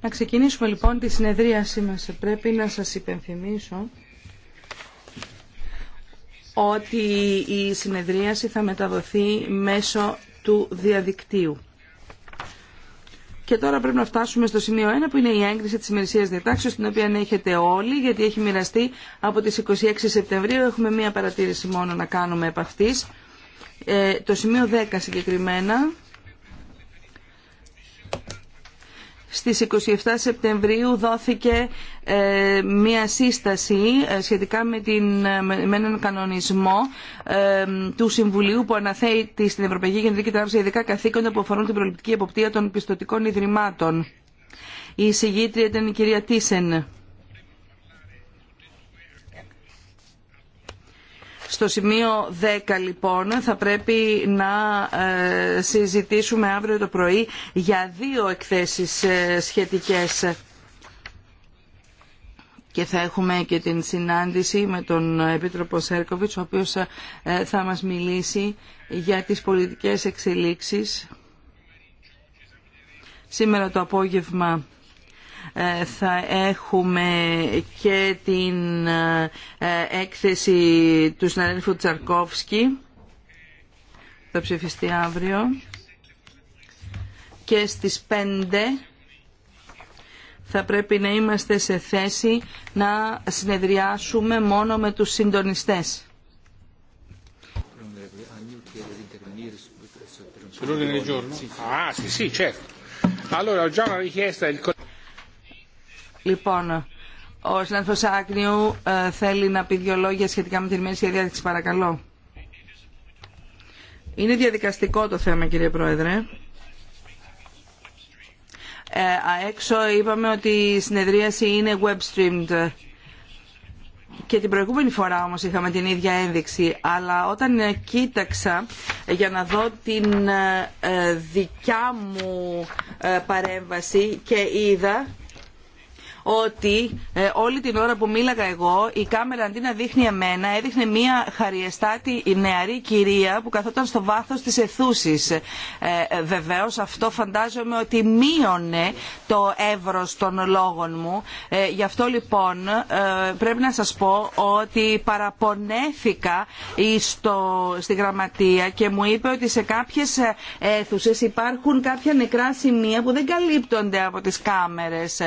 Να ξεκινήσουμε λοιπόν τη συνεδρίασή μας. Πρέπει να σας υπενθυμίσω ότι η συνεδρίαση θα μεταδοθεί μέσω του διαδικτύου. Και τώρα πρέπει να φτάσουμε στο σημείο 1 που είναι η έγκριση της ημερησίας διατάξεως την οποία έχετε όλοι γιατί έχει μοιραστεί από τις 26 Σεπτεμβρίου. Έχουμε μία παρατήρηση μόνο να κάνουμε επ' αυτής. Ε, το σημείο 10 συγκεκριμένα Στις 27 Σεπτεμβρίου δόθηκε ε, μία σύσταση ε, σχετικά με, την, έναν κανονισμό ε, του Συμβουλίου που αναθέτει στην Ευρωπαϊκή Γενική Τράπεζα ειδικά καθήκοντα που αφορούν την προληπτική εποπτεία των πιστοτικών ιδρυμάτων. Η εισηγήτρια ήταν η κυρία Τίσεν. Στο σημείο 10 λοιπόν θα πρέπει να ε, συζητήσουμε αύριο το πρωί για δύο εκθέσεις ε, σχετικές και θα έχουμε και την συνάντηση με τον Επίτροπο Σέρκοβιτς ο οποίος ε, θα μας μιλήσει για τις πολιτικές εξελίξεις. Σήμερα το απόγευμα ε, θα έχουμε και την ε, έκθεση του συναδέλφου Τσαρκόφσκι. Θα ψηφιστεί αύριο. Και στις 5 θα πρέπει να είμαστε σε θέση να συνεδριάσουμε μόνο με τους συντονιστές. Ah, sì, sì, certo. Allora, ho già una richiesta del Λοιπόν, ο συνάδελφο Άκνιου ε, θέλει να πει δύο λόγια σχετικά με την ημερήσια διάθεση, παρακαλώ. Είναι διαδικαστικό το θέμα, κύριε Πρόεδρε. Ε, αέξω είπαμε ότι η συνεδρίαση είναι web streamed. Και την προηγούμενη φορά όμως είχαμε την ίδια ένδειξη, αλλά όταν ε, κοίταξα ε, για να δω την δικιά μου παρέμβαση και είδα ότι ε, όλη την ώρα που μίλαγα εγώ η κάμερα αντί να δείχνει εμένα έδειχνε μια χαριεστάτη νεαρή κυρία που καθόταν στο βάθος της αιθούσης. Ε, ε, βεβαίω. αυτό φαντάζομαι ότι μείωνε το εύρος των λόγων μου. γι' αυτό λοιπόν πρέπει να σας πω ότι παραπονέθηκα στο, στη γραμματεία και μου είπε ότι σε κάποιες αίθουσες υπάρχουν κάποια νεκρά σημεία που δεν καλύπτονται από τις κάμερες.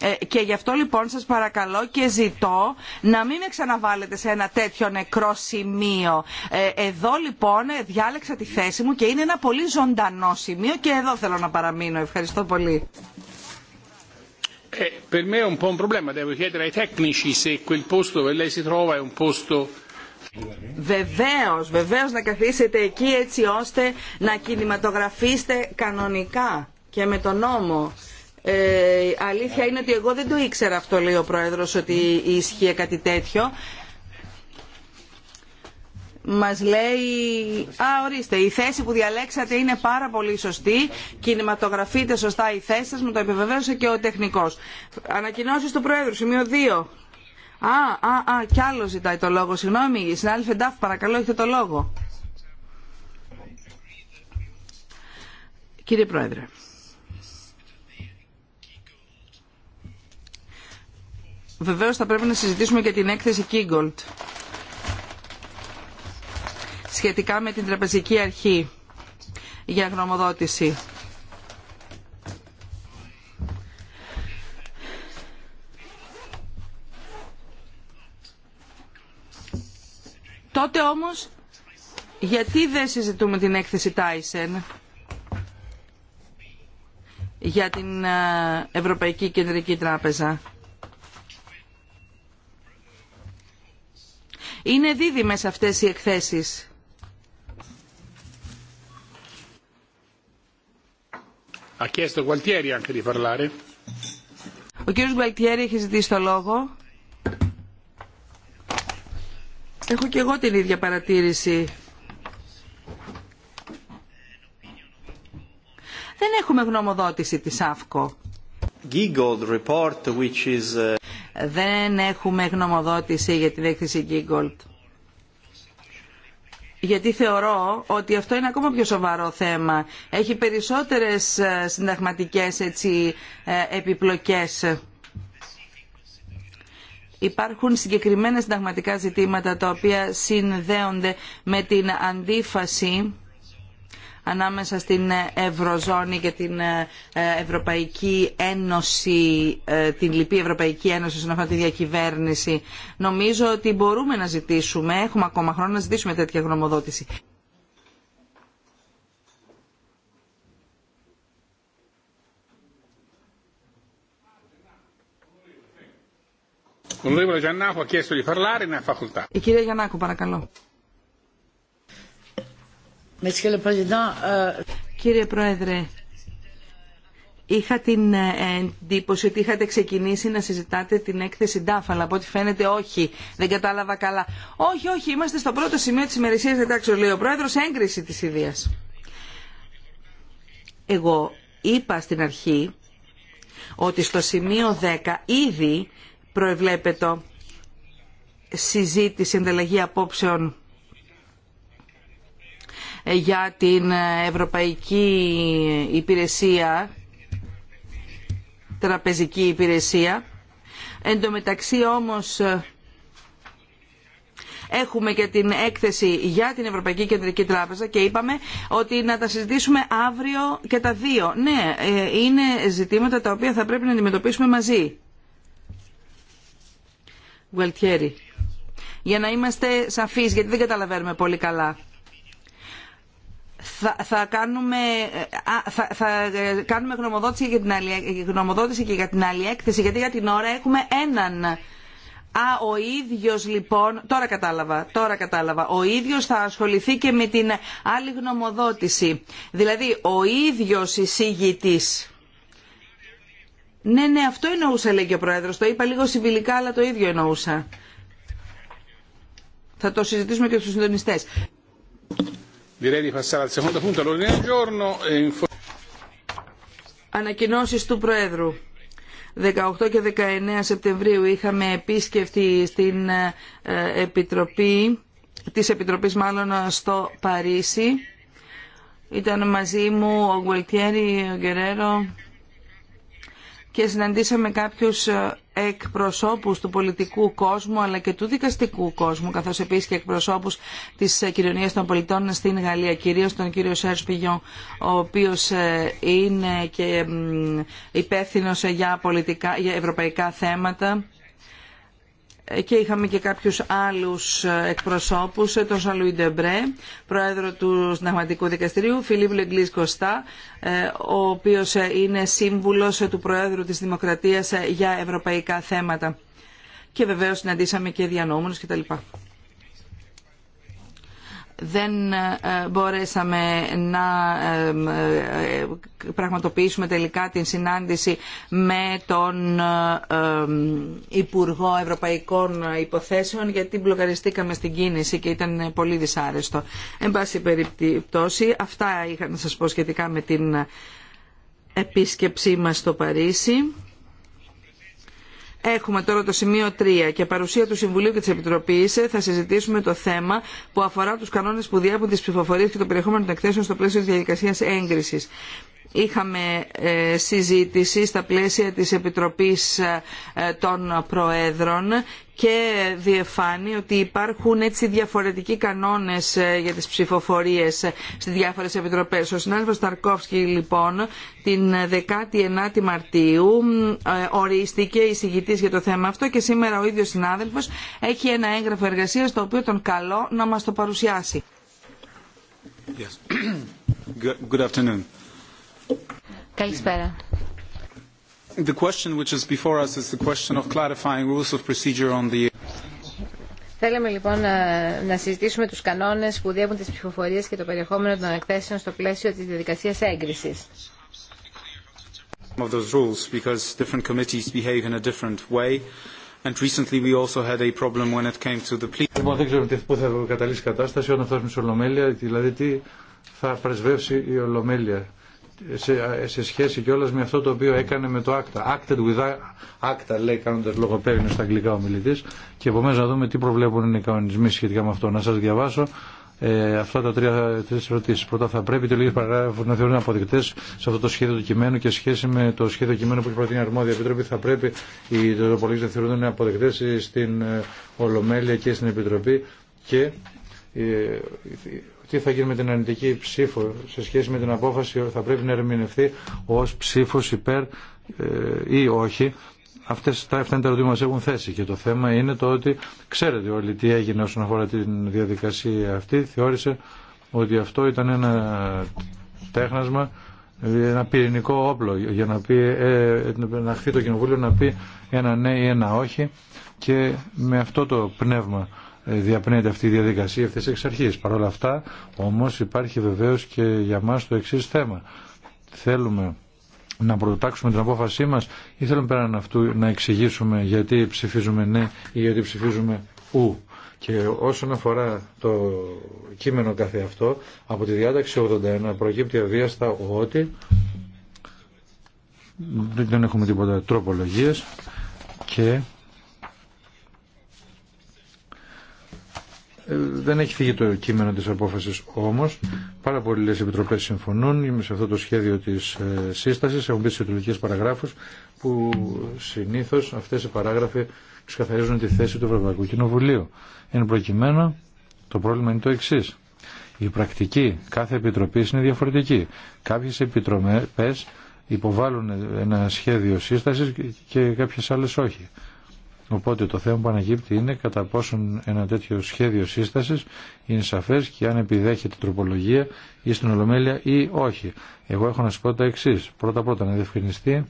Ε, και γι' αυτό λοιπόν σας παρακαλώ και ζητώ να μην με ξαναβάλετε σε ένα τέτοιο νεκρό σημείο. Ε, εδώ λοιπόν διάλεξα τη θέση μου και είναι ένα πολύ ζωντανό σημείο και εδώ θέλω να παραμείνω. Ευχαριστώ πολύ. Ε, per me è un po' un problema, devo chiedere ai tecnici se quel posto dove lei si Βεβαίως, βεβαίως να καθίσετε εκεί έτσι ώστε να κινηματογραφήσετε κανονικά και με τον νόμο. Ε, αλήθεια είναι ότι εγώ δεν το ήξερα αυτό, λέει ο Πρόεδρος, ότι ισχύει κάτι τέτοιο. Μας λέει, α ορίστε, η θέση που διαλέξατε είναι πάρα πολύ σωστή, κινηματογραφείτε σωστά η θέση σας, μου το επιβεβαίωσε και ο τεχνικός. Ανακοινώσεις του Πρόεδρου, σημείο 2. Α, α, α, κι άλλο ζητάει το λόγο. Συγγνώμη, συνάδελφε Ντάφ, παρακαλώ, έχετε το λόγο. Κύριε Πρόεδρε, Βεβαίω θα πρέπει να συζητήσουμε και την έκθεση Kingold σχετικά με την τραπεζική αρχή για γνωμοδότηση. Τότε όμως, γιατί δεν συζητούμε την έκθεση Tyson για την ε, Ευρωπαϊκή Κεντρική Τράπεζα. Είναι δίδυμες αυτές οι εκθέσεις. Ο κύριος Γκουαλτιέρη έχει ζητήσει το λόγο. Έχω και εγώ την ίδια παρατήρηση. Δεν έχουμε γνωμοδότηση της ΑΦΚΟ. Δεν έχουμε γνωμοδότηση για την έκθεση Giggold. Γιατί θεωρώ ότι αυτό είναι ακόμα πιο σοβαρό θέμα. Έχει περισσότερες ε, συνταγματικές έτσι, ε, επιπλοκές. Υπάρχουν συγκεκριμένα συνταγματικά ζητήματα τα οποία συνδέονται με την αντίφαση ανάμεσα στην Ευρωζώνη και την ε, Ευρωπαϊκή Ένωση, ε, την Λυπή Ευρωπαϊκή Ένωση στην αυτή τη διακυβέρνηση. Νομίζω ότι μπορούμε να ζητήσουμε, έχουμε ακόμα χρόνο να ζητήσουμε τέτοια γνωμοδότηση. Η κυρία ε, Γιαννάκου, παρακαλώ. Euh, Κύριε Πρόεδρε, είχα την ε, εντύπωση ότι είχατε ξεκινήσει να συζητάτε την έκθεση ΝΤΑΦ, αλλά από ό,τι φαίνεται όχι, δεν κατάλαβα καλά. Όχι, όχι, είμαστε στο πρώτο σημείο της ημερησίας εντάξει, λέει ο Πρόεδρος, έγκριση της ίδιας. Εγώ είπα στην αρχή ότι στο σημείο 10 ήδη προεβλέπετο συζήτηση, ανταλλαγή απόψεων για την Ευρωπαϊκή Υπηρεσία, Τραπεζική Υπηρεσία. Εν τω μεταξύ όμως έχουμε και την έκθεση για την Ευρωπαϊκή Κεντρική Τράπεζα και είπαμε ότι να τα συζητήσουμε αύριο και τα δύο. Ναι, ε, είναι ζητήματα τα οποία θα πρέπει να αντιμετωπίσουμε μαζί. Γουελτιέρη. Για να είμαστε σαφείς, γιατί δεν καταλαβαίνουμε πολύ καλά θα, κάνουμε, ε, θα, ε, κάνουμε γνωμοδότηση, για την γνωμοδότηση και για την άλλη έκθεση, γιατί για την ώρα έχουμε έναν. Α, ο ίδιος λοιπόν, τώρα κατάλαβα, τώρα κατάλαβα, ο ίδιος θα ασχοληθεί και με την άλλη γνωμοδότηση. Δηλαδή, ο ίδιος εισηγητής. Ναι, ναι, αυτό εννοούσα, λέει και ο Πρόεδρος. Το είπα λίγο συμβιλικά, αλλά το ίδιο εννοούσα. Θα το συζητήσουμε και στους συντονιστές. Ανακοινώσει eh, Ανακοινώσεις του Προέδρου. 18 και 19 Σεπτεμβρίου είχαμε επίσκεφτη στην ε, ε, Επιτροπή, της Επιτροπής μάλλον ε, στο Παρίσι. Ήταν μαζί μου ο Γουελτιέρη, ο Γκερέρο και συναντήσαμε κάποιους εκπροσώπους του πολιτικού κόσμου αλλά και του δικαστικού κόσμου καθώς επίσης και εκπροσώπους της ε, κοινωνίας των πολιτών στην Γαλλία κυρίως τον κύριο Σέρς ο οποίος ε, είναι και υπεύθυνος ε, για, πολιτικά, για ευρωπαϊκά θέματα και είχαμε και κάποιους άλλους εκπροσώπους, τον Σαλουί Ντεμπρέ, πρόεδρο του Συνταγματικού Δικαστηρίου, Φιλίπ Λεγκλής Κωστά, ο οποίος είναι σύμβουλος του Προέδρου της Δημοκρατίας για ευρωπαϊκά θέματα. Και βεβαίως συναντήσαμε και διανόμενους κτλ δεν ε, μπορέσαμε να ε, ε, πραγματοποιήσουμε τελικά την συνάντηση με τον Υπουργό Ευρωπαϊκών Υποθέσεων γιατί μπλοκαριστήκαμε στην κίνηση και ήταν πολύ δυσάρεστο. Εν πάση περιπτώσει, αυτά είχα να σας πω σχετικά με την επίσκεψή μας στο Παρίσι. Έχουμε τώρα το σημείο 3 και παρουσία του Συμβουλίου και της Επιτροπή. θα συζητήσουμε το θέμα που αφορά τους κανόνες που διέπουν τις ψηφοφορίες και το περιεχόμενο των εκθέσεων στο πλαίσιο τη διαδικασίας Έγκριση είχαμε ε, συζήτηση στα πλαίσια της Επιτροπής ε, των Προέδρων και διεφάνει ότι υπάρχουν έτσι διαφορετικοί κανόνες ε, για τις ψηφοφορίες στις διάφορες επιτροπές. Ο συνάδελφος Ταρκόφσκι λοιπόν την 19η Μαρτίου ορίστηκε εισηγητής για το θέμα αυτό και σήμερα ο ίδιος συνάδελφος έχει ένα έγγραφο εργασίας το οποίο τον καλώ να μας το παρουσιάσει. Yes. Good afternoon. Καλησπέρα. The question which is before us is the question of clarifying rules of procedure on the Θέλαμε λοιπόν να, να συζητήσουμε τους κανόνες που διέπουν τις ψηφοφορίες και το περιεχόμενο των εκθέσεων στο πλαίσιο της διαδικασίας έγκρισης. Of those rules, because different committees behave in a different way, and recently we also had a problem when it came to the plea. Λοιπόν, δεν ξέρω πού θα καταλήξει η κατάσταση όταν φτάσουμε στην Ολομέλεια, δηλαδή τι θα πρεσβεύσει η Ολομέλεια σε, σε σχέση κιόλας με αυτό το οποίο έκανε με το άκτα. Acted with ACTA λέει κάνοντας λογοπαίγνιο στα αγγλικά ο μιλητή. και επομένω να δούμε τι προβλέπουν οι κανονισμοί σχετικά με αυτό. Να σα διαβάσω ε, αυτά τα τρία ερωτήσει. Πρώτα θα πρέπει οι τελείες παράγραφου να θεωρούν αποδεκτέ σε αυτό το σχέδιο του κειμένου και σχέση με το σχέδιο κειμένου που έχει προτείνει η αρμόδια επιτροπή θα πρέπει οι τελεοπολίτες να θεωρούν αποδεκτέ στην ε, Ολομέλεια και στην Επιτροπή και ε, τι θα γίνει με την αρνητική ψήφο σε σχέση με την απόφαση θα πρέπει να ερμηνευθεί ως ψήφος υπέρ ε, ή όχι. Αυτές, τα, αυτά τα ερωτήματα έχουν θέσει και το θέμα είναι το ότι ξέρετε όλοι τι έγινε όσον αφορά την διαδικασία αυτή. Θεώρησε ότι αυτό ήταν ένα τέχνασμα, ένα πυρηνικό όπλο για να, πει, ε, ε να χθεί το κοινοβούλιο να πει ένα ναι ή ένα όχι και με αυτό το πνεύμα διαπνέεται αυτή η διαδικασία αυτή εξ αρχή. Παρ' όλα αυτά όμως υπάρχει βεβαίω και για μας το εξή θέμα. Θέλουμε να προτάξουμε την απόφασή μας ή θέλουμε πέραν αυτού να εξηγήσουμε γιατί ψηφίζουμε ναι ή γιατί ψηφίζουμε ου. Και όσον αφορά το κείμενο καθε αυτό, από τη διάταξη 81 προκύπτει αβίαστα ότι δεν έχουμε τίποτα τροπολογίες και δεν έχει φύγει το κείμενο της απόφασης όμως. Πάρα πολλές επιτροπές συμφωνούν σε αυτό το σχέδιο της ε, σύστασης. Έχουν μπει σε τουλικές παραγράφους που συνήθως αυτές οι παράγραφοι ξεκαθαρίζουν τη θέση του Ευρωπαϊκού Κοινοβουλίου. Εν προκειμένου το πρόβλημα είναι το εξή. Η πρακτική κάθε επιτροπή είναι διαφορετική. Κάποιε επιτροπέ υποβάλλουν ένα σχέδιο σύσταση και κάποιε άλλε όχι. Οπότε το θέμα που αναγύπτει είναι κατά πόσον ένα τέτοιο σχέδιο σύσταση είναι σαφές και αν επιδέχεται τροπολογία ή στην Ολομέλεια ή όχι. Εγώ έχω να σα πω τα εξή. Πρώτα πρώτα να διευκρινιστεί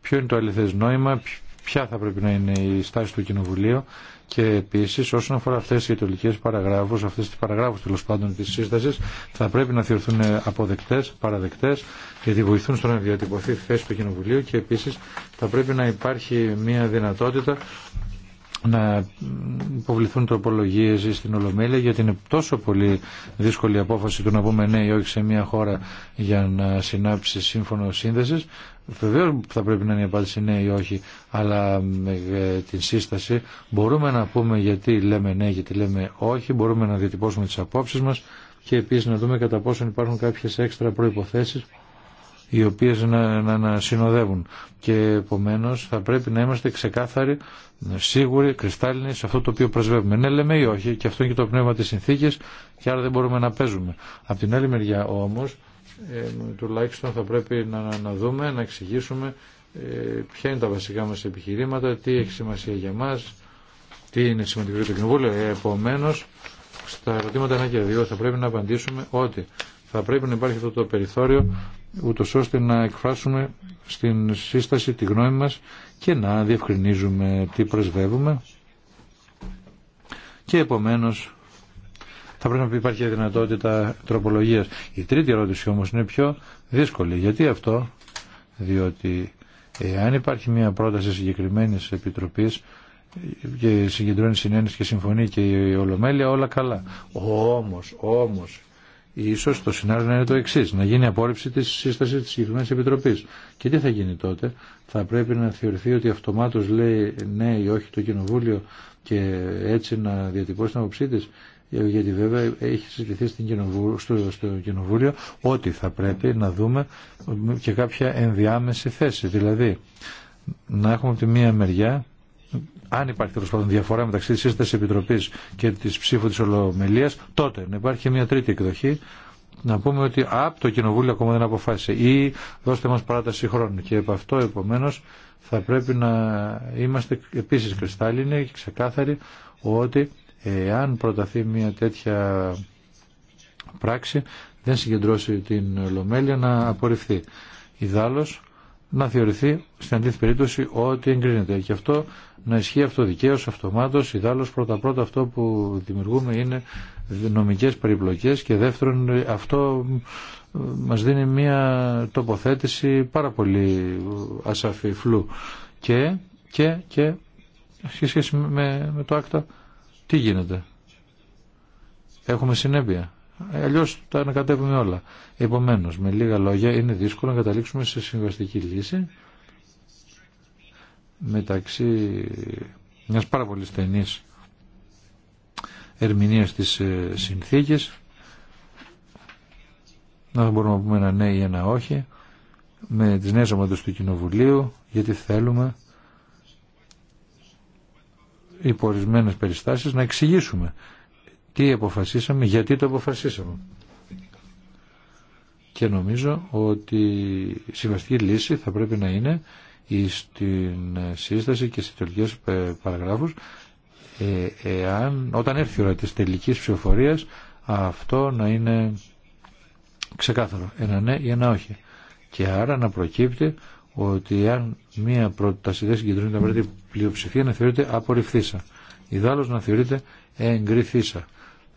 ποιο είναι το αληθε νόημα, ποια θα πρέπει να είναι η στάση του Κοινοβουλίου και επίση, όσον αφορά αυτέ οι ιτολικέ παραγράφου, αυτέ τι παραγράφου τέλο πάντων τη σύσταση, θα πρέπει να θεωρηθούν αποδεκτέ, παραδεκτέ, γιατί βοηθούν στο να διατυπωθεί θέση του Κοινοβουλίου και επίση θα πρέπει να υπάρχει μια δυνατότητα να υποβληθούν τροπολογίες στην Ολομέλεια γιατί είναι τόσο πολύ δύσκολη η απόφαση του να πούμε ναι ή όχι σε μια χώρα για να συνάψει σύμφωνο σύνδεση. Βεβαίω θα πρέπει να είναι η απάντηση ναι ή όχι, αλλά με ε, την σύσταση μπορούμε να πούμε γιατί λέμε ναι, γιατί λέμε όχι, μπορούμε να διατυπώσουμε τις απόψεις μας και επίση να δούμε κατά πόσον υπάρχουν κάποιε έξτρα προποθέσει οι οποίες να, να, συνοδεύουν. Και επομένως θα πρέπει να είμαστε ξεκάθαροι, σίγουροι, κρυστάλλινοι σε αυτό το οποίο πρεσβεύουμε. Ναι λέμε ή όχι και αυτό είναι και το πνεύμα της συνθήκης και άρα δεν μπορούμε να παίζουμε. Από την άλλη μεριά όμως ε, τουλάχιστον θα πρέπει να, να, δούμε, να εξηγήσουμε ε, ποια είναι τα βασικά μας επιχειρήματα, τι έχει σημασία για μας, τι είναι σημαντικό για το Κοινοβούλιο. Ε, επομένως, στα ερωτήματα 1 και 2 θα πρέπει να απαντήσουμε ότι θα πρέπει να υπάρχει αυτό το περιθώριο ούτως ώστε να εκφράσουμε στην σύσταση τη γνώμη μας και να διευκρινίζουμε τι πρεσβεύουμε και επομένως θα πρέπει να υπάρχει δυνατότητα τροπολογίας. Η τρίτη ερώτηση όμως είναι πιο δύσκολη. Γιατί αυτό, διότι αν υπάρχει μια πρόταση συγκεκριμένης επιτροπής και συγκεντρώνει συνένεση και συμφωνεί και η Ολομέλεια όλα καλά. Όμως, όμως Ίσως το σενάριο να είναι το εξή, να γίνει απόρριψη της σύστασης της συγκεκριμένη επιτροπής. Και τι θα γίνει τότε, θα πρέπει να θεωρηθεί ότι αυτομάτως λέει ναι ή όχι το κοινοβούλιο και έτσι να διατυπώσει την αποψή της γιατί βέβαια έχει συζητηθεί στην στο, στο Κοινοβούλιο ότι θα πρέπει να δούμε και κάποια ενδιάμεση θέση. Δηλαδή, να έχουμε από τη μία μεριά αν υπάρχει τέλο πάντων διαφορά μεταξύ τη σύσταση επιτροπή και τη ψήφου τη Ολομελία, τότε να υπάρχει μια τρίτη εκδοχή να πούμε ότι απ, το Κοινοβούλιο ακόμα δεν αποφάσισε ή δώστε μας παράταση χρόνου. Και από αυτό επομένως θα πρέπει να είμαστε επίσης κρυστάλλινοι και ξεκάθαροι ότι εάν προταθεί μια τέτοια πράξη δεν συγκεντρώσει την Ολομέλεια να απορριφθεί. Ιδάλλως να θεωρηθεί στην αντίθετη περίπτωση ότι εγκρίνεται. Και αυτό να ισχύει αυτομάτω, δικαίως, ιδάλως ιδάλλως πρώτα-πρώτα αυτό που δημιουργούμε είναι νομικές περιπλοκές και δεύτερον αυτό μας δίνει μια τοποθέτηση πάρα πολύ ασαφή φλού. Και, και, και, σε σχέση με, με το άκτα, τι γίνεται. Έχουμε συνέπεια. Ε, Αλλιώ τα ανακατεύουμε όλα. Επομένω, με λίγα λόγια, είναι δύσκολο να καταλήξουμε σε συμβαστική λύση μεταξύ μια πάρα πολύ στενή ερμηνεία της ε, συνθήκης να μπορούμε να πούμε ένα ναι ή ένα όχι με τις νέες ομάδες του Κοινοβουλίου γιατί θέλουμε υπορισμένες περιστάσεις να εξηγήσουμε τι αποφασίσαμε, γιατί το αποφασίσαμε. Και νομίζω ότι η συμβαστική λύση θα πρέπει να είναι στην σύσταση και στις τελικές παραγράφους ε, εάν, όταν έρθει η ώρα της τελικής ψηφοφορίας αυτό να είναι ξεκάθαρο, ένα ναι ή ένα όχι. Και άρα να προκύπτει ότι αν μία πρόταση δεν συγκεντρώνει την πλειοψηφία να θεωρείται απορριφθήσα. Ιδάλω να θεωρείται εγκριθήσα.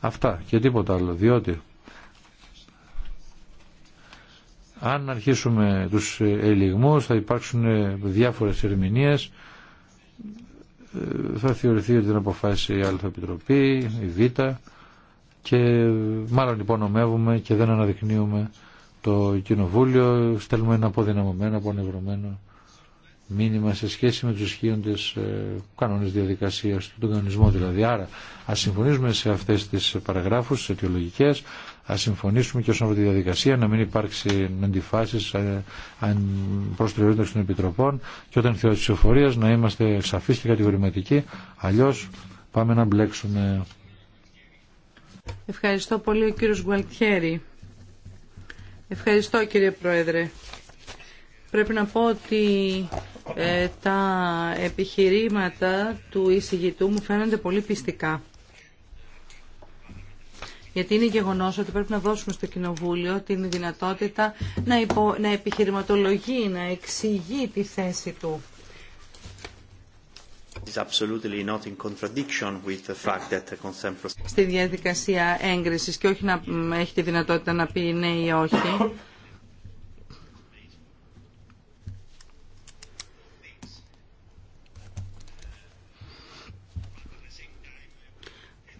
Αυτά και τίποτα άλλο, διότι αν αρχίσουμε τους ελιγμούς θα υπάρξουν διάφορες ερμηνείες ε, θα θεωρηθεί ότι δεν αποφάσισε η αλφα η Β και μάλλον υπονομεύουμε και δεν αναδεικνύουμε το Κοινοβούλιο, στέλνουμε ένα αποδυναμωμένο, απονευρωμένο μήνυμα σε σχέση με τους ισχύοντες ε, κανόνες διαδικασίας, τον κανονισμό δηλαδή. Άρα ας συμφωνήσουμε σε αυτές τις παραγράφους, τις αιτιολογικές, ας συμφωνήσουμε και όσον αφορά τη διαδικασία, να μην υπάρξει αντιφάσεις ε, αν προστριβούντας των επιτροπών και όταν θεωρώ της ψηφοφορίας να είμαστε σαφείς και κατηγορηματικοί, αλλιώς πάμε να μπλέξουμε. Ευχαριστώ πολύ ο κύριος Γουαλτιέρη. Ευχαριστώ κύριε Πρόεδρε. Πρέπει να πω ότι ε, τα επιχειρήματα του εισηγητού μου φαίνονται πολύ πιστικά. Γιατί είναι γεγονό ότι πρέπει να δώσουμε στο Κοινοβούλιο την δυνατότητα να, να επιχειρηματολογεί, να εξηγεί τη θέση του. Στη διαδικασία έγκρισης και όχι να έχει τη δυνατότητα να πει ναι ή όχι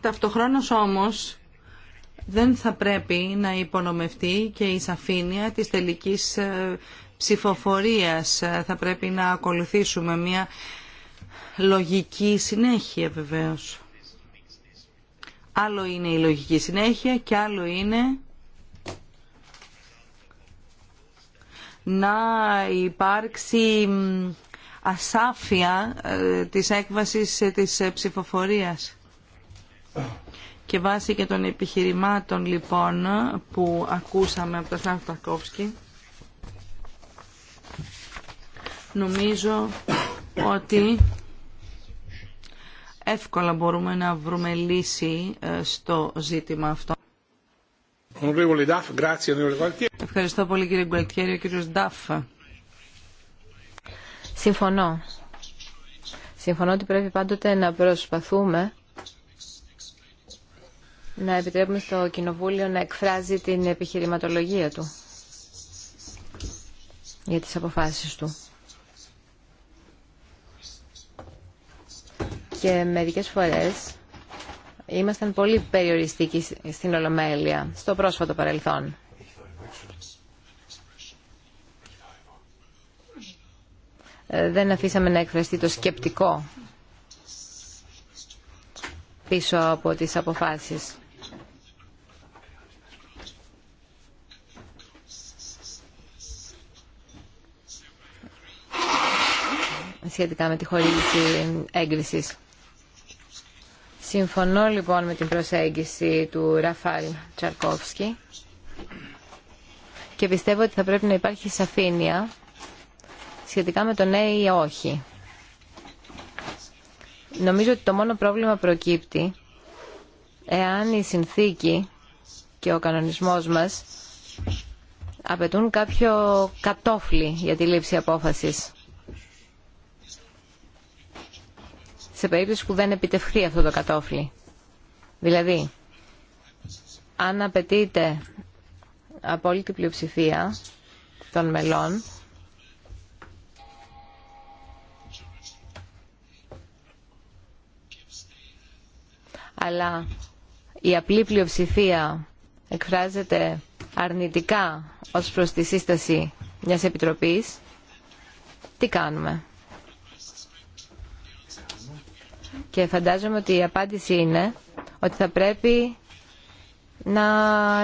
Ταυτοχρόνως όμως δεν θα πρέπει να υπονομευτεί και η σαφήνεια της τελικής ε, ψηφοφορίας. Θα πρέπει να ακολουθήσουμε μια λογική συνέχεια βεβαίως. Άλλο είναι η λογική συνέχεια και άλλο είναι να υπάρξει ασάφεια ε, της έκβασης ε, της ψηφοφορίας. Και βάσει και των επιχειρημάτων λοιπόν που ακούσαμε από τον Σλάβ νομίζω ότι εύκολα μπορούμε να βρούμε λύση ε, στο ζήτημα αυτό. Ευχαριστώ πολύ κύριε Γκουαλτιέρη. Ο κύριος Νταφ. Συμφωνώ. Συμφωνώ ότι πρέπει πάντοτε να προσπαθούμε να επιτρέπουμε στο Κοινοβούλιο να εκφράζει την επιχειρηματολογία του για τις αποφάσεις του. Και μερικές φορές ήμασταν πολύ περιοριστικοί στην Ολομέλεια, στο πρόσφατο παρελθόν. Δεν αφήσαμε να εκφραστεί το σκεπτικό πίσω από τις αποφάσεις. σχετικά με τη χορήγηση έγκρισης. Συμφωνώ λοιπόν με την προσέγγιση του Ραφάλ Τσαρκόφσκι και πιστεύω ότι θα πρέπει να υπάρχει σαφήνεια σχετικά με το ναι ή όχι. Νομίζω ότι το μόνο πρόβλημα προκύπτει εάν η συνθήκη και ο κανονισμός μας απαιτούν κάποιο κατόφλι για τη λήψη απόφασης. σε περίπτωση που δεν επιτευχθεί αυτό το κατόφλι. Δηλαδή, αν απαιτείται απόλυτη πλειοψηφία των μελών, αλλά η απλή πλειοψηφία εκφράζεται αρνητικά ως προς τη σύσταση μιας επιτροπής, τι κάνουμε. Και φαντάζομαι ότι η απάντηση είναι ότι θα πρέπει να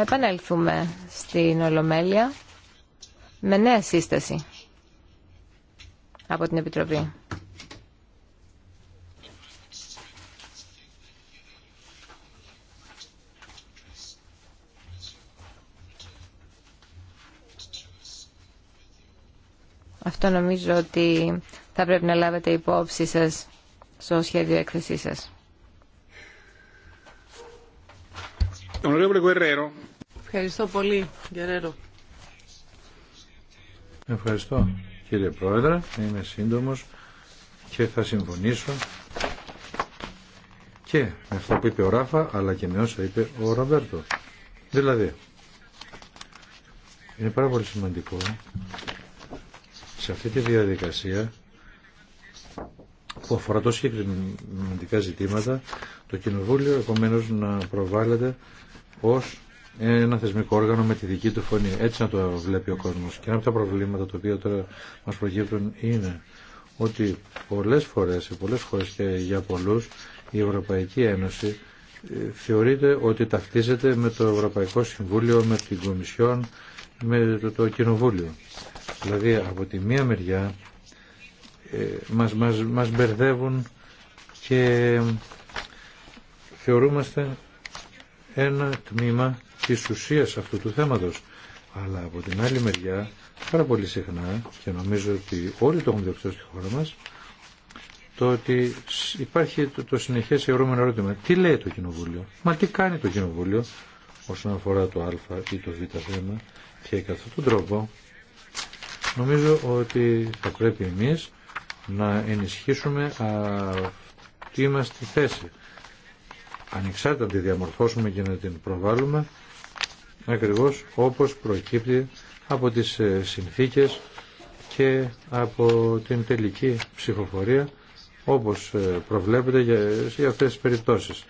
επανέλθουμε στην Ολομέλεια με νέα σύσταση από την Επιτροπή. Αυτό νομίζω ότι θα πρέπει να λάβετε υπόψη σας στο σχέδιο έκθεσή σα. Ευχαριστώ πολύ, Γκερέρο. Ευχαριστώ, κύριε Πρόεδρε. Είμαι σύντομος και θα συμφωνήσω και με αυτό που είπε ο Ράφα, αλλά και με όσα είπε ο Ρομπέρτο. Δηλαδή, είναι πάρα πολύ σημαντικό σε αυτή τη διαδικασία που αφορά τόσο συγκεκριμένα ζητήματα, το Κοινοβούλιο επομένω να προβάλλεται ως ένα θεσμικό όργανο με τη δική του φωνή. Έτσι να το βλέπει ο κόσμος. Και ένα από τα προβλήματα τα οποία τώρα μας προκύπτουν είναι ότι πολλές φορές, σε πολλές χώρες και για πολλού η Ευρωπαϊκή Ένωση ε, θεωρείται ότι ταυτίζεται με το Ευρωπαϊκό Συμβούλιο, με την Κομισιόν, με το, το Κοινοβούλιο. Δηλαδή από τη μία μεριά ε, μας, μας, μας μπερδεύουν και θεωρούμαστε ένα τμήμα της ουσίας αυτού του θέματος. Αλλά από την άλλη μεριά, πάρα πολύ συχνά, και νομίζω ότι όλοι το έχουν διαπιστώσει στη χώρα μας, το ότι υπάρχει το, το συνεχές ερώμενο ερώτημα. Τι λέει το Κοινοβούλιο, μα τι κάνει το Κοινοβούλιο όσον αφορά το α ή το β θέμα και κατά αυτόν τον τρόπο νομίζω ότι θα πρέπει εμείς να ενισχύσουμε αυτή μας τη θέση. Ανεξάρτητα να τη διαμορφώσουμε και να την προβάλλουμε ακριβώς όπως προκύπτει από τις ε, συνθήκες και από την τελική ψηφοφορία όπως ε, προβλέπεται για αυτές τις περιπτώσεις.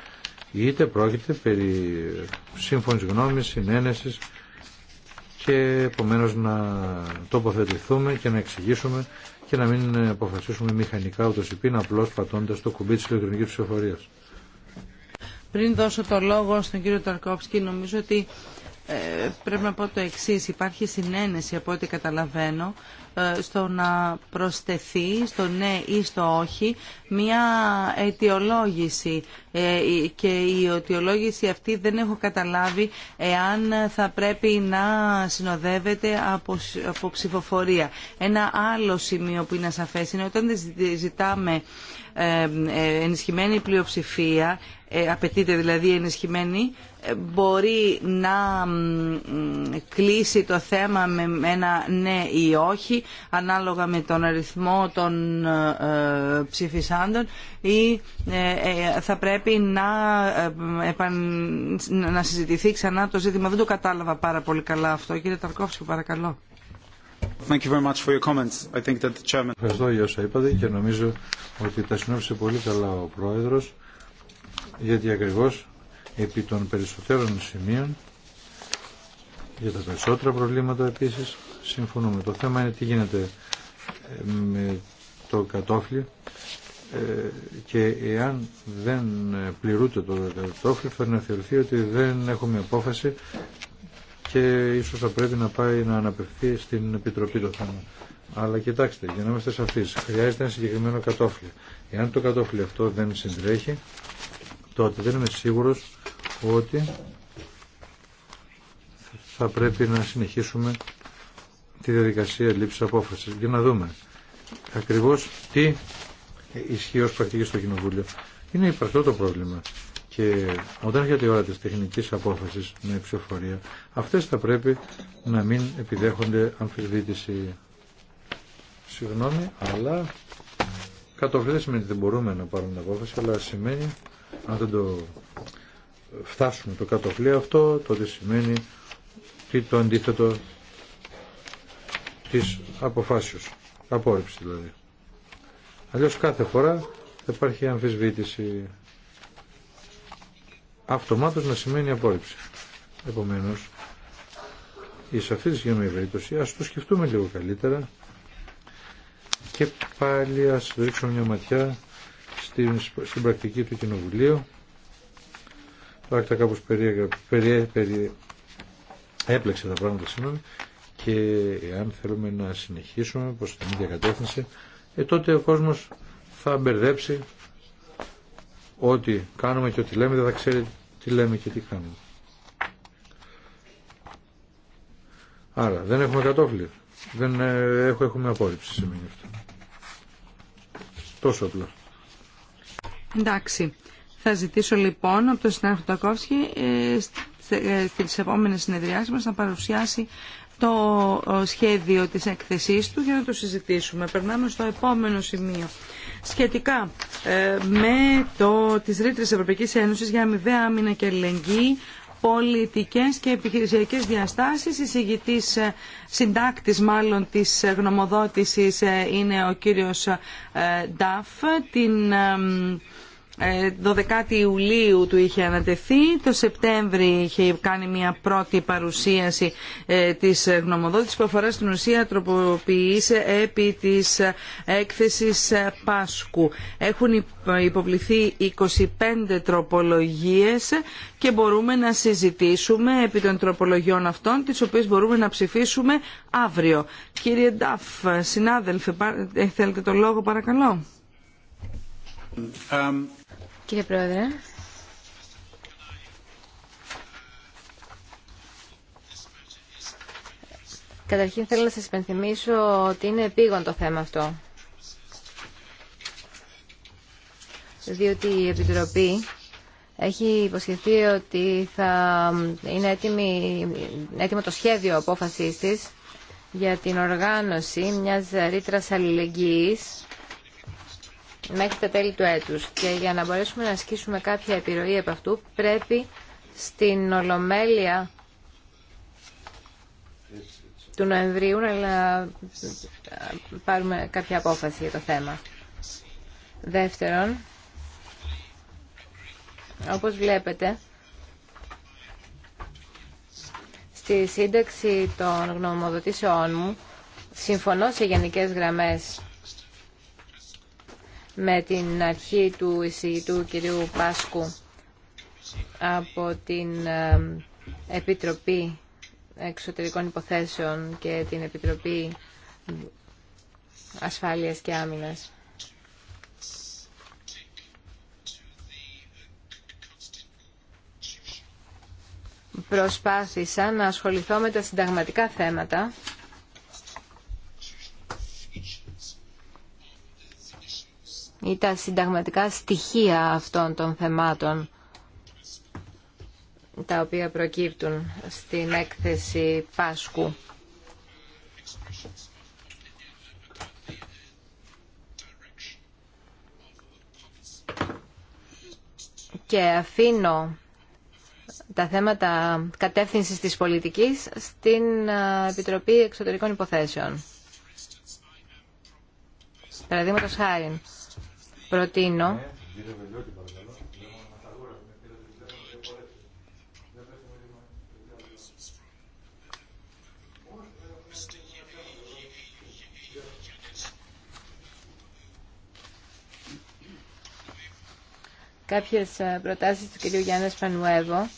Είτε πρόκειται περί σύμφωνης γνώμης, συνένεσης και επομένω να τοποθετηθούμε και να εξηγήσουμε και να μην αποφασίσουμε μηχανικά ή πίνα απλώ πατώντα το κουμπί τη ηλεκτρονική ψηφοφορία. Πριν δώσω το λόγο στον κύριο Ταρκόφσκι, νομίζω ότι ε, πρέπει να πω το εξή. Υπάρχει συνένεση από ό,τι καταλαβαίνω ε, στο να προσθεθεί στο ναι ή στο όχι μια αιτιολόγηση ε, και η αιτιολόγηση αυτή δεν έχω καταλάβει εάν θα πρέπει να συνοδεύεται από, ψηφοφορία. Ένα άλλο σημείο που είναι σαφές είναι όταν ζητάμε ενισχυμένη πλειοψηφία, απαιτείται δηλαδή ενισχυμένη μπορεί να κλείσει το θέμα με ένα ναι ή όχι ανάλογα με τον αριθμό των ε, ψηφισάντων ή ε, ε, θα πρέπει να, να συζητηθεί ξανά το ζήτημα. Δεν το κατάλαβα πάρα πολύ καλά αυτό. Κύριε Ταρκόφσκι, παρακαλώ. Thank you very much for your comments. I think that the chairman... Ευχαριστώ για όσα είπατε και νομίζω ότι τα συνόψε πολύ καλά ο Πρόεδρος γιατί ακριβώς επί των περισσότερων σημείων για τα περισσότερα προβλήματα επίσης συμφωνούμε. Το θέμα είναι τι γίνεται ε, με το κατόφλι ε, και εάν δεν πληρούνται το κατόφλι θα να θεωρηθεί ότι δεν έχουμε απόφαση και ίσως θα πρέπει να πάει να αναπευθεί στην Επιτροπή το θέμα. Αλλά κοιτάξτε, για να είμαστε σαφείς, χρειάζεται ένα συγκεκριμένο κατόφλι. Εάν το κατόφλι αυτό δεν συντρέχει, τότε. Δεν είμαι σίγουρος ότι θα πρέπει να συνεχίσουμε τη διαδικασία λήψης απόφασης για να δούμε ακριβώς τι ισχύει ως πρακτική στο Κοινοβούλιο. Είναι υπαρκτό το πρόβλημα και όταν έρχεται η ώρα της τεχνικής απόφασης με ψηφοφορία αυτές θα πρέπει να μην επιδέχονται αμφισβήτηση συγγνώμη αλλά κατ' δεν σημαίνει ότι δεν μπορούμε να πάρουμε την απόφαση αλλά σημαίνει αν δεν το φτάσουμε το πλοίο αυτό, τότε σημαίνει τι το αντίθετο της αποφάσεως. Απόρριψη δηλαδή. Αλλιώς κάθε φορά θα υπάρχει αμφισβήτηση. Αυτομάτως να σημαίνει απόρριψη. Επομένως, σε αυτή τη συγκεκριμένη περίπτωση ας το σκεφτούμε λίγο καλύτερα και πάλι ας ρίξουμε μια ματιά στην, πρακτική του Κοινοβουλίου. τα κάπως περί, περί, έπλεξε τα πράγματα σήμερα και αν θέλουμε να συνεχίσουμε προς την ίδια κατεύθυνση ε, τότε ο κόσμος θα μπερδέψει ό,τι κάνουμε και ό,τι λέμε δεν θα ξέρει τι λέμε και τι κάνουμε. Άρα δεν έχουμε κατόφλι. Δεν ε, έχουμε απόρριψη σημαίνει αυτό. Τόσο απλό. Εντάξει. Θα ζητήσω λοιπόν από τον συνάδελφο Τακόφσκι ε, ε, στις επόμενε συνεδριάσεις μας να παρουσιάσει το σχέδιο της έκθεσής του για να το συζητήσουμε. Περνάμε στο επόμενο σημείο. Σχετικά ε, με το, τις ρήτρες Ευρωπαϊκής Ένωσης για αμοιβαία άμυνα και ελεγγύη πολιτικές και επιχειρησιακές διαστάσεις. Εισηγητής, ε, συντάκτης μάλλον της γνωμοδότησης ε, είναι ο κύριος ε, Νταφ. Την 12 ε, Ιουλίου του είχε ανατεθεί, το Σεπτέμβρη είχε κάνει μια πρώτη παρουσίαση ε, της γνωμοδότησης που αφορά στην ουσία τροποποιήσει επί της ε, έκθεσης Πάσκου. Έχουν υποβληθεί 25 τροπολογίες και μπορούμε να συζητήσουμε επί των τροπολογιών αυτών, τις οποίες μπορούμε να ψηφίσουμε αύριο. Κύριε Νταφ, συνάδελφε, θέλετε το λόγο παρακαλώ. Um, Κύριε Πρόεδρε, καταρχήν θέλω να σας υπενθυμίσω ότι είναι επίγον το θέμα αυτό. Διότι η Επιτροπή έχει υποσχεθεί ότι θα είναι έτοιμη, έτοιμο το σχέδιο απόφασής της για την οργάνωση μιας ρήτρας αλληλεγγύης μέχρι τα τέλη του έτους και για να μπορέσουμε να ασκήσουμε κάποια επιρροή από αυτού πρέπει στην Ολομέλεια του Νοεμβρίου να ε, πάρουμε κάποια απόφαση για το θέμα. Δεύτερον, όπως βλέπετε, στη σύνταξη των γνωμοδοτήσεών μου συμφωνώ σε γενικές γραμμές με την αρχή του εισηγητού κυρίου Πάσκου από την Επιτροπή Εξωτερικών Υποθέσεων και την Επιτροπή Ασφάλειας και Άμυνας. Προσπάθησα να ασχοληθώ με τα συνταγματικά θέματα ή τα συνταγματικά στοιχεία αυτών των θεμάτων τα οποία προκύπτουν στην έκθεση Πάσκου. Και αφήνω τα θέματα κατεύθυνσης της πολιτικής στην Επιτροπή Εξωτερικών Υποθέσεων. Παραδείγματος χάρη, προτείνω κάποιες ε, προτάσεις του κυρίου Γιάννης Πανουέβο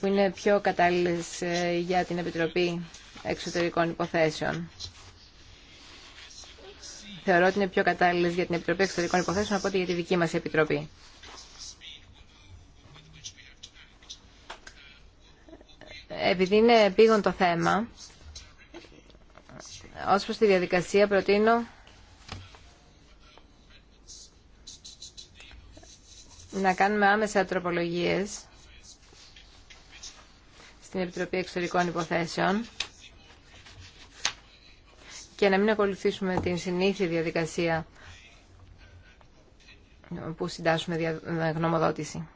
που είναι πιο κατάλληλες ε, για την Επιτροπή Εξωτερικών Υποθέσεων θεωρώ ότι είναι πιο κατάλληλε για την Επιτροπή Εξωτερικών Υποθέσεων από ότι για τη δική μα Επιτροπή. Επειδή είναι επίγον το θέμα, ως προς τη διαδικασία προτείνω να κάνουμε άμεσα τροπολογίες στην Επιτροπή Εξωτερικών Υποθέσεων και να μην ακολουθήσουμε την συνήθεια διαδικασία που συντάσσουμε γνωμοδότηση.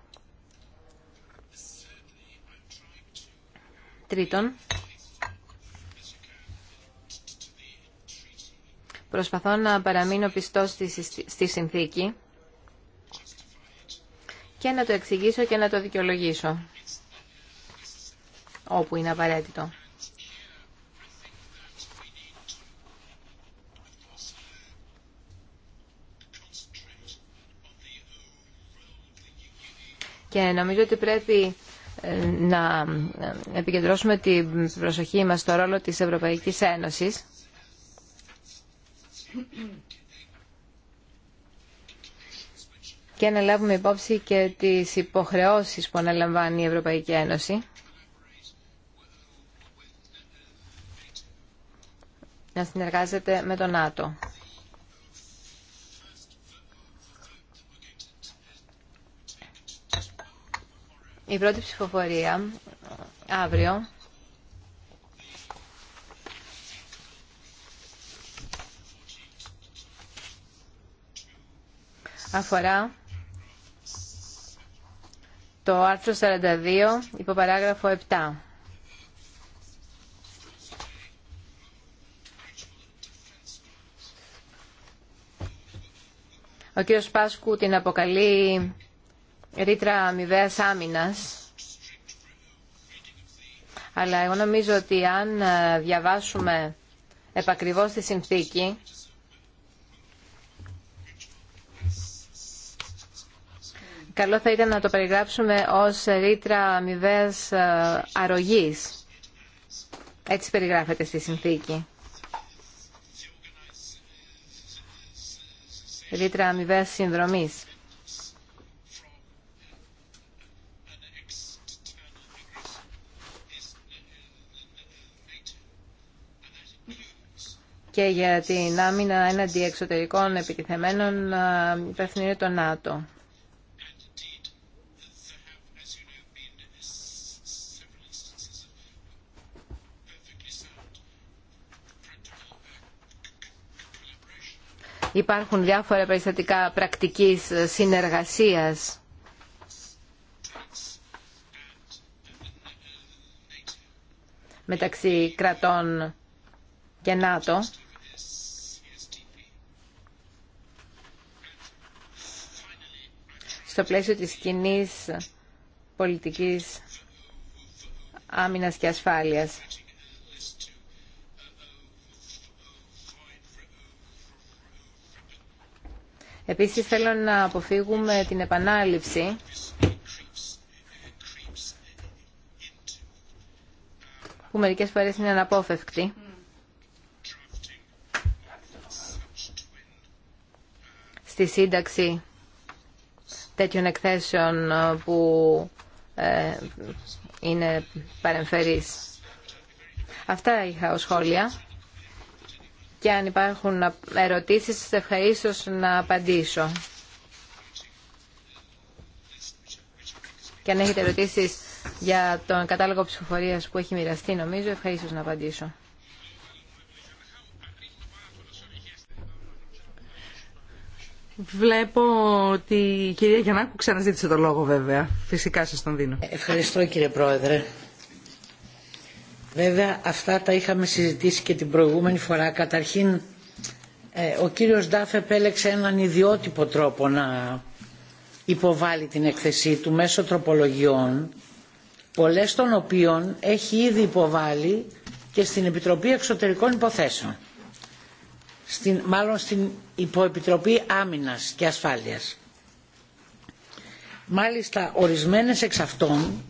Τρίτον, προσπαθώ να παραμείνω πιστός στη συνθήκη και να το εξηγήσω και να το δικαιολογήσω όπου είναι απαραίτητο. Και νομίζω ότι πρέπει ε, να ε, επικεντρώσουμε την προσοχή μας στο ρόλο της Ευρωπαϊκής Ένωσης και να λάβουμε υπόψη και τις υποχρεώσεις που αναλαμβάνει η Ευρωπαϊκή Ένωση. Να συνεργάζεται με τον ΝΑΤΟ. Η πρώτη ψηφοφορία αύριο αφορά το άρθρο 42, παράγραφο 7. Ο κύριος Πάσκου την αποκαλεί ρήτρα αμοιβαία άμυνα. Αλλά εγώ νομίζω ότι αν ε, διαβάσουμε επακριβώς τη συνθήκη, καλό θα ήταν να το περιγράψουμε ως ρήτρα αμοιβαία ε, αρρωγής. Έτσι περιγράφεται στη συνθήκη. Ρήτρα αμοιβαία συνδρομής. και για την άμυνα έναντι εξωτερικών επιτιθεμένων υπεύθυνο των ΝΑΤΟ. Υπάρχουν διάφορα περιστατικά πρακτικής συνεργασίας. μεταξύ κρατών και ΝΑΤΟ στο πλαίσιο της κοινή πολιτικής άμυνας και ασφάλειας. Επίσης θέλω να αποφύγουμε την επανάληψη που μερικές φορές είναι αναπόφευκτη. στη σύνταξη τέτοιων εκθέσεων ε, που ε, είναι παρεμφερείς. Αυτά είχα ως σχόλια. Και αν υπάρχουν ερωτήσεις, ευχαρίσω να απαντήσω. Και αν έχετε ερωτήσεις για τον κατάλογο ψηφοφορίας που έχει μοιραστεί, νομίζω, ευχαρίσω να απαντήσω. Βλέπω ότι η κυρία Γιαννάκου ξαναζήτησε το λόγο βέβαια. Φυσικά σας τον δίνω. Ευχαριστώ κύριε Πρόεδρε. Βέβαια αυτά τα είχαμε συζητήσει και την προηγούμενη φορά. Καταρχήν ε, ο κύριος Ντάφ επέλεξε έναν ιδιότυπο τρόπο να υποβάλει την εκθεσή του μέσω τροπολογιών πολλές των οποίων έχει ήδη υποβάλει και στην Επιτροπή Εξωτερικών Υποθέσεων μάλλον στην Υποεπιτροπή Άμυνας και Ασφάλειας. Μάλιστα ορισμένες εξ αυτών,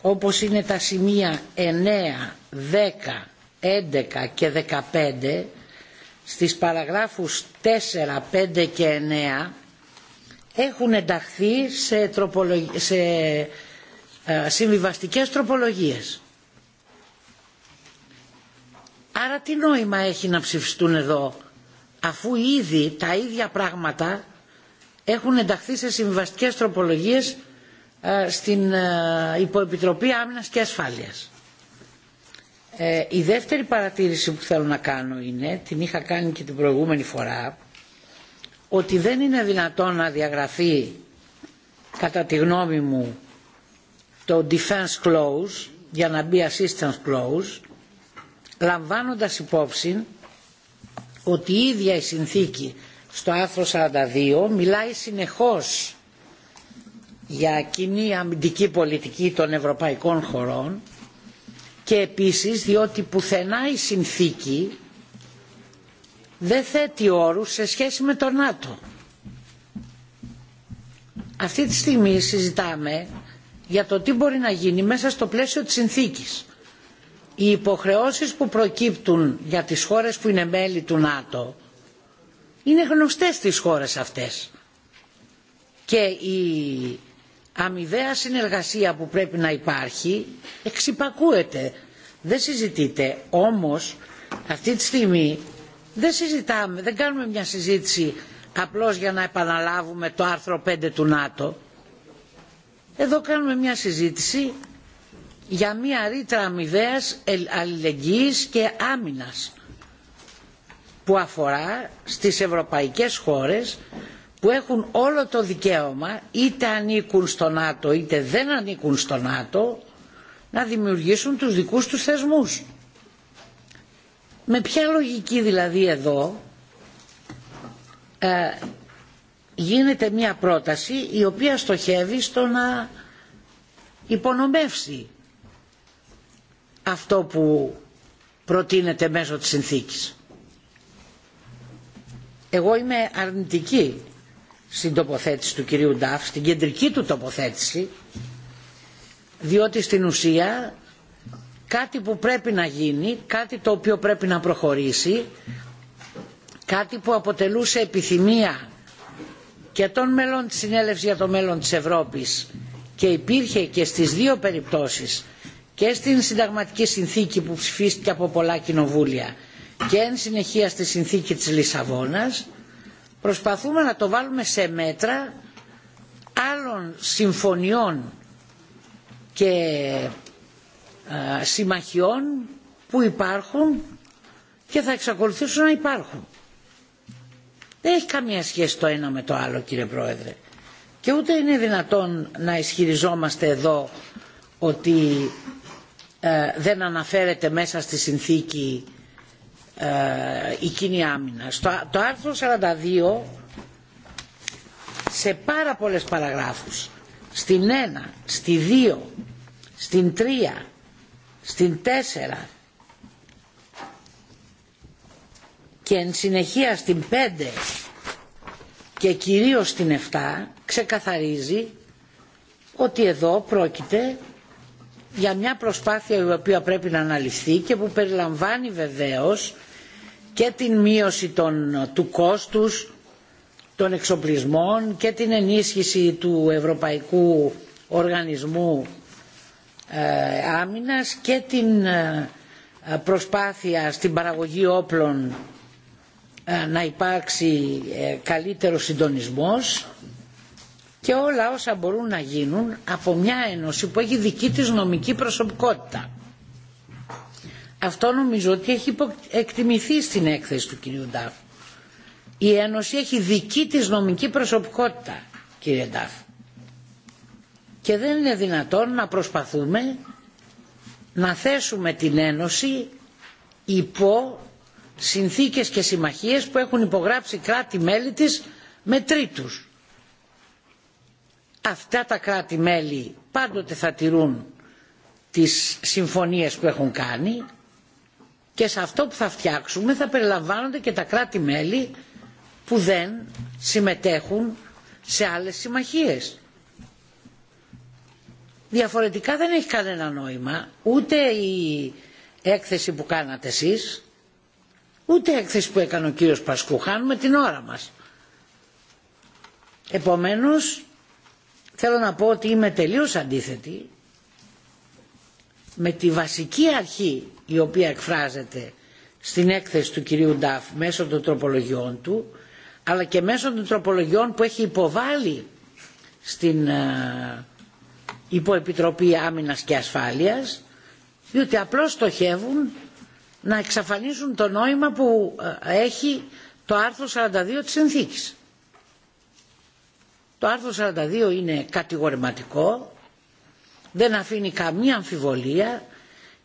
όπως είναι τα σημεία 9, 10, 11 και 15, στις παραγράφους 4, 5 και 9, έχουν ενταχθεί σε, τροπολογ... σε ε, συμβιβαστικές τροπολογίες Άρα τι νόημα έχει να ψηφιστούν εδώ αφού ήδη τα ίδια πράγματα έχουν ενταχθεί σε συμβαστικές τροπολογίες ε, στην ε, Υποεπιτροπή Άμυνας και Ασφάλειας. Ε, η δεύτερη παρατήρηση που θέλω να κάνω είναι, την είχα κάνει και την προηγούμενη φορά, ότι δεν είναι δυνατόν να διαγραφεί, κατά τη γνώμη μου, το defense clause για να μπει assistance clause, λαμβάνοντας υπόψη ότι η ίδια η συνθήκη στο άρθρο 42 μιλάει συνεχώς για κοινή αμυντική πολιτική των ευρωπαϊκών χωρών και επίσης διότι πουθενά η συνθήκη δεν θέτει όρους σε σχέση με τον ΝΑΤΟ. Αυτή τη στιγμή συζητάμε για το τι μπορεί να γίνει μέσα στο πλαίσιο της συνθήκης οι υποχρεώσεις που προκύπτουν για τις χώρες που είναι μέλη του ΝΑΤΟ είναι γνωστές στις χώρες αυτές. Και η αμοιβαία συνεργασία που πρέπει να υπάρχει εξυπακούεται, δεν συζητείται. Όμως αυτή τη στιγμή δεν συζητάμε, δεν κάνουμε μια συζήτηση απλώς για να επαναλάβουμε το άρθρο 5 του ΝΑΤΟ. Εδώ κάνουμε μια συζήτηση για μια ρήτρα αμοιβαίας αλληλεγγύης και άμυνας που αφορά στις ευρωπαϊκές χώρες που έχουν όλο το δικαίωμα είτε ανήκουν στο ΝΑΤΟ είτε δεν ανήκουν στο ΝΑΤΟ να δημιουργήσουν τους δικούς τους θεσμούς. Με ποια λογική δηλαδή εδώ ε, γίνεται μια πρόταση η οποία στοχεύει στο να υπονομεύσει αυτό που προτείνεται μέσω της συνθήκης. Εγώ είμαι αρνητική στην τοποθέτηση του κυρίου Νταφ, στην κεντρική του τοποθέτηση, διότι στην ουσία κάτι που πρέπει να γίνει, κάτι το οποίο πρέπει να προχωρήσει, κάτι που αποτελούσε επιθυμία και των μελών της συνέλευσης για το μέλλον της Ευρώπης και υπήρχε και στις δύο περιπτώσεις και στην συνταγματική συνθήκη που ψηφίστηκε από πολλά κοινοβούλια και εν συνεχεία στη συνθήκη της Λισαβόνας προσπαθούμε να το βάλουμε σε μέτρα άλλων συμφωνιών και ε, συμμαχιών που υπάρχουν και θα εξακολουθήσουν να υπάρχουν. Δεν έχει καμία σχέση το ένα με το άλλο κύριε Πρόεδρε. Και ούτε είναι δυνατόν να ισχυριζόμαστε εδώ ότι ε, δεν αναφέρεται μέσα στη συνθήκη ε, η κοινή άμυνα. Το άρθρο 42 σε πάρα πολλές παραγράφους, στην 1, στη 2, στην 3, στην 4 και εν συνεχεία στην 5 και κυρίως στην 7 ξεκαθαρίζει ότι εδώ πρόκειται για μια προσπάθεια η οποία πρέπει να αναλυθεί και που περιλαμβάνει βεβαίως και την μείωση των, του κόστους των εξοπλισμών και την ενίσχυση του Ευρωπαϊκού Οργανισμού ε, Άμυνας και την ε, προσπάθεια στην παραγωγή όπλων ε, να υπάρξει ε, καλύτερος συντονισμός και όλα όσα μπορούν να γίνουν από μια ένωση που έχει δική της νομική προσωπικότητα. Αυτό νομίζω ότι έχει εκτιμηθεί στην έκθεση του κυρίου Ντάφ. Η Ένωση έχει δική της νομική προσωπικότητα, κύριε Ντάφ. Και δεν είναι δυνατόν να προσπαθούμε να θέσουμε την Ένωση υπό συνθήκες και συμμαχίες που έχουν υπογράψει κράτη-μέλη της με τρίτους αυτά τα κράτη-μέλη πάντοτε θα τηρούν τις συμφωνίες που έχουν κάνει και σε αυτό που θα φτιάξουμε θα περιλαμβάνονται και τα κράτη-μέλη που δεν συμμετέχουν σε άλλες συμμαχίες. Διαφορετικά δεν έχει κανένα νόημα ούτε η έκθεση που κάνατε εσείς, ούτε η έκθεση που έκανε ο κύριος Πασκούχαν με την ώρα μας. Επομένως θέλω να πω ότι είμαι τελείως αντίθετη με τη βασική αρχή η οποία εκφράζεται στην έκθεση του κυρίου Νταφ μέσω των τροπολογιών του αλλά και μέσω των τροπολογιών που έχει υποβάλει στην ε, Υποεπιτροπή Άμυνας και Ασφάλειας διότι απλώς στοχεύουν να εξαφανίσουν το νόημα που ε, έχει το άρθρο 42 της συνθήκης. Το άρθρο 42 είναι κατηγορηματικό, δεν αφήνει καμία αμφιβολία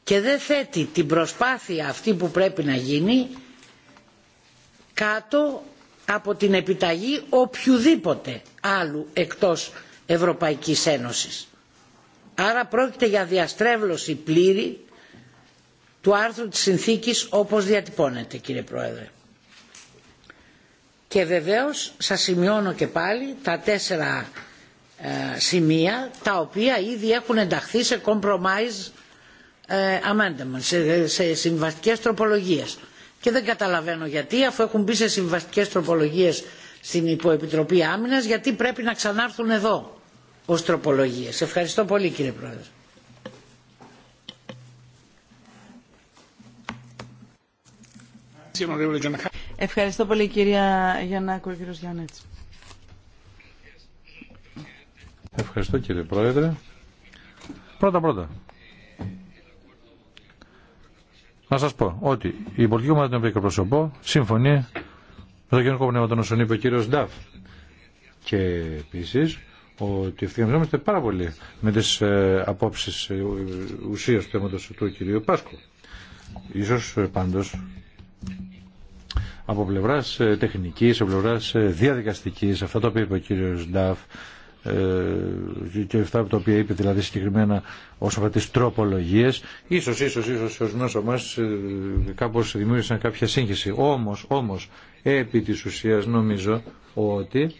και δεν θέτει την προσπάθεια αυτή που πρέπει να γίνει κάτω από την επιταγή οποιοδήποτε άλλου εκτός Ευρωπαϊκής Ένωσης. Άρα πρόκειται για διαστρέβλωση πλήρη του άρθρου της συνθήκης όπως διατυπώνεται κύριε Πρόεδρε και βεβαίως σας σημειώνω και πάλι τα τέσσερα ε, σημεία τα οποία ήδη έχουν ενταχθεί σε compromise ε, amendment, σε, σε συμβαστικές τροπολογίες. Και δεν καταλαβαίνω γιατί αφού έχουν μπει σε συμβαστικές τροπολογίες στην Υποεπιτροπή Άμυνας γιατί πρέπει να ξανάρθουν εδώ ως τροπολογίες. Ευχαριστώ πολύ κύριε Πρόεδρε. Ευχαριστώ πολύ κυρία Γιαννάκου, ο κύριος Γιάννετς. Ευχαριστώ κύριε Πρόεδρε. Πρώτα πρώτα. Να σας πω ότι η πολιτική ομάδα την οποία εκπροσωπώ συμφωνεί με το κοινωνικό πνεύμα των όσων είπε ο κύριος Νταφ. Και επίσης ότι ευθυγραμμιζόμαστε πάρα πολύ με τις ε, απόψεις ε, ουσίας του θέματος του κυρίου Πάσκου. Ίσως ε, πάντως από πλευρά ε, τεχνική, από πλευρά ε, διαδικαστική, αυτά τα οποία είπε ο κύριο Νταφ ε, και αυτά τα οποία είπε δηλαδή συγκεκριμένα όσο αφορά τι τροπολογίε, ίσω, ίσω, ίσω ορισμένου από εμά κάπω δημιούργησαν κάποια σύγχυση. Όμω, όμω, επί τη ουσία νομίζω ότι.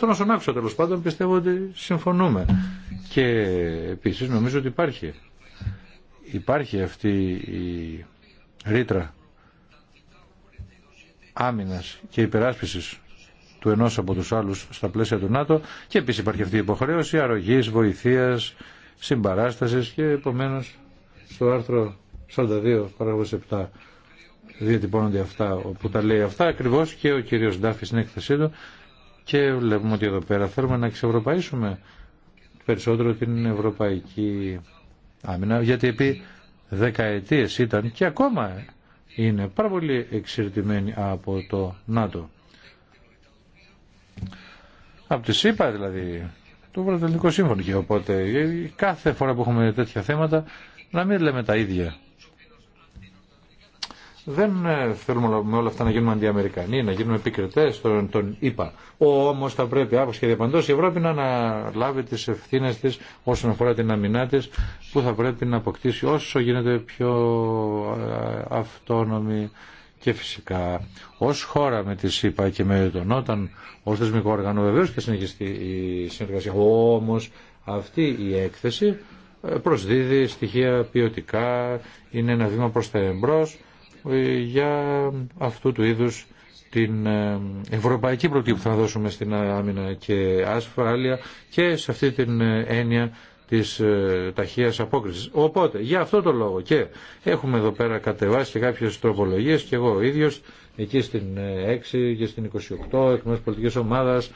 το να άκουσα τέλο πάντων πιστεύω ότι συμφωνούμε. Και επίση νομίζω ότι υπάρχει υπάρχει αυτή η ρήτρα άμυνας και υπεράσπισης του ενός από τους άλλους στα πλαίσια του ΝΑΤΟ και επίσης υπάρχει αυτή η υποχρέωση αρρωγής, βοηθείας, συμπαράστασης και επομένως στο άρθρο 42 παράγραφος 7 διατυπώνονται αυτά που τα λέει αυτά ακριβώς και ο κύριος Ντάφη στην έκθεσή του και βλέπουμε ότι εδώ πέρα θέλουμε να ξευρωπαίσουμε περισσότερο την ευρωπαϊκή άμυνα, γιατί επί δεκαετίες ήταν και ακόμα είναι πάρα πολύ εξαιρετημένοι από το ΝΑΤΟ. Από τη ΣΥΠΑ δηλαδή, το Βρετανικό Σύμφωνο και οπότε ε, κάθε φορά που έχουμε τέτοια θέματα να μην λέμε τα ίδια. Δεν ε, θέλουμε με όλα αυτά να γίνουμε αντιαμερικανοί, να γίνουμε επικριτέ τον τον ΗΠΑ. Όμω θα πρέπει άποψη και διαπαντό η Ευρώπη να αναλάβει τι ευθύνε τη όσον αφορά την αμυνά τη, που θα πρέπει να αποκτήσει όσο γίνεται πιο ε, αυτόνομη και φυσικά ω χώρα με τη ΣΥΠΑ και με τον Όταν ω θεσμικό όργανο βεβαίω και συνεχιστεί η συνεργασία. Όμω αυτή η έκθεση ε, προσδίδει στοιχεία ποιοτικά, είναι ένα βήμα προ τα εμπρό. Ε, για αυτού του είδους την ε, ευρωπαϊκή πρωτοβουλία που θα δώσουμε στην άμυνα και ασφάλεια και σε αυτή την ε, έννοια της ταχείας απόκρισης. Οπότε, για αυτό το λόγο και έχουμε εδώ πέρα κατεβάσει και κάποιες τροπολογίες και εγώ ο εκεί στην 6 και στην 28 εκ μέρους πολιτικής ομάδας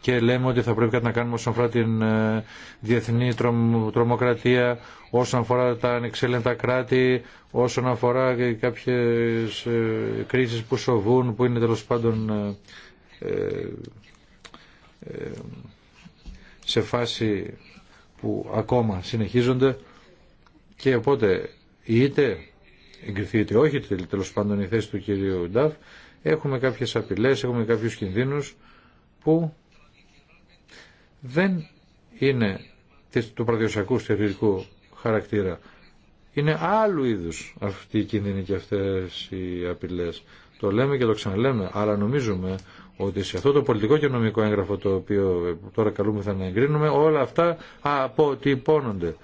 και λέμε ότι θα πρέπει κάτι να κάνουμε όσον αφορά την ε, διεθνή τρομοκρατία, όσον αφορά τα ανεξέλεγκτα κράτη, όσον αφορά και κάποιες ε, κρίσεις που σοβούν, που είναι τέλο πάντων ε, σε φάση που ακόμα συνεχίζονται και οπότε είτε εγκριθεί είτε όχι τέλο πάντων η θέση του κυρίου Νταφ έχουμε κάποιες απειλές, έχουμε κάποιους κινδύνους που δεν είναι του παραδοσιακού στερεωτικού χαρακτήρα. Είναι άλλου είδους αυτή η κίνδυνη και αυτές οι απειλές. Το λέμε και το ξαναλέμε, αλλά νομίζουμε ότι σε αυτό το πολιτικό και νομικό έγγραφο το οποίο τώρα καλούμεθα να εγκρίνουμε όλα αυτά αποτυπώνονται.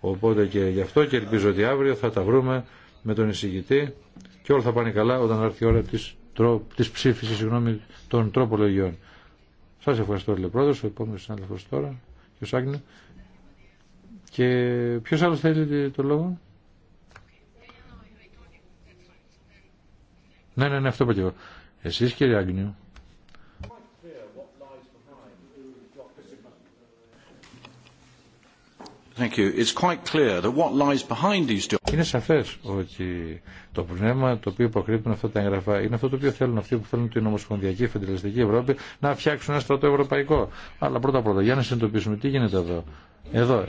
Οπότε και γι' αυτό και ελπίζω ότι αύριο θα τα βρούμε με τον εισηγητή και όλα θα πάνε καλά όταν έρθει η ώρα της, ψήφισης των τροπολογιών. Σας ευχαριστώ, Λεπρόεδρος, ο επόμενος συνάδελφος τώρα, ο Σάγνου. Και ποιος άλλος θέλει το λόγο? Ναι, ναι, ναι, αυτό είπα και εγώ. Εσείς, κύριε Άγνιου. Thank you. It's quite clear that what lies behind these είναι σαφές ότι το πνεύμα το οποίο υποκρύπτουν αυτά τα εγγραφά είναι αυτό το οποίο θέλουν αυτοί που θέλουν την Ομοσπονδιακή Φεντελεστική Ευρώπη να φτιάξουν ένα στρατό ευρωπαϊκό. Αλλά πρώτα πρώτα, για να συνειδητοποιήσουμε τι γίνεται εδώ. Εδώ,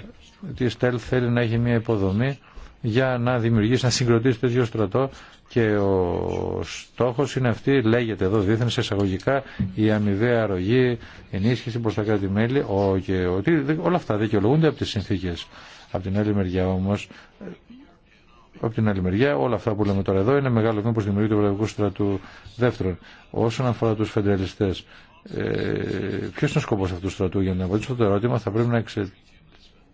η ΣΤΕΛ θέλει να έχει μια υποδομή για να δημιουργήσει, να συγκροτήσει τέτοιο στρατό και ο στόχος είναι αυτή, λέγεται εδώ δίθεν εισαγωγικά, η αμοιβαία αρρωγή, ενίσχυση προς τα κράτη-μέλη, όλα αυτά δικαιολογούνται από τις συνθήκες. Από την άλλη μεριά όμως από την άλλη μεριά, όλα αυτά που λέμε τώρα εδώ είναι μεγάλο βήμα που δημιουργεί το του Στρατού. Δεύτερον, όσον αφορά του φεντρελιστέ, ε, ποιο είναι ο σκοπό αυτού του στρατού, για να απαντήσω το ερώτημα, θα πρέπει να εξετάσουμε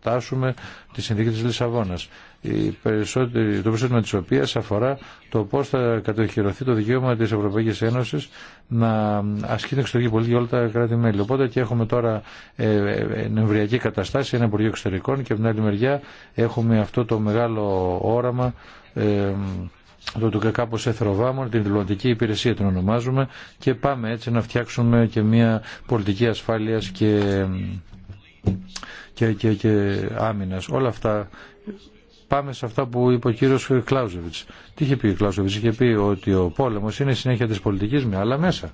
εξετάσουμε τη συνθήκη της Λισαβόνας. το περισσότερο της οποίας αφορά το πώ θα κατοχυρωθεί το δικαίωμα της Ευρωπαϊκής Ένωσης να ασκεί την εξωτερική πολιτική όλα τα κράτη-μέλη. Οπότε και έχουμε τώρα ε, ε, νευριακή καταστάση, ένα Υπουργείο Εξωτερικών και από την άλλη μεριά έχουμε αυτό το μεγάλο όραμα ε, το του κάπω εθροβάμων, την διπλωματική υπηρεσία την ονομάζουμε και πάμε έτσι να φτιάξουμε και μια πολιτική ασφάλειας και, και, και, και άμυνας. Όλα αυτά πάμε σε αυτά που είπε ο κύριο Κλάουζεβιτ. Τι είχε πει ο Κλάουζεβιτ, είχε πει ότι ο πόλεμο είναι συνέχεια τη πολιτική με άλλα μέσα.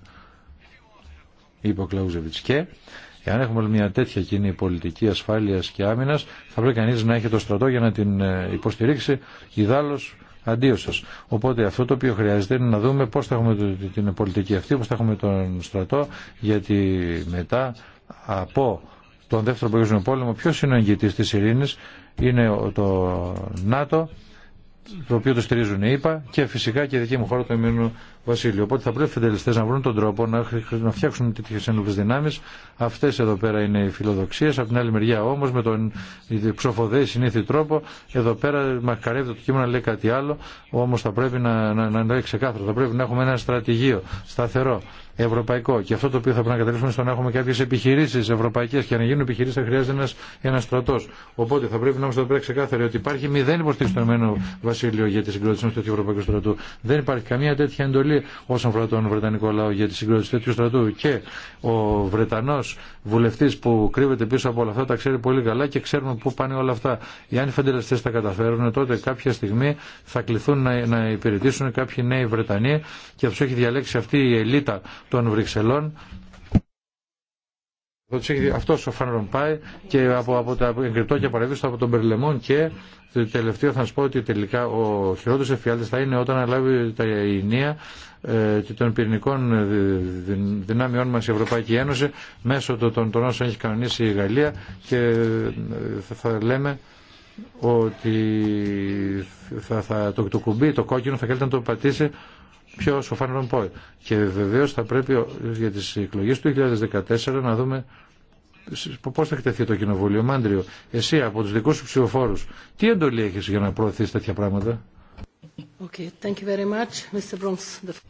Είπε ο Κλάουζεβιτ. Και εάν έχουμε μια τέτοια κοινή πολιτική ασφάλεια και άμυνα, θα πρέπει κανεί να έχει το στρατό για να την ε, υποστηρίξει. Ιδάλω, αντίο σα. Οπότε αυτό το οποίο χρειάζεται είναι να δούμε πώ θα έχουμε την πολιτική αυτή, πώ θα έχουμε τον στρατό, γιατί μετά από τον Δεύτερο Παγκόσμιο Πόλεμο, ποιο είναι ο εγγυητή τη ειρήνη, είναι το ΝΑΤΟ, το οποίο το στηρίζουν οι ΗΠΑ και φυσικά και η δική μου χώρα το Εμμήνου Βασίλειο. Οπότε θα πρέπει οι φεντελιστέ να βρουν τον τρόπο να, φτιάξουν τέτοιε ένοπλε δυνάμει. Αυτέ εδώ πέρα είναι οι φιλοδοξίε. Από την άλλη μεριά όμω με τον ψοφοδέη συνήθι τρόπο, εδώ πέρα μακαρεύεται το κείμενο να λέει κάτι άλλο. Όμω θα πρέπει να, να, να, να ξεκάθαρο. Θα πρέπει να έχουμε ένα στρατηγείο σταθερό ευρωπαϊκό. Και αυτό το οποίο θα πρέπει να καταλήξουμε στο να έχουμε κάποιε επιχειρήσει ευρωπαϊκέ. Και να γίνουν επιχειρήσει θα χρειάζεται ένα στρατό. Οπότε θα πρέπει να είμαστε εδώ πέρα ξεκάθαροι ότι υπάρχει μηδέν υποστήριξη στο Ηνωμένο Βασίλειο για τη συγκρότηση ενό τέτοιου ευρωπαϊκού στρατού. Δεν υπάρχει καμία τέτοια εντολή όσον αφορά τον Βρετανικό λαό για τη συγκρότηση τέτοιου στρατού. Και ο Βρετανό βουλευτή που κρύβεται πίσω από όλα αυτά τα ξέρει πολύ καλά και ξέρουμε πού πάνε όλα αυτά. Εάν οι φεντεραστέ τα καταφέρουν, τότε κάποια στιγμή θα κληθούν να, να υπηρετήσουν κάποιοι νέοι Βρετανοί και θα του έχει διαλέξει αυτή η ελίτα των Βρυξελών. Αυτό ο Φαν πάει και από, από τα εγκριτό και παρεδίστο από τον Περλεμόν και τελευταίο θα σα πω ότι τελικά ο χειρότερο εφιάλτη θα είναι όταν αναλάβει τα Ινία ε, των πυρηνικών δυνάμειών μα η Ευρωπαϊκή Ένωση μέσω των, των όσων έχει κανονίσει η Γαλλία και ε, θα, θα λέμε ότι θα, θα, το, το κουμπί, το κόκκινο θα καλύτερα να το πατήσει πιο σοφάν ρομπόι. Και βεβαίω θα πρέπει για τι εκλογέ του 2014 να δούμε πώ θα εκτεθεί το κοινοβούλιο. Μάντριο, εσύ από του δικού σου ψηφοφόρου, τι εντολή έχει για να προωθεί τέτοια πράγματα. Okay, thank you very much, Mr.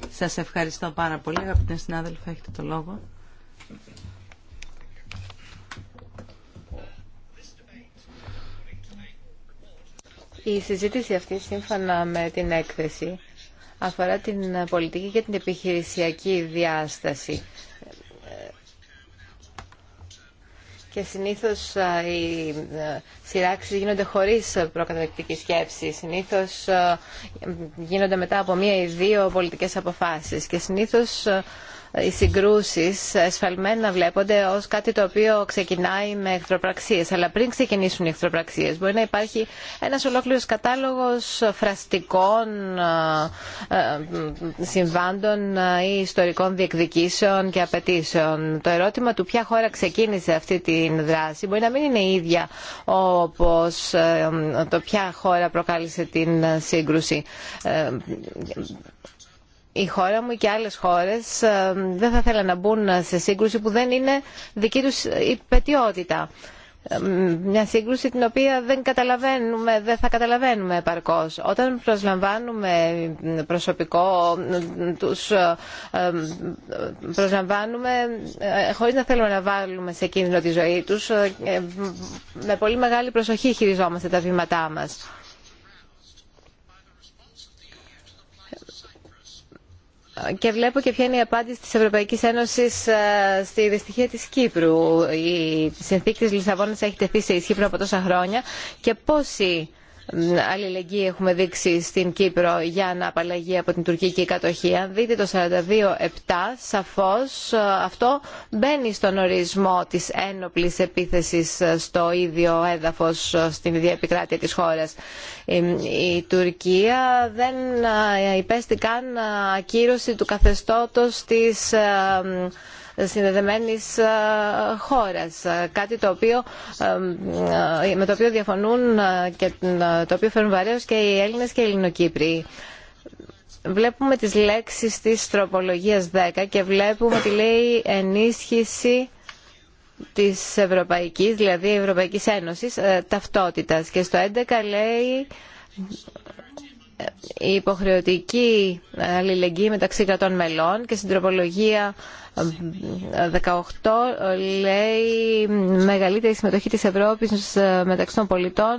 Σας ευχαριστώ πάρα πολύ, αγαπητέ συνάδελφοι, έχετε το λόγο. Η συζήτηση αυτή, σύμφωνα με την έκθεση, αφορά την πολιτική και την επιχειρησιακή διάσταση. Και συνήθως οι σειράξεις γίνονται χωρίς προκαταρκτική σκέψη. Συνήθως γίνονται μετά από μία ή δύο πολιτικές αποφάσεις. Και συνήθως οι συγκρούσει, εσφαλμένα βλέπονται ω κάτι το οποίο ξεκινάει με εχθροπραξίε. Αλλά πριν ξεκινήσουν οι εχθροπραξίε, μπορεί να υπάρχει ένα ολόκληρο κατάλογο φραστικών ε, ε, συμβάντων ή ιστορικών διεκδικήσεων και απαιτήσεων. Το ερώτημα του ποια χώρα ξεκίνησε αυτή τη δράση μπορεί να μην είναι ίδια όπω ε, το ποια χώρα προκάλεσε την σύγκρουση η χώρα μου και άλλες χώρες ε, δεν θα θέλαν να μπουν σε σύγκρουση που δεν είναι δική τους υπετιότητα. Ε, μια σύγκρουση την οποία δεν, καταλαβαίνουμε, δεν θα καταλαβαίνουμε επαρκώς. Όταν προσλαμβάνουμε προσωπικό, τους ε, προσλαμβάνουμε χωρίς να θέλουμε να βάλουμε σε κίνδυνο τη ζωή τους. Με πολύ μεγάλη προσοχή χειριζόμαστε τα βήματά μας. και βλέπω και ποια είναι η απάντηση της Ευρωπαϊκής Ένωσης ε, στη δυστυχία της Κύπρου. Η συνθήκη της Λισαβόνας έχει τεθεί σε ισχύ πριν από τόσα χρόνια και πόσοι αλληλεγγύη έχουμε δείξει στην Κύπρο για να απαλλαγεί από την τουρκική κατοχή. Αν δείτε το 42-7, σαφώς ε, αυτό μπαίνει στον ορισμό της ένοπλης επίθεσης ε, στο ίδιο έδαφος ε, στην ίδια επικράτεια της χώρας. Η Τουρκία δεν υπέστη καν ακύρωση του καθεστώτος της συνδεδεμένης ε, χώρας. Ε, κάτι το οποίο, ε, με το οποίο διαφωνούν και το οποίο φέρνουν βαρέως και οι Έλληνες και οι Ελληνοκύπροι βλέπουμε τις λέξεις της τροπολογίας 10 και βλέπουμε ότι λέει ενίσχυση της Ευρωπαϊκής, δηλαδή Ευρωπαϊκής Ένωσης, ταυτότητας. Και στο 11 λέει η υποχρεωτική αλληλεγγύη μεταξύ κρατών μελών και στην τροπολογία 18 λέει μεγαλύτερη συμμετοχή της Ευρώπης μεταξύ των πολιτών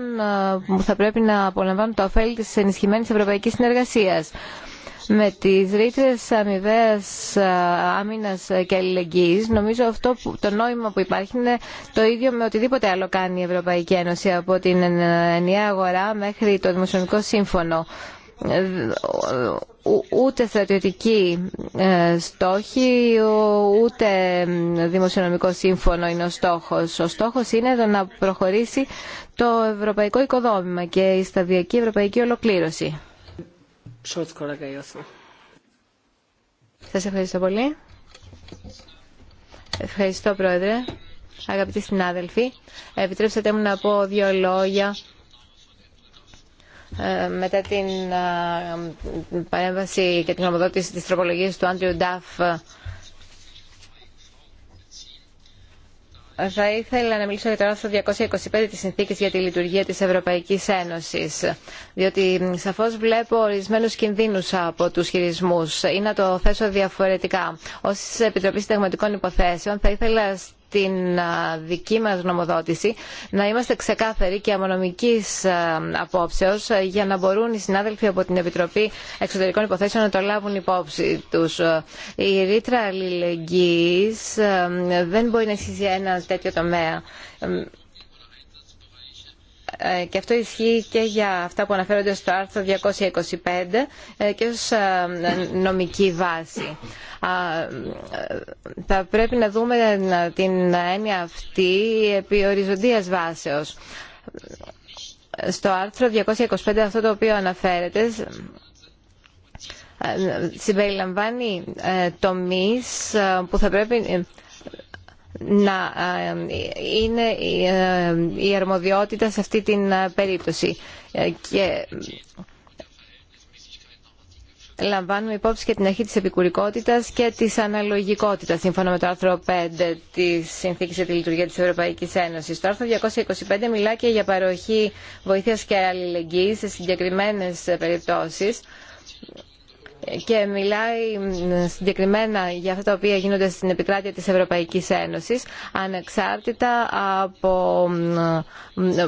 ε, που θα πρέπει να απολαμβάνουν το ωφέλη της ενισχυμένης ευρωπαϊκής συνεργασίας. Με τις ρήτρες αμοιβαίας ε, άμυνας και αλληλεγγύης νομίζω αυτό το νόημα που υπάρχει είναι το ίδιο με οτιδήποτε άλλο κάνει η Ευρωπαϊκή Ένωση από την ενιαία αγορά μέχρι το Δημοσιονομικό Σύμφωνο ε, ούτε στρατιωτικοί ε, στόχοι, ούτε δημοσιονομικό σύμφωνο είναι ο στόχος. Ο στόχος είναι το να προχωρήσει το ευρωπαϊκό οικοδόμημα και η σταδιακή ευρωπαϊκή ολοκλήρωση. Σας ευχαριστώ πολύ. Ευχαριστώ, Πρόεδρε. Αγαπητοί συνάδελφοι, επιτρέψτε μου να πω δύο λόγια ε, μετά την ε, παρέμβαση και την γνωμοδότηση της τροπολογίας του Άντριου Νταφ θα ήθελα να μιλήσω για το άρθρο 225 της Συνθήκης για τη λειτουργία της Ευρωπαϊκής Ένωσης, διότι σαφώς βλέπω ορισμένους κινδύνους από τους χειρισμούς ή να το θέσω διαφορετικά. Ως Επιτροπή Συνταγματικών Υποθέσεων θα ήθελα την δική μας νομοδότηση να είμαστε ξεκάθαροι και αμονομικής απόψεως για να μπορούν οι συνάδελφοι από την Επιτροπή Εξωτερικών Υποθέσεων να το λάβουν υπόψη τους. Η ρήτρα αλληλεγγύη δεν μπορεί να ισχύσει ένα τέτοιο τομέα. Ε, και αυτό ισχύει και για αυτά που αναφέρονται στο άρθρο 225 ε, και ως ε, νομική βάση. Θα πρέπει να δούμε την έννοια αυτή επί οριζοντίας βάσεως. Στο άρθρο 225 αυτό το οποίο αναφέρεται συμπεριλαμβάνει τομείς που θα πρέπει να ε, είναι ε, η αρμοδιότητα σε αυτή την ε, περίπτωση. Και λαμβάνουμε υπόψη και την αρχή της επικουρικότητας και της αναλογικότητας σύμφωνα με το άρθρο 5 της Συνθήκης για τη Λειτουργία της Ευρωπαϊκής Ένωσης. Το άρθρο 225 μιλά και για παροχή βοήθειας και αλληλεγγύης σε συγκεκριμένες περιπτώσεις και μιλάει συγκεκριμένα για αυτά τα οποία γίνονται στην επικράτεια της Ευρωπαϊκής Ένωσης ανεξάρτητα από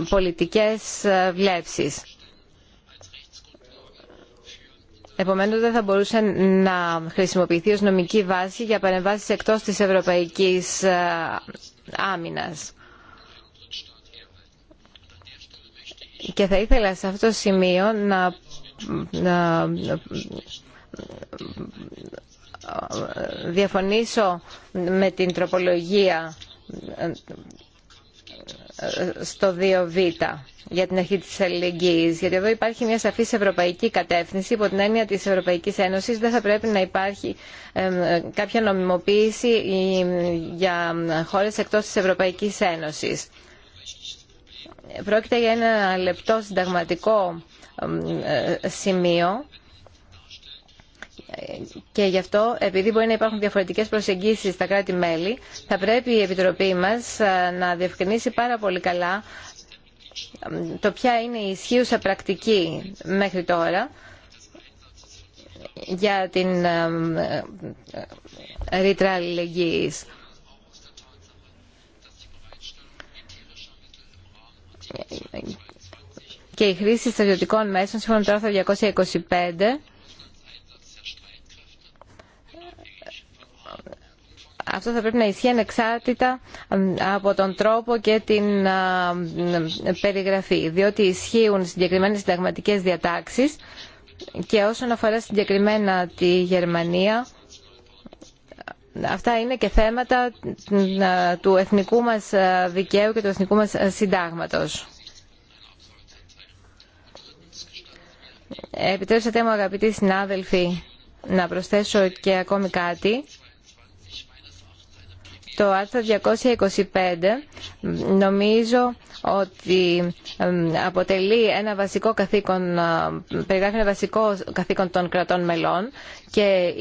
πολιτικές βλέψεις. Επομένως δεν θα μπορούσε να χρησιμοποιηθεί ως νομική βάση για παρεμβάσεις εκτός της Ευρωπαϊκής ε, Άμυνας. Και θα ήθελα σε αυτό το σημείο να διαφωνήσω με την τροπολογία ε, ε, στο 2β για την αρχή της αλληλεγγύης γιατί εδώ υπάρχει μια σαφής ευρωπαϊκή κατεύθυνση υπό την έννοια της Ευρωπαϊκής Ένωσης δεν θα πρέπει να υπάρχει ε, κάποια νομιμοποίηση για χώρες εκτός της Ευρωπαϊκής Ένωσης. Πρόκειται για ένα λεπτό συνταγματικό σημείο και γι' αυτό, επειδή μπορεί να υπάρχουν διαφορετικές προσεγγίσεις στα κράτη-μέλη, θα πρέπει η Επιτροπή μας ε, να διευκρινίσει πάρα πολύ καλά ε, το ποια είναι η ισχύουσα πρακτική μέχρι τώρα για την ε, ρήτρα αλληλεγγύης. Και η χρήση στρατιωτικών μέσων, σύμφωνα με το άρθρο 225, αυτό θα πρέπει να ισχύει ανεξάρτητα από τον τρόπο και την περιγραφή, διότι ισχύουν συγκεκριμένες συνταγματικέ διατάξεις και όσον αφορά συγκεκριμένα τη Γερμανία, αυτά είναι και θέματα του εθνικού μας δικαίου και του εθνικού μας συντάγματος. Επιτρέψατε μου αγαπητοί συνάδελφοι να προσθέσω και ακόμη κάτι. Το άρθρο 225 νομίζω ότι αποτελεί ένα βασικό καθήκον, ε, περιγράφει ένα βασικό καθήκον των κρατών μελών και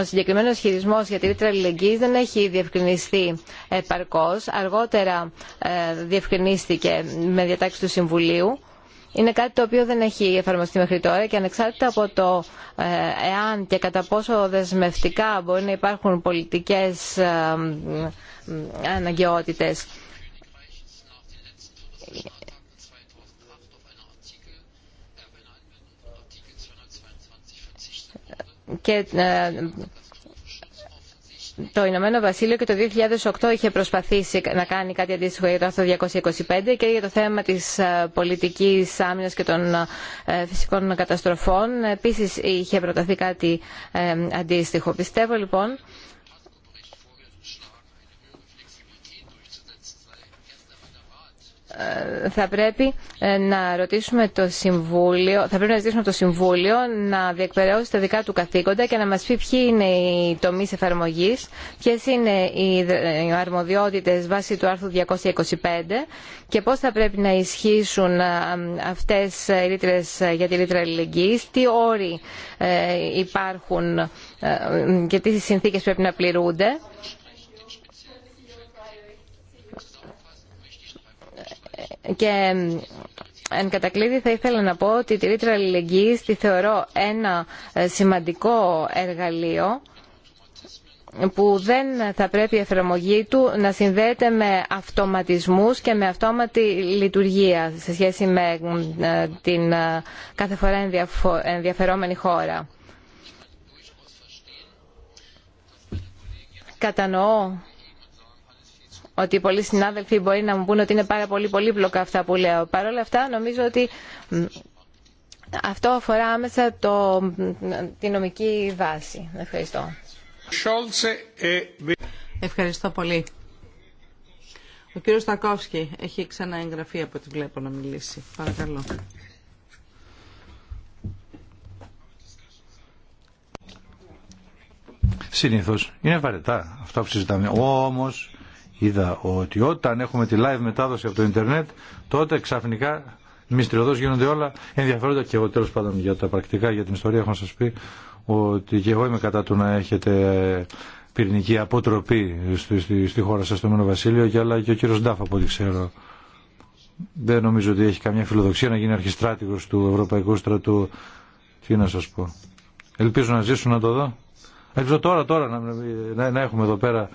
ο συγκεκριμένος χειρισμός για τη ρήτρα αλληλεγγύης δεν έχει διευκρινιστεί επαρκώς. Αργότερα ε, διευκρινίστηκε με διατάξεις του Συμβουλίου είναι κάτι το οποίο δεν έχει εφαρμοστεί μέχρι τώρα και ανεξάρτητα από το ε, εάν και κατά πόσο δεσμευτικά μπορεί να υπάρχουν πολιτικές ε, αναγκαιότητες και ε, το Ηνωμένο Βασίλειο και το 2008 είχε προσπαθήσει να κάνει κάτι αντίστοιχο για το άρθρο 225 και για το θέμα της ε, πολιτικής άμυνας και των ε, φυσικών καταστροφών επίσης είχε προταθεί κάτι ε, αντίστοιχο. Πιστεύω λοιπόν θα πρέπει ε, να ρωτήσουμε το Συμβούλιο, θα πρέπει να ζητήσουμε από το Συμβούλιο να διεκπαιρεώσει τα δικά του καθήκοντα και να μας πει ποιοι είναι οι τομείς εφαρμογής, ποιες είναι οι αρμοδιότητες βάσει του άρθρου 225 και πώς θα πρέπει να ισχύσουν ε, αυτές οι ρήτρες για τη ρήτρα αλληλεγγύης, τι όροι ε, υπάρχουν και τι συνθήκες πρέπει να πληρούνται Και Εν κατακλείδη θα ήθελα να πω ότι τη ρήτρα αλληλεγγύης τη θεωρώ ένα ε, σημαντικό εργαλείο που δεν θα πρέπει η εφαρμογή του να συνδέεται με αυτοματισμούς και με αυτόματη λειτουργία σε σχέση με ε, την ε, κάθε φορά ενδιαφερόμενη χώρα. Κατανοώ ότι πολλοί συνάδελφοι μπορεί να μου πούν ότι είναι πάρα πολύ πολύπλοκα αυτά που λέω. Παρ' όλα αυτά νομίζω ότι αυτό αφορά άμεσα το, τη νομική βάση. Ευχαριστώ. Ε, Ευχαριστώ πολύ. Ο κύριος Στακόφσκι έχει ξανά εγγραφεί από ό,τι βλέπω να μιλήσει. Παρακαλώ. Συνήθως είναι βαρετά αυτά που συζητάμε. Όμως είδα ότι όταν έχουμε τη live μετάδοση από το ίντερνετ, τότε ξαφνικά μυστηριωδώ γίνονται όλα ενδιαφέροντα και εγώ τέλο πάντων για τα πρακτικά, για την ιστορία έχω να σας πει ότι και εγώ είμαι κατά του να έχετε πυρηνική αποτροπή στη, στη, χώρα σα στο Μένο Βασίλειο, και, αλλά και ο κύριο Ντάφ από ό,τι ξέρω. Δεν νομίζω ότι έχει καμιά φιλοδοξία να γίνει αρχιστράτηγο του Ευρωπαϊκού Στρατού. Τι να σας πω. Ελπίζω να ζήσουν να το δω. Ελπίζω τώρα, τώρα να, να, να έχουμε εδώ πέρα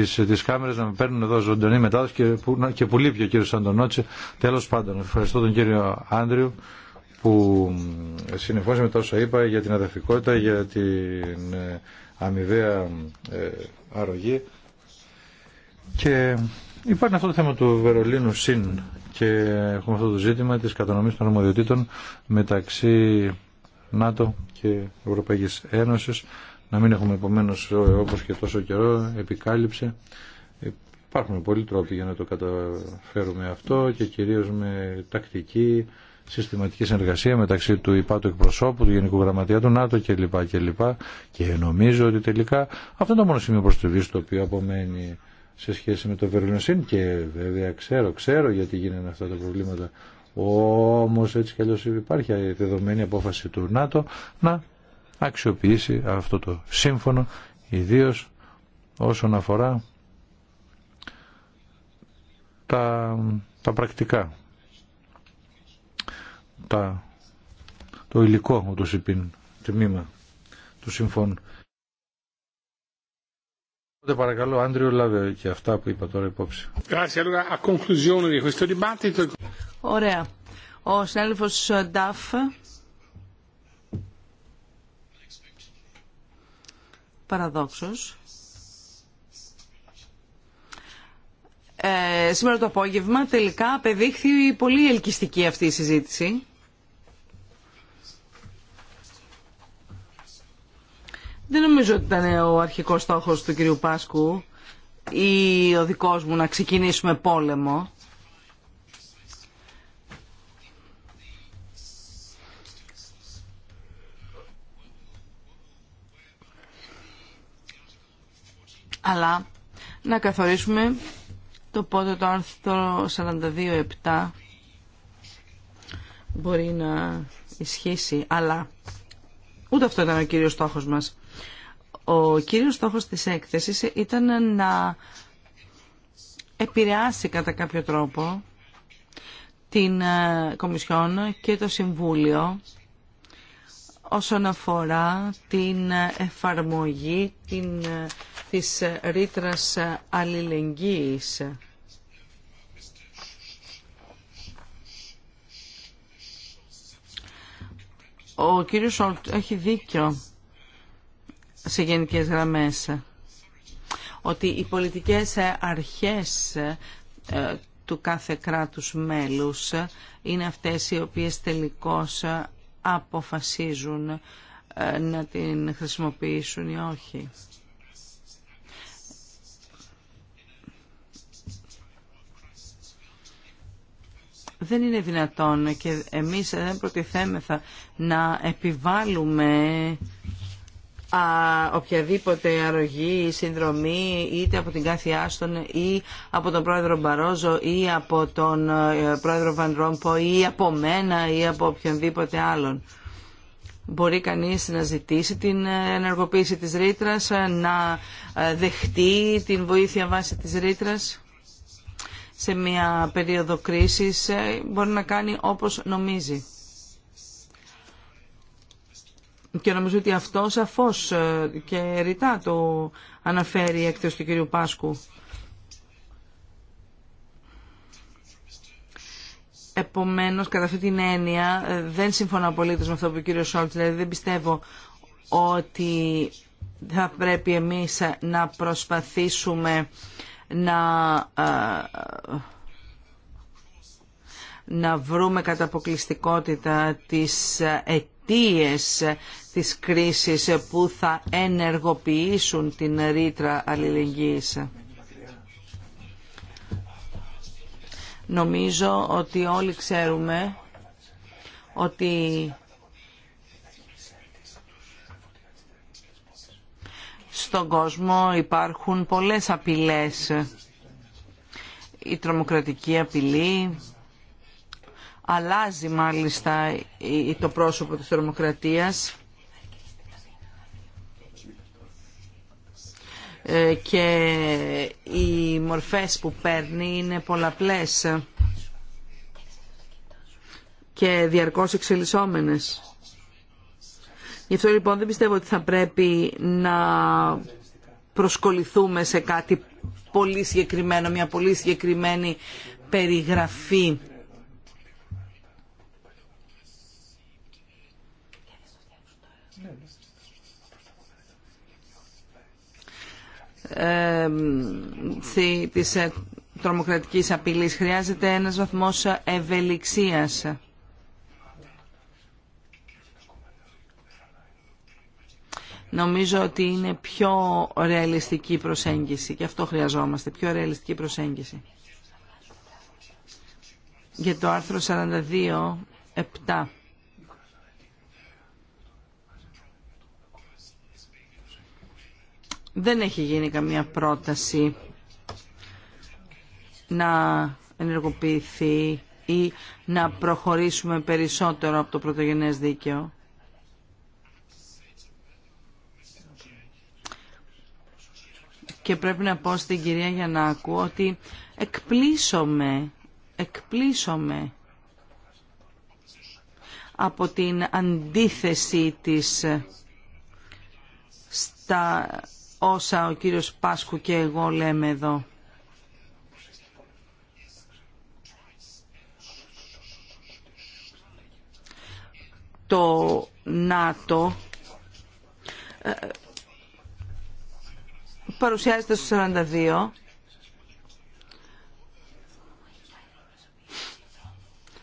τις, τις κάμερες να με παίρνουν εδώ ζωντανή μετάδοση και που, και που λείπει ο κύριος Αντωνότση. Τέλος πάντων, ευχαριστώ τον κύριο Άντριου που συνεφώς με τα είπα για την αδερφικότητα, για την ε, αμοιβαία ε, αρρωγή. Και υπάρχει αυτό το θέμα του Βερολίνου συν και έχουμε αυτό το ζήτημα της κατανομής των αρμοδιοτήτων μεταξύ ΝΑΤΟ και Ευρωπαϊκής Ένωσης να μην έχουμε επομένω όπω και τόσο καιρό επικάλυψε. Υπάρχουν πολλοί τρόποι για να το καταφέρουμε αυτό και κυρίω με τακτική, συστηματική συνεργασία μεταξύ του υπάτου εκπροσώπου, του Γενικού Γραμματεία του ΝΑΤΟ κλπ. Και νομίζω ότι τελικά αυτό είναι το μόνο σημείο προστριβή το οποίο απομένει σε σχέση με το Βερολίνο και βέβαια ξέρω, ξέρω γιατί γίνανε αυτά τα προβλήματα. ομω έτσι κι αλλιώ υπάρχει δεδομένη απόφαση του ΝΑΤΟ να αξιοποιήσει αυτό το σύμφωνο, ιδίως όσον αφορά τα, πρακτικά, το υλικό, ούτως υπήν, τμήμα του συμφώνου. Οπότε παρακαλώ, Άντριο, λάβε και αυτά που είπα τώρα υπόψη. Ωραία. Ο συνάδελφος Νταφ παραδόξως, ε, σήμερα το απόγευμα τελικά απεδείχθη πολύ ελκυστική αυτή η συζήτηση. Δεν νομίζω ότι ήταν ο αρχικός στόχος του κυρίου Πάσκου ή ο δικός μου να ξεκινήσουμε πόλεμο. αλλά να καθορίσουμε το πότε το άρθρο 42.7 μπορεί να ισχύσει, αλλά ούτε αυτό ήταν ο κύριος στόχος μας. Ο κύριος στόχος της έκθεσης ήταν να επηρεάσει κατά κάποιο τρόπο την ε, Κομισιόν και το Συμβούλιο όσον αφορά την εφαρμογή την, της ρήτρας αλληλεγγύης. Ο κύριος Σόλτ έχει δίκιο σε γενικές γραμμές ότι οι πολιτικές αρχές ε, του κάθε κράτους μέλους είναι αυτές οι οποίες τελικώς αποφασίζουν ε, να την χρησιμοποιήσουν ή όχι. δεν είναι δυνατόν και εμείς δεν προτιθέμεθα να επιβάλλουμε οποιαδήποτε αρρωγή, συνδρομή είτε από την Κάθη Άστον ή από τον πρόεδρο Μπαρόζο ή από τον ε, πρόεδρο Ρόμπο ή από μένα ή από οποιονδήποτε άλλον. Μπορεί κανείς να ζητήσει την ε, ενεργοποίηση της ρήτρα, ε, να δεχτεί την βοήθεια βάση της ρήτρα σε μια περίοδο κρίσης, μπορεί να κάνει όπως νομίζει. Και νομίζω ότι αυτό σαφώ ε, και ρητά το αναφέρει η έκθεση του κυρίου Πάσκου. Επομένω, κατά αυτή την έννοια, ε, δεν συμφωνώ πολύ με αυτό που ο κύριος Σόλτ, δηλαδή δεν πιστεύω ότι θα πρέπει εμείς να προσπαθήσουμε να, ε, να βρούμε κατά αποκλειστικότητα τις αιτίες της κρίσης που θα ενεργοποιήσουν την ρήτρα αλληλεγγύης. Νομίζω ότι όλοι ξέρουμε ότι στον κόσμο υπάρχουν πολλές απειλές. Η τρομοκρατική απειλή, αλλάζει μάλιστα το πρόσωπο της τρομοκρατίας ε, και οι μορφές που παίρνει είναι πολλαπλές και διαρκώς εξελισσόμενες. Γι' αυτό λοιπόν δεν πιστεύω ότι θα πρέπει να προσκοληθούμε σε κάτι πολύ συγκεκριμένο, μια πολύ συγκεκριμένη περιγραφή της ε, τρομοκρατικής απειλής. Χρειάζεται ένας βαθμός ευελιξίας. Νομίζω ότι είναι πιο ρεαλιστική προσέγγιση και αυτό χρειαζόμαστε, πιο ρεαλιστική προσέγγιση. Για το άρθρο 42, 7. δεν έχει γίνει καμία πρόταση να ενεργοποιηθεί ή να προχωρήσουμε περισσότερο από το πρωτογενές δίκαιο. Και πρέπει να πω στην κυρία Γιαννάκου ότι εκπλήσωμε, εκπλήσωμε από την αντίθεση της στα όσα ο κύριος Πάσκου και εγώ λέμε εδώ. Το ΝΑΤΟ ε, παρουσιάζεται στο 42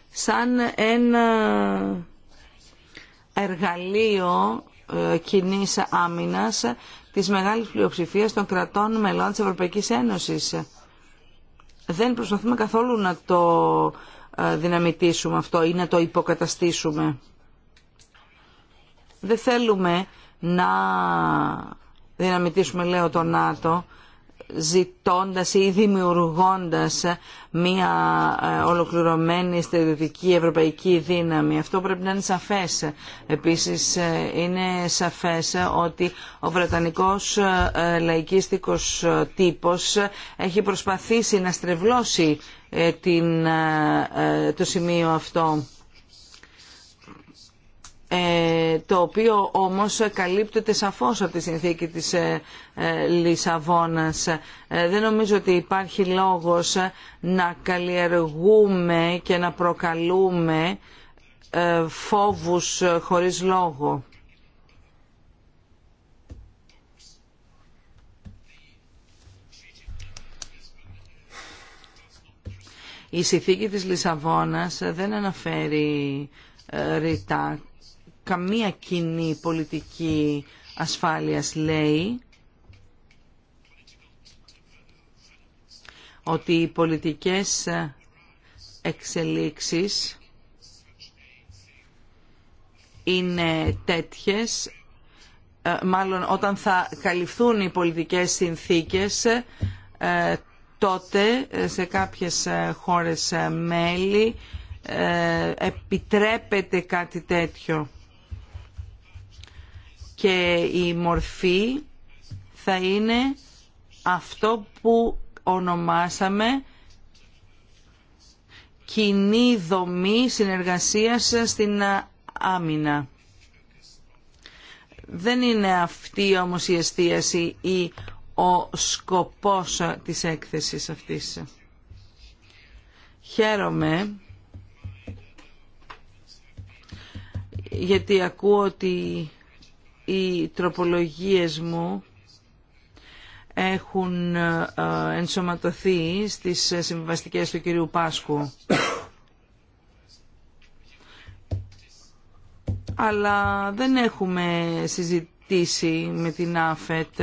σαν ένα εργαλείο ε, κοινής άμυνας της μεγάλης πλειοψηφίας των κρατών μελών της Ευρωπαϊκής Ένωσης. Δεν προσπαθούμε καθόλου να το ε, δυναμητήσουμε αυτό ή να το υποκαταστήσουμε. Δεν θέλουμε να δυναμητήσουμε, λέω, το ΝΑΤΟ, ζητώντας ή δημιουργώντας μια ε, ολοκληρωμένη στρατιωτική ευρωπαϊκή δύναμη. Αυτό πρέπει να είναι σαφές. Επίσης ε, είναι σαφές ότι ο βρετανικός ε, λαϊκίστικος τύπος έχει προσπαθήσει να στρεβλώσει το σημείο αυτό. Ε, το οποίο όμως καλύπτεται σαφώς από τη συνθήκη της ε, ε, Λισαβόνας. Δεν νομίζω ότι υπάρχει λόγος να καλλιεργούμε και να προκαλούμε φόβους χωρίς λόγο. Η συνθήκη της Λισαβόνας δεν αναφέρει ρητά καμία κοινή πολιτική ασφάλειας λέει ότι οι πολιτικές εξελίξεις είναι τέτοιες, ε, μάλλον όταν θα καλυφθούν οι πολιτικές συνθήκες, ε, τότε ε, σε κάποιες χώρες μέλη επιτρέπεται κάτι τέτοιο και η μορφή θα είναι αυτό που ονομάσαμε κοινή δομή συνεργασίας στην άμυνα. Δεν είναι αυτή όμως η εστίαση ή ο σκοπός της έκθεσης αυτής. Χαίρομαι γιατί ακούω ότι οι τροπολογίες μου έχουν ε, ενσωματωθεί στις συμβιβαστικές του κυρίου Πάσκου. Αλλά δεν έχουμε συζητήσει με την ΑΦΕΤ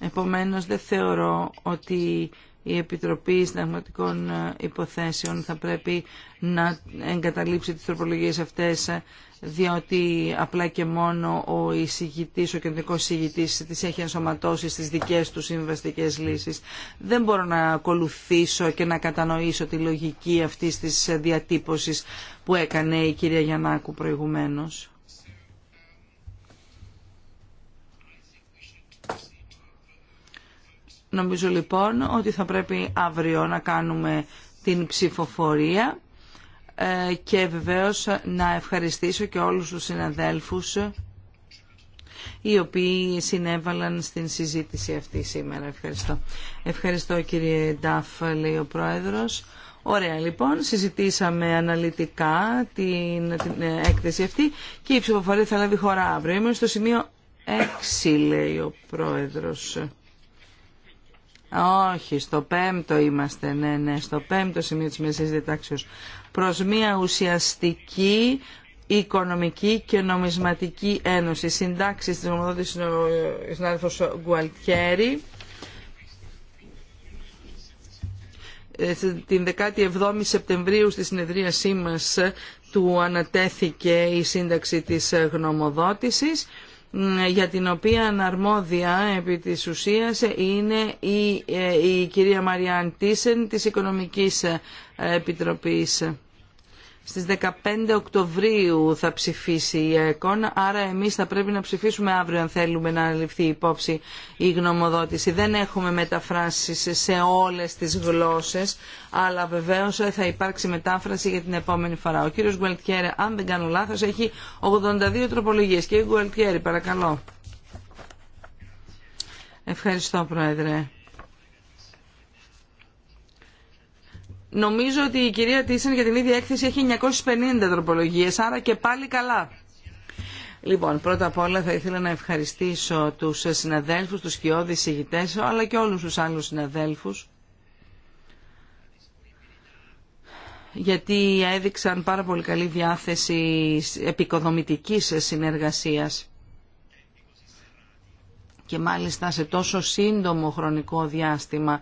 Επομένως δεν θεωρώ ότι η Επιτροπή Συνταγματικών ε, Υποθέσεων θα πρέπει να εγκαταλείψει τις τροπολογίες αυτές ε, διότι απλά και μόνο ο εισηγητής, ο κεντρικός εισηγητής τις έχει ενσωματώσει στις δικές του συμβαστικές λύσεις. Δεν μπορώ να ακολουθήσω και να κατανοήσω τη λογική αυτής της ε, διατύπωσης που έκανε η κυρία Γιαννάκου προηγουμένως. Νομίζω λοιπόν ότι θα πρέπει αύριο να κάνουμε την ψηφοφορία ε, και βεβαίως να ευχαριστήσω και όλους τους συναδέλφους οι οποίοι συνέβαλαν στην συζήτηση αυτή σήμερα. Ευχαριστώ. Ευχαριστώ κύριε Ντάφ, λέει ο Πρόεδρος. Ωραία λοιπόν, συζητήσαμε αναλυτικά την, ε, έκθεση αυτή και η ψηφοφορία θα λάβει χώρα αύριο. Είμαι στο σημείο 6, λέει ο Πρόεδρος. Όχι, στο πέμπτο είμαστε, ναι, ναι, στο πέμπτο σημείο της μεσής διτάξεως. Προς μια ουσιαστική οικονομική και νομισματική ένωση. Συντάξει της νομοδότησης ο ε, συνάδελφος Γκουαλτιέρη. Ε, την 17η Σεπτεμβρίου στη συνεδρίασή μας του ανατέθηκε η σύνταξη της ε, γνωμοδότησης για την οποία αναρμόδια επί της ουσίας είναι η, ε, η κυρία Μαριάν Τίσεν της Οικονομικής ε, Επιτροπής. Στις 15 Οκτωβρίου θα ψηφίσει η ΕΚΟΝ, άρα εμείς θα πρέπει να ψηφίσουμε αύριο αν θέλουμε να ληφθεί υπόψη η γνωμοδότηση. Δεν έχουμε μεταφράσεις σε όλες τις γλώσσες, αλλά βεβαίως θα υπάρξει μετάφραση για την επόμενη φορά. Ο κύριος Γουαλτιέρε, αν δεν κάνω λάθος, έχει 82 τροπολογίες. Κύριε Γουαλτιέρε, παρακαλώ. Ευχαριστώ, Πρόεδρε. Νομίζω ότι η κυρία Τίσεν για την ίδια έκθεση έχει 950 τροπολογίες, άρα και πάλι καλά. Λοιπόν, πρώτα απ' όλα θα ήθελα να ευχαριστήσω τους συναδέλφους, τους σκιώδεις ηγητές, αλλά και όλους τους άλλους συναδέλφους, γιατί έδειξαν πάρα πολύ καλή διάθεση επικοδομητικής συνεργασίας και μάλιστα σε τόσο σύντομο χρονικό διάστημα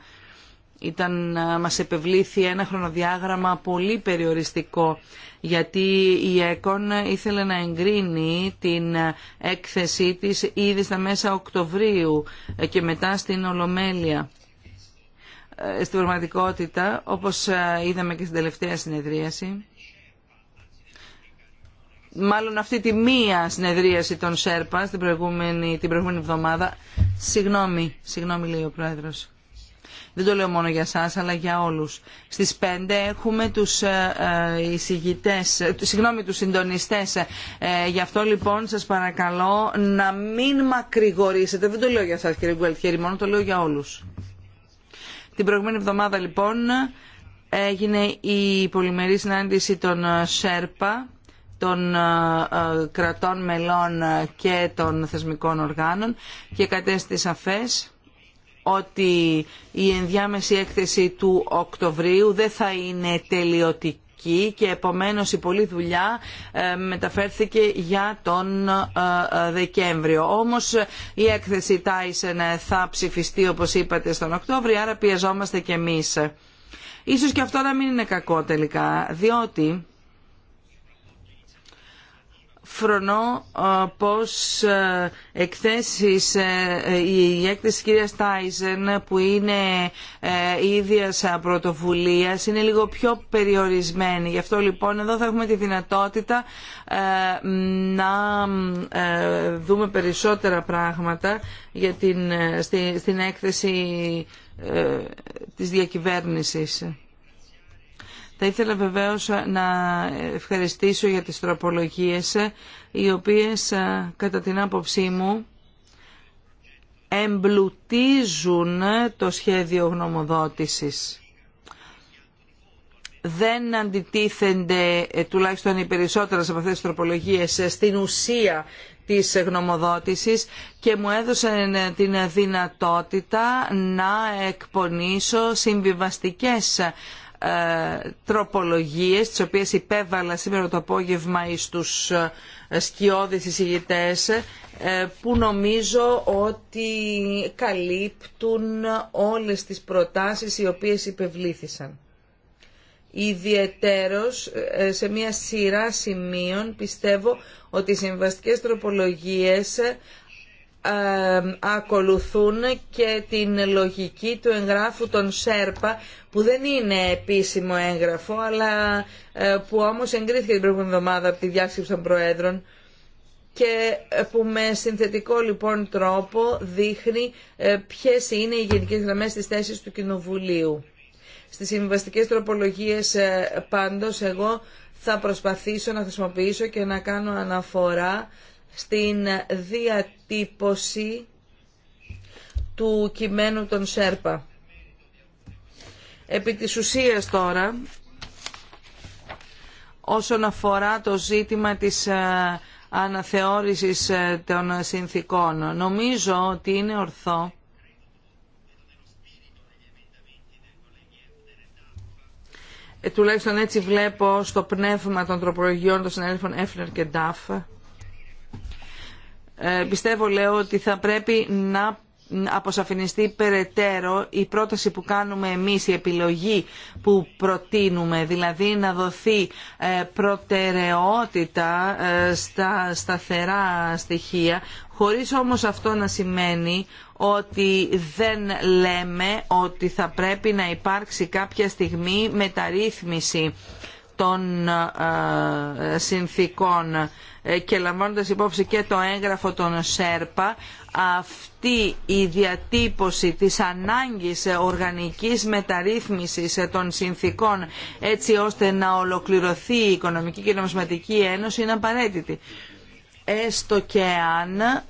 ήταν, μας επευλήθη ένα χρονοδιάγραμμα πολύ περιοριστικό γιατί η ΕΚΟΝ ήθελε να εγκρίνει την έκθεσή της ήδη στα μέσα Οκτωβρίου ε, και μετά στην Ολομέλεια. Ε, στην πραγματικότητα, όπως είδαμε και στην τελευταία συνεδρίαση, μάλλον αυτή τη μία συνεδρίαση των ΣΕΡΠΑ την προηγούμενη, την προηγούμενη εβδομάδα, συγγνώμη, συγγνώμη λέει ο Πρόεδρος. Δεν το λέω μόνο για εσά αλλά για όλους. Στις 5 έχουμε τους ε, ε, εισηγητέ, ε, συγγνώμη, τους συντονιστές. γι' αυτό λοιπόν σας παρακαλώ να μην μακρηγορήσετε. Δεν το λέω για σας κύριε Γκουαλτιέρη, μόνο το λέω για όλους. Την προηγούμενη εβδομάδα λοιπόν έγινε η πολυμερή συνάντηση των ΣΕΡΠΑ των κρατών μελών και των θεσμικών οργάνων και κατέστη σαφές ότι η ενδιάμεση έκθεση του Οκτωβρίου δεν θα είναι τελειωτική και επομένως η πολλή δουλειά ε, μεταφέρθηκε για τον ε, ε, Δεκέμβριο. Όμως η έκθεση Tyson θα ψηφιστεί όπως είπατε στον Οκτώβριο, άρα πιεζόμαστε και εμείς. Ίσως και αυτό να μην είναι κακό τελικά, διότι φρονώ ε, πως ε, εκθέσεις ε, η έκθεση κύρια Τάιζεν που είναι σε πρωτοβουλία, είναι λίγο πιο περιορισμένη. Γι' αυτό λοιπόν εδώ θα έχουμε τη δυνατότητα να δούμε περισσότερα πράγματα για την, στην έκθεση της διακυβέρνησης. Θα ήθελα βεβαίως να ευχαριστήσω για τις τροπολογίες, οι οποίες κατά την άποψή μου εμπλουτίζουν το σχέδιο γνωμοδότησης. Δεν αντιτίθενται ε, τουλάχιστον οι περισσότερες από αυτές τις τροπολογίες ε, στην ουσία της γνωμοδότησης και μου έδωσαν ε, την δυνατότητα να εκπονήσω συμβιβαστικές ε, τροπολογίες τις οποίες υπέβαλα σήμερα το απόγευμα εις τους ε, σκιώδεις εισηγητές ε, που νομίζω ότι καλύπτουν όλες τις προτάσεις οι οποίες υπευλήθησαν. Ιδιαιτέρως σε μια σειρά σημείων πιστεύω ότι οι συμβαστικές τροπολογίες ακολουθούν και την λογική του εγγράφου των ΣΕΡΠΑ που δεν είναι επίσημο έγγραφο αλλά ε, που όμως εγκρίθηκε την προηγούμενη εβδομάδα από τη διάσκεψη των Προέδρων και ε, που με συνθετικό λοιπόν τρόπο δείχνει ε, ποιες είναι οι γενικές γραμμές της θέσης του Κοινοβουλίου. Στις συμβαστικές τροπολογίες πάντως εγώ θα προσπαθήσω να χρησιμοποιήσω και να κάνω αναφορά στην διατύπωση του κειμένου των ΣΕΡΠΑ. Επί της ουσίας τώρα, όσον αφορά το ζήτημα της ε, αναθεώρησης ε, των συνθήκων, νομίζω ότι είναι ορθό ε, τουλάχιστον έτσι βλέπω στο πνεύμα των τροπολογιών των συνέλεφων Έφλερ και Ντάφ, ε, πιστεύω, λέω, ότι θα πρέπει να αποσαφινιστεί περαιτέρω η πρόταση που κάνουμε εμείς, η επιλογή που προτείνουμε, δηλαδή να δοθεί ε, προτεραιότητα ε, στα σταθερά στοιχεία, χωρίς όμως αυτό να σημαίνει ότι δεν λέμε ότι θα πρέπει να υπάρξει κάποια στιγμή μεταρρύθμιση των ε, συνθήκων ε, και λαμβάνοντας υπόψη και το έγγραφο των ΣΕΡΠΑ αυτή η διατύπωση της ανάγκης οργανικής μεταρρύθμισης των συνθήκων έτσι ώστε να ολοκληρωθεί η Οικονομική και Νομισματική Ένωση είναι απαραίτητη. Έστω και αν ε,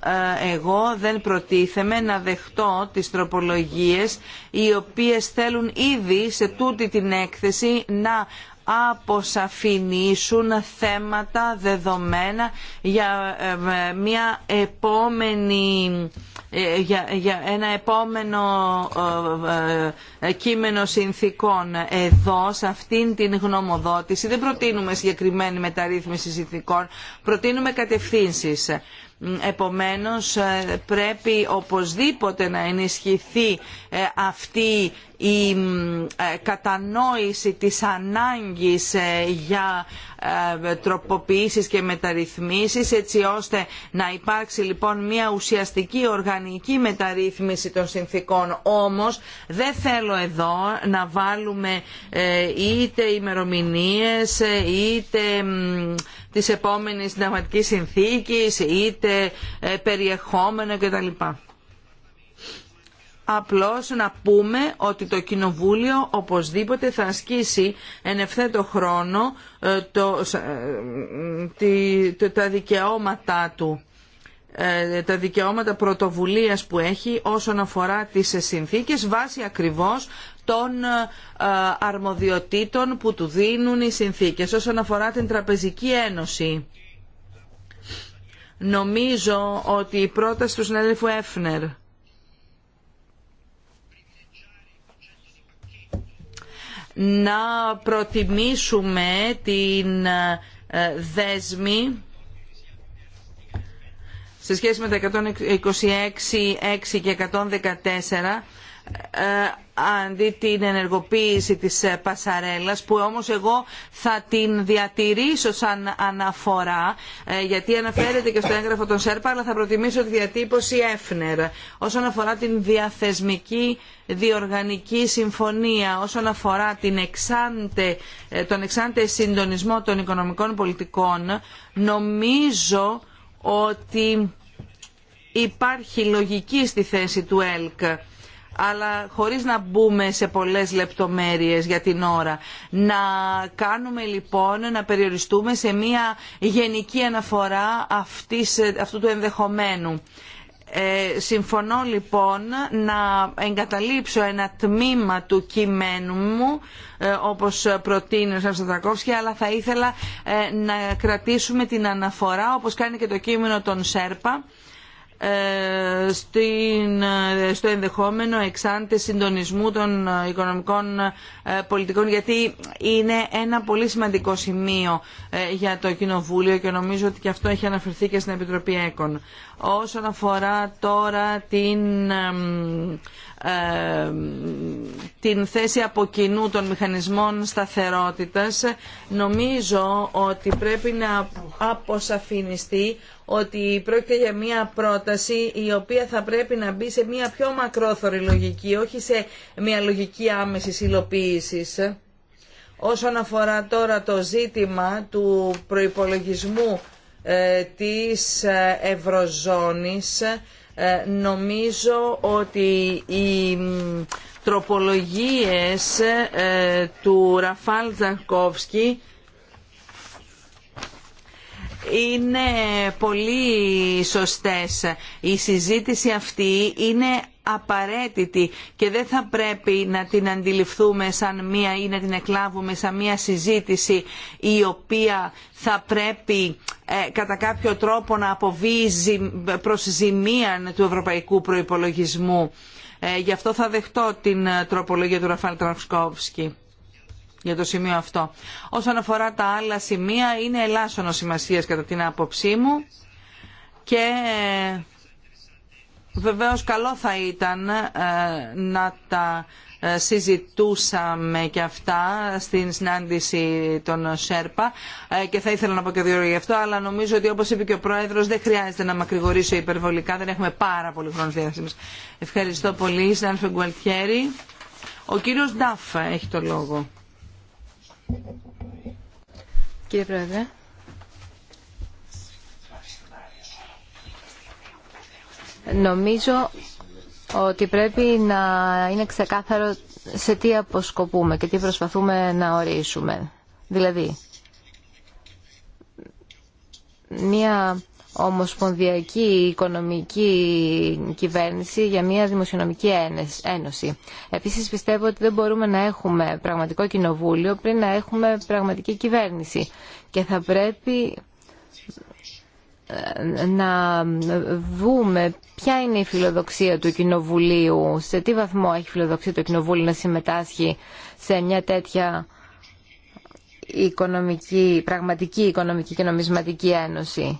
εγώ δεν προτίθεμαι να δεχτώ τις τροπολογίες οι οποίες θέλουν ήδη σε τούτη την έκθεση να αποσαφηνίσουν θέματα δεδομένα για ε, μια επόμενη ε, για, ένα επόμενο ε, κείμενο συνθήκων εδώ σε αυτήν την γνωμοδότηση δεν προτείνουμε συγκεκριμένη μεταρρύθμιση συνθήκων προτείνουμε κατευθύνσεις Επομένως ε, πρέπει οπωσδήποτε να ενισχυθεί ε, αυτή η ε, κατανόηση της ανάγκης για τροποποιήσεις και μεταρρυθμίσεις έτσι ώστε να υπάρξει λοιπόν μια ουσιαστική οργανική μεταρρύθμιση των συνθήκων. Όμως δεν θέλω εδώ να βάλουμε είτε ημερομηνίες είτε της επόμενης συνταγματικής συνθήκης, είτε ε, περιεχόμενο κτλ. Απλώς να πούμε ότι το Κοινοβούλιο οπωσδήποτε θα ασκήσει εν ευθέτω χρόνο ε, ε, το, τα δικαιώματά του ε, τα δικαιώματα πρωτοβουλίας που έχει όσον αφορά τις συνθήκες βάσει ακριβώς των ε, αρμοδιοτήτων που του δίνουν οι συνθήκες. Όσον αφορά την Τραπεζική Ένωση, νομίζω ότι η πρόταση του συνέλεφου Έφνερ να προτιμήσουμε την ε, δέσμη σε σχέση με τα 126.6 και 114 ε, αντί την ενεργοποίηση της ε, πασαρέλας που όμως εγώ θα την διατηρήσω σαν αναφορά ε, γιατί αναφέρεται και στο έγγραφο των ΣΕΡΠΑ αλλά θα προτιμήσω τη διατύπωση ΕΦΝΕΡ όσον αφορά την διαθεσμική διοργανική συμφωνία όσον αφορά την εξάντε, τον εξάντε συντονισμό των οικονομικών πολιτικών νομίζω ότι υπάρχει λογική στη θέση του ΕΛΚ αλλά χωρίς να μπούμε σε πολλές λεπτομέρειες για την ώρα. Να κάνουμε λοιπόν, να περιοριστούμε σε μια γενική αναφορά αυτού του ενδεχομένου. Ε, συμφωνώ λοιπόν να εγκαταλείψω ένα τμήμα του κειμένου μου ε, όπως προτείνει ο Σαρστατρακόφσκι αλλά θα ήθελα ε, να κρατήσουμε την αναφορά όπως κάνει και το κείμενο των ΣΕΡΠΑ ε, ε, στο ενδεχόμενο εξάντε συντονισμού των ε, οικονομικών πολιτικών γιατί είναι ένα πολύ σημαντικό σημείο για το Κοινοβούλιο και νομίζω ότι και αυτό έχει αναφερθεί και στην Επιτροπή ΕΚΟΝ. Όσον αφορά τώρα την, την θέση από κοινού των μηχανισμών σταθερότητας νομίζω ότι πρέπει να αποσαφινιστεί ότι πρόκειται για μια πρόταση η οποία θα πρέπει να μπει σε μια πιο μακρόθωρη λογική, όχι σε μια λογική άμεση υλοποίησης. Όσον αφορά τώρα το ζήτημα του προϋπολογισμού ε, της ε, Ευρωζώνης, ε, νομίζω ότι οι τροπολογίες του Ραφάλ Τζαρκόφσκι είναι πολύ σωστές. Η συζήτηση αυτή είναι απαραίτητη και δεν θα πρέπει να την αντιληφθούμε σαν μία ή να την εκλάβουμε σαν μία συζήτηση η οποία θα πρέπει ε, κατά κάποιο τρόπο να αποβεί προς ζημία του ευρωπαϊκού προϋπολογισμού. Ε, γι' αυτό θα δεχτώ την ε, τροπολογία του Ραφάλ Τραυσκόβσκη για το σημείο αυτό. Όσον αφορά τα άλλα σημεία, είναι ελάσσονο σημασίας κατά την άποψή μου και ε, βεβαίως καλό θα ήταν ε, να τα ε, συζητούσαμε και αυτά στην συνάντηση των ΣΕΡΠΑ και θα ήθελα να πω και δύο γι' αυτό, αλλά νομίζω ότι όπως είπε και ο Πρόεδρος δεν χρειάζεται να μακρηγορήσω υπερβολικά, δεν έχουμε πάρα πολύ χρόνο διάθεση Ευχαριστώ πολύ, Σνάνφε Γκουαλτιέρη. Ο κύριος Ντάφ έχει το λόγο. Κύριε Πρόεδρε. Νομίζω ότι πρέπει να είναι ξεκάθαρο σε τι αποσκοπούμε και τι προσπαθούμε να ορίσουμε. Δηλαδή, μία ομοσπονδιακή οικονομική κυβέρνηση για μια δημοσιονομική ένωση. Επίσης πιστεύω ότι δεν μπορούμε να έχουμε πραγματικό κοινοβούλιο πριν να έχουμε πραγματική κυβέρνηση και θα πρέπει ε, να δούμε ποια είναι η φιλοδοξία του Κοινοβουλίου, σε τι βαθμό έχει φιλοδοξία το Κοινοβούλιο να συμμετάσχει σε μια τέτοια οικονομική, πραγματική οικονομική και νομισματική ένωση.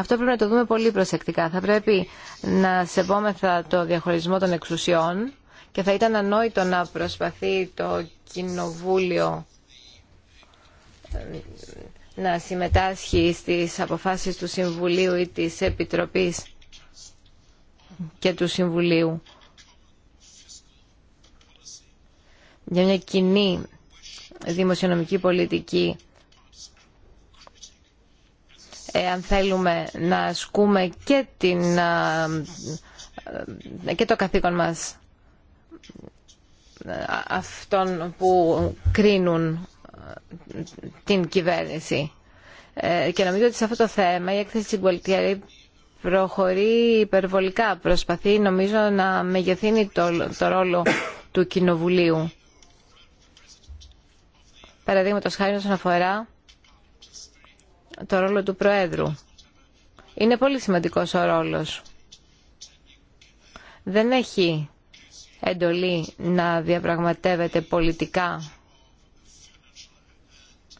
Αυτό πρέπει να το δούμε πολύ προσεκτικά. Θα πρέπει να σεβόμεθα το διαχωρισμό των εξουσιών και θα ήταν ανόητο να προσπαθεί το Κοινοβούλιο ε, να συμμετάσχει στις αποφάσεις του Συμβουλίου ή της Επιτροπής και του Συμβουλίου για μια κοινή δημοσιονομική πολιτική αν θέλουμε να ασκούμε και, και το καθήκον μας αυτών που κρίνουν την κυβέρνηση. Ε, και νομίζω ότι σε αυτό το θέμα η έκθεση της προχωρεί υπερβολικά. Προσπαθεί νομίζω να μεγεθύνει το, το ρόλο του Κοινοβουλίου. Παραδείγματος χάρη όσον αφορά το ρόλο του Προέδρου. Είναι πολύ σημαντικός ο ρόλος. Δεν έχει εντολή να διαπραγματεύεται πολιτικά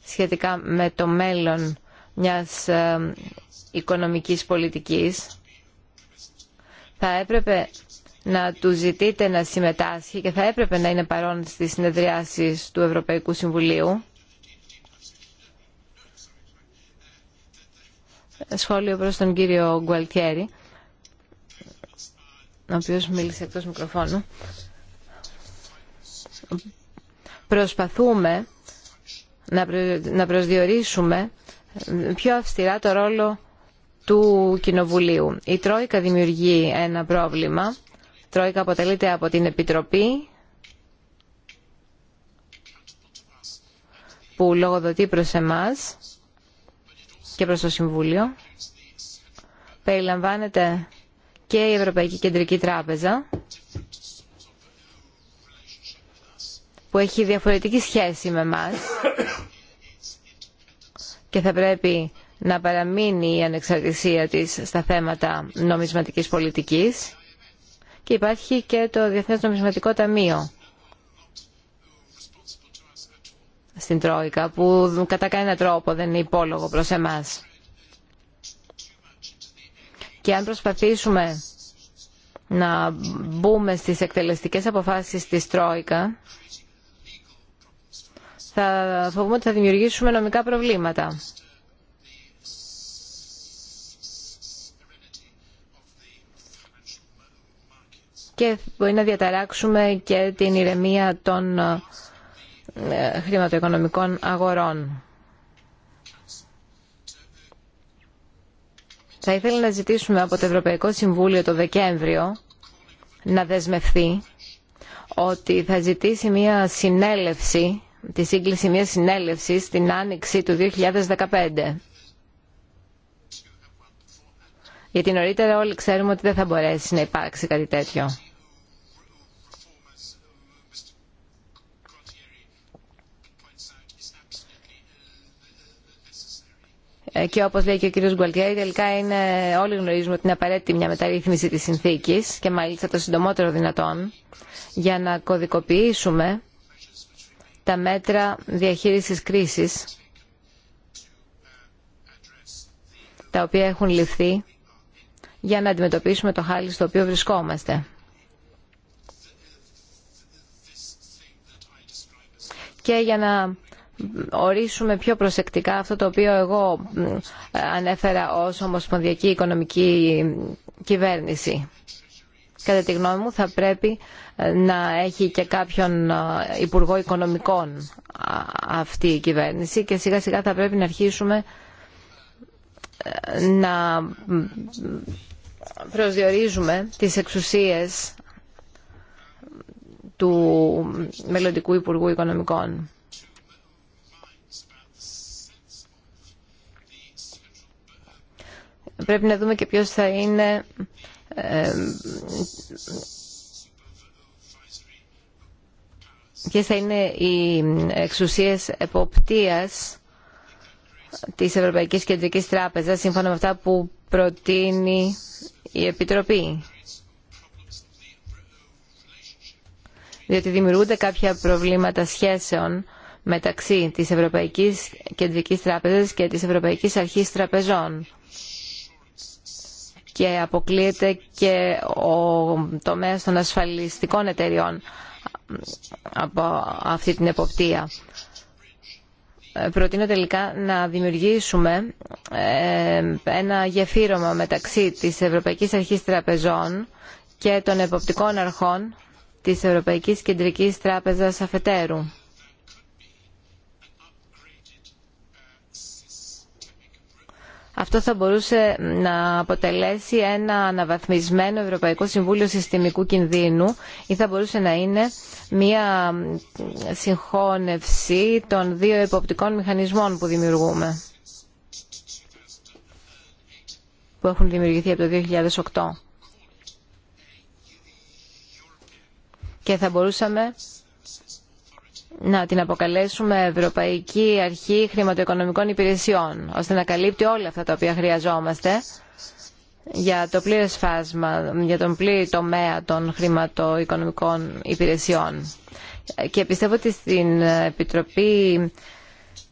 σχετικά με το μέλλον μιας ε, οικονομικής πολιτικής. Θα έπρεπε να του ζητείτε να συμμετάσχει και θα έπρεπε να είναι παρόν στις συνεδριάσεις του Ευρωπαϊκού Συμβουλίου σχόλιο προς τον κύριο Γκουαλτιέρη, ο οποίος μίλησε εκτός μικροφώνου. Προσπαθούμε να προσδιορίσουμε πιο αυστηρά το ρόλο του Κοινοβουλίου. Η Τρόικα δημιουργεί ένα πρόβλημα. Η Τρόικα αποτελείται από την Επιτροπή που λογοδοτεί προς εμάς και προς το Συμβούλιο. Περιλαμβάνεται και η Ευρωπαϊκή Κεντρική Τράπεζα που έχει διαφορετική σχέση με μας και θα πρέπει να παραμείνει η ανεξαρτησία της στα θέματα νομισματικής πολιτικής και υπάρχει και το Διεθνές Νομισματικό Ταμείο στην Τρόικα που κατά κανένα τρόπο δεν είναι υπόλογο προς εμάς. Και αν προσπαθήσουμε να μπούμε στις εκτελεστικές αποφάσεις της Τρόικα, θα φοβούμε ότι θα δημιουργήσουμε νομικά προβλήματα. Και μπορεί να διαταράξουμε και την ηρεμία των χρηματοοικονομικών αγορών. Θα ήθελα να ζητήσουμε από το Ευρωπαϊκό Συμβούλιο το Δεκέμβριο να δεσμευθεί ότι θα ζητήσει μια συνέλευση, τη σύγκληση μια συνέλευση στην άνοιξη του 2015. Γιατί νωρίτερα όλοι ξέρουμε ότι δεν θα μπορέσει να υπάρξει κάτι τέτοιο. Ε, και όπως λέει και ο κ. Γκουαλτιέρη τελικά όλοι γνωρίζουμε ότι είναι απαραίτητη μια μεταρρύθμιση της συνθήκης και μάλιστα το συντομότερο δυνατόν για να κωδικοποιήσουμε τα μέτρα διαχείρισης κρίσης τα οποία έχουν ληφθεί για να αντιμετωπίσουμε το χάλι στο οποίο βρισκόμαστε. Και για να ορίσουμε πιο προσεκτικά αυτό το οποίο εγώ ανέφερα ως ομοσπονδιακή οικονομική κυβέρνηση. Κατά τη γνώμη μου θα πρέπει ε, να έχει και κάποιον ε, Υπουργό Οικονομικών αυτή η κυβέρνηση και σιγά σιγά θα πρέπει να αρχίσουμε ε, να προσδιορίζουμε τις εξουσίες του μελλοντικού Υπουργού Οικονομικών. πρέπει να δούμε και ποιος θα είναι ποιες θα είναι οι εξουσίες εποπτείας της Ευρωπαϊκής Κεντρικής Τράπεζας σύμφωνα με αυτά που προτείνει η Επιτροπή. Διότι δημιουργούνται κάποια προβλήματα σχέσεων μεταξύ της Ευρωπαϊκής Κεντρικής Τράπεζας και της Ευρωπαϊκής Αρχής Τραπεζών και αποκλείεται και ο τομέας των ασφαλιστικών εταιριών από αυτή την εποπτεία. Προτείνω τελικά να δημιουργήσουμε ε, ένα γεφύρωμα μεταξύ της Ευρωπαϊκής Αρχής Τραπεζών και των εποπτικών αρχών της Ευρωπαϊκής Κεντρικής Τράπεζας Αφετέρου. Αυτό θα μπορούσε να αποτελέσει ένα αναβαθμισμένο Ευρωπαϊκό Συμβούλιο Συστημικού Κινδύνου ή θα μπορούσε να είναι μια συγχώνευση των δύο εποπτικών μηχανισμών που δημιουργούμε που έχουν δημιουργηθεί από το 2008. Και θα μπορούσαμε να την αποκαλέσουμε Ευρωπαϊκή Αρχή Χρηματοοικονομικών Υπηρεσιών, ώστε να καλύπτει όλα αυτά τα οποία χρειαζόμαστε για το πλήρες φάσμα, για τον πλήρη τομέα των χρηματοοικονομικών υπηρεσιών. Και πιστεύω ότι στην Επιτροπή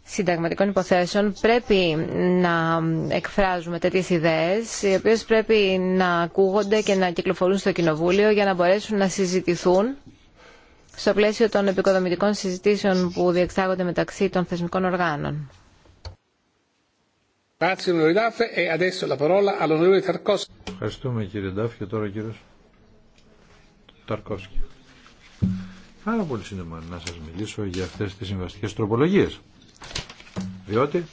Συνταγματικών Υποθέσεων πρέπει να εκφράζουμε τέτοιες ιδέες, οι οποίες πρέπει να ακούγονται και να κυκλοφορούν στο Κοινοβούλιο για να μπορέσουν να συζητηθούν στο πλαίσιο των επικοδομητικών συζητήσεων που διεξάγονται μεταξύ των θεσμικών οργάνων. E Ευχαριστούμε κύριε Ντάφ και τώρα κύριος Ταρκόσκι. Πάρα πολύ σύντομα να σας μιλήσω για αυτές τις συμβαστικές τροπολογίες. Διότι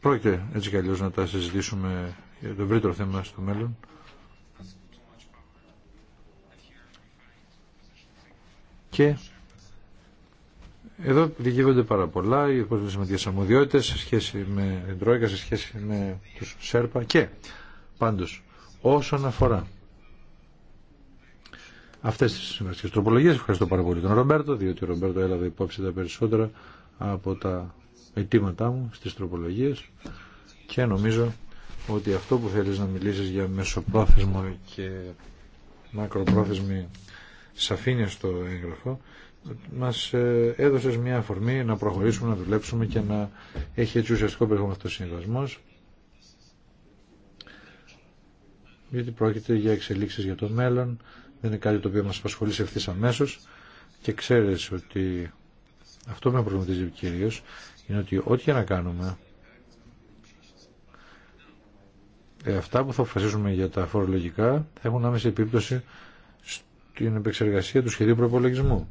πρόκειται έτσι καλώς να τα συζητήσουμε για το ευρύτερο θέμα στο μέλλον. Και εδώ δικαιούνται πάρα πολλά, οι υπόσχεσεις με τι αμμουδιότητες σε σχέση με την Τρόικα, σε σχέση με του Σέρπα και πάντω όσον αφορά αυτέ τι συμβαστικέ τροπολογίε, ευχαριστώ πάρα πολύ τον Ρομπέρτο, διότι ο Ρομπέρτο έλαβε υπόψη τα περισσότερα από τα αιτήματά μου στι τροπολογίε και νομίζω ότι αυτό που θέλεις να μιλήσεις για μεσοπρόθεσμο και μακροπρόθεσμη σαφήνεια στο έγγραφο μας ε, έδωσες μια αφορμή να προχωρήσουμε, να δουλέψουμε και να έχει έτσι ουσιαστικό περιεχόμενο αυτός ο γιατί πρόκειται για εξελίξεις για το μέλλον δεν είναι κάτι το οποίο μας απασχολεί ευθύς αμέσω και ξέρεις ότι αυτό που με προβληματίζει κυρίω είναι ότι ό,τι και να κάνουμε Ε, αυτά που θα αποφασίσουμε για τα φορολογικά θα έχουν άμεση επίπτωση στην επεξεργασία του σχεδίου προπολογισμού.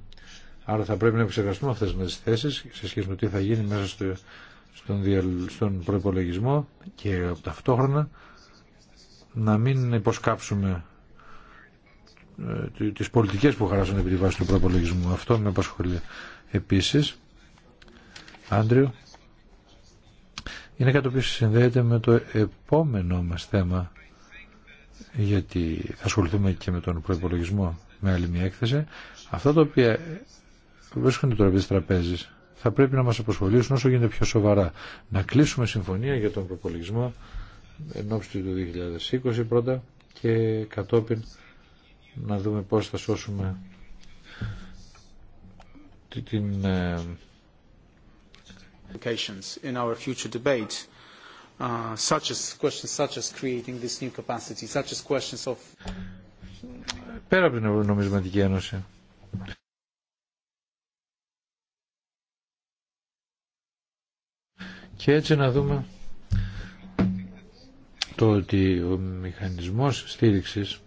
Άρα θα πρέπει να επεξεργαστούμε αυτές με τις θέσεις σε σχέση με τι θα γίνει μέσα στον, δια, στον προπολογισμό και ταυτόχρονα να μην υποσκάψουμε ε, τις πολιτικές που χαράσουν επί τη βάση του προπολογισμού. Αυτό με απασχολεί επίση, Άντριο είναι κάτι που συνδέεται με το επόμενό μας θέμα γιατί θα ασχοληθούμε και με τον προπολογισμό με άλλη μια έκθεση. Αυτά τα οποία βρίσκονται τώρα επί τραπέζης θα πρέπει να μας αποσχολήσουν όσο γίνεται πιο σοβαρά. Να κλείσουμε συμφωνία για τον προπολογισμό εν του 2020 πρώτα και κατόπιν να δούμε πώς θα σώσουμε την ε, implications in our future debate, uh, such as questions such as creating this new capacity, such as questions of. Πέρα από την νομισματική ένωση. Και έτσι να δούμε το ότι ο μηχανισμός στήριξης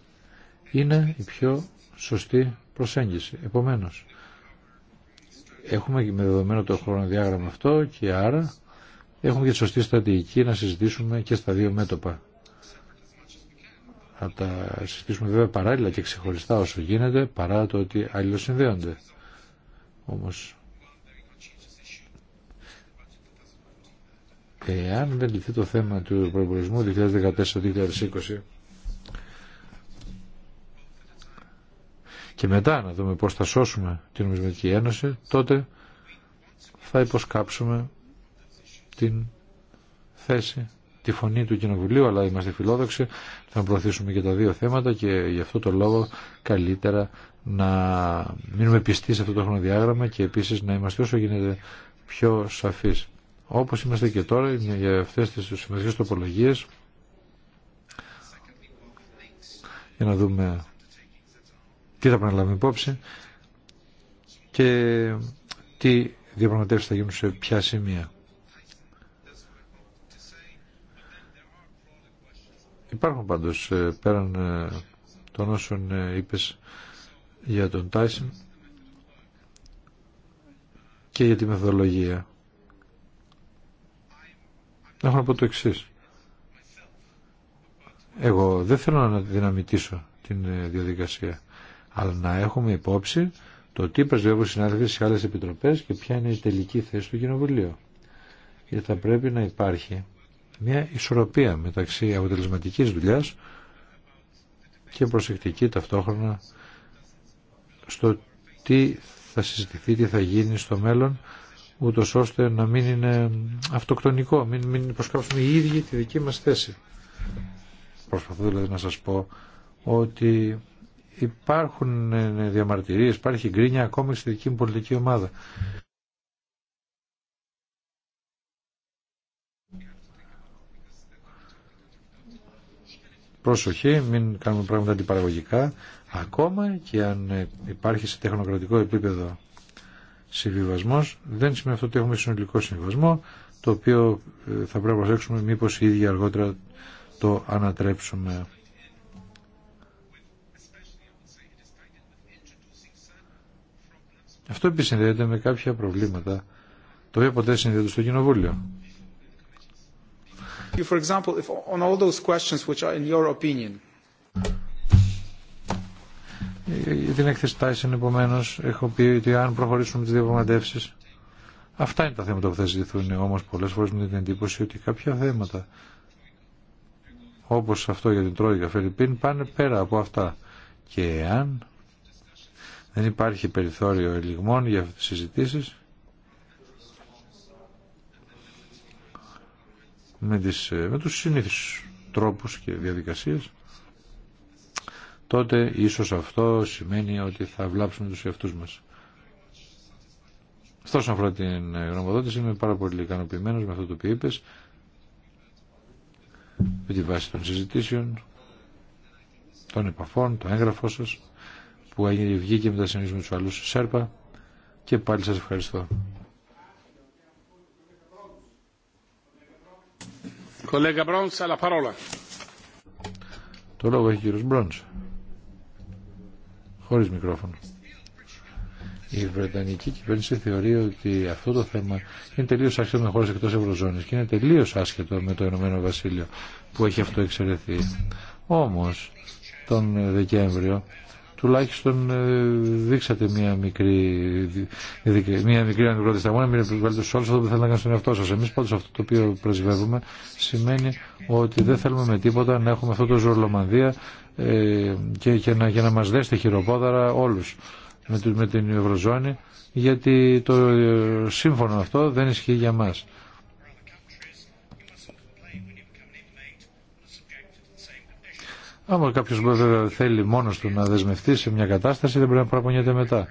είναι η πιο σωστή προσέγγιση. Επομένως, έχουμε με δεδομένο το χρονοδιάγραμμα αυτό και άρα έχουμε και τη σωστή στρατηγική να συζητήσουμε και στα δύο μέτωπα. Να τα συζητήσουμε βέβαια παράλληλα και ξεχωριστά όσο γίνεται παρά το ότι αλληλοσυνδέονται. Όμως εάν δεν λυθεί το θέμα του προεμπορισμου 2014 2014-2020 και μετά να δούμε πώς θα σώσουμε την ομισματική Ένωση, τότε θα υποσκάψουμε την θέση, τη φωνή του Κοινοβουλίου, αλλά είμαστε φιλόδοξοι, θα προωθήσουμε και τα δύο θέματα και γι' αυτό το λόγο καλύτερα να μείνουμε πιστοί σε αυτό το χρονοδιάγραμμα και επίσης να είμαστε όσο γίνεται πιο σαφείς. Όπως είμαστε και τώρα για αυτές τις σημαντικές τοπολογίες, για να δούμε τι θα πρέπει να λάβουμε υπόψη και τι διαπραγματεύσει θα γίνουν σε ποια σημεία. Υπάρχουν πάντως ε, πέραν ε, των όσων ε, είπες για τον Τάισιν και για τη μεθοδολογία. Έχω να πω το εξής. Εγώ δεν θέλω να δυναμητήσω την διαδικασία αλλά να έχουμε υπόψη το τι πρεσβεύουν συνάδελφοι σε άλλες επιτροπές και ποια είναι η τελική θέση του Κοινοβουλίου. Γιατί θα πρέπει να υπάρχει μια ισορροπία μεταξύ αποτελεσματικής δουλειάς και προσεκτική ταυτόχρονα στο τι θα συζητηθεί, τι θα γίνει στο μέλλον ούτως ώστε να μην είναι αυτοκτονικό, μην, μην προσκάψουμε οι ίδιοι τη δική μας θέση. Προσπαθώ δηλαδή να σας πω ότι υπάρχουν ε, ε, διαμαρτυρίες, υπάρχει γκρίνια ακόμη στη δική μου πολιτική ομάδα. Προσοχή, μην κάνουμε πράγματα αντιπαραγωγικά, ακόμα και αν ε, υπάρχει σε τεχνοκρατικό επίπεδο συμβιβασμό. δεν σημαίνει αυτό ότι έχουμε συνολικό συμβιβασμό, το οποίο θα πρέπει να προσέξουμε μήπως οι ίδιοι αργότερα το ανατρέψουμε. Αυτό επισυνδέεται με κάποια προβλήματα το οποίο ποτέ συνδέονται στο Κοινοβούλιο. For Την έκθεση επομένω, έχω πει ότι αν προχωρήσουμε τι διαπραγματεύσει, αυτά είναι τα θέματα που θα συζητηθούν. Όμω, πολλέ φορέ με την εντύπωση ότι κάποια θέματα, όπω αυτό για την Τρόικα Φερρυπίν, πάνε πέρα από αυτά. Και αν δεν υπάρχει περιθώριο ελιγμών για αυτές τις συζητήσεις. Με, τους συνήθιους τρόπους και διαδικασίες τότε ίσως αυτό σημαίνει ότι θα βλάψουμε τους εαυτούς μας. Αυτό όσον αφορά την γνωμοδότηση είμαι πάρα πολύ ικανοποιημένο με αυτό το οποίο είπες με τη βάση των συζητήσεων των επαφών, το έγγραφό σας που έγινε βγήκε μετά συνήθως με τους άλλους Σέρπα και πάλι σας ευχαριστώ. Κολέγα Μπρόντς, αλλά παρόλα. Το λόγο έχει ο κύριος Μπρόντς. Χωρίς μικρόφωνο. Η Βρετανική κυβέρνηση θεωρεί ότι αυτό το θέμα είναι τελείω άσχετο με χώρε εκτό Ευρωζώνη και είναι τελείω άσχετο με το Ηνωμένο Βασίλειο που έχει αυτό εξαιρεθεί. Όμω, τον Δεκέμβριο τουλάχιστον ε, δείξατε μία μικρή, μία μικρή αντικρότηση. να μην επιβάλλετε σε όλου αυτό που θέλετε να κάνετε στον εαυτό σας. Εμείς πάντως αυτό το οποίο πρεσβεύουμε σημαίνει ότι δεν θέλουμε με τίποτα να έχουμε αυτό το ζωολομανδία ε, και, και, να, για να μα δέστε χειροπόδαρα όλους με, με την Ευρωζώνη, γιατί το ε, σύμφωνο αυτό δεν ισχύει για μας. Άμα κάποιο βέβαια θέλει μόνος του να δεσμευτεί σε μια κατάσταση, δεν πρέπει να παραπονιέται μετά.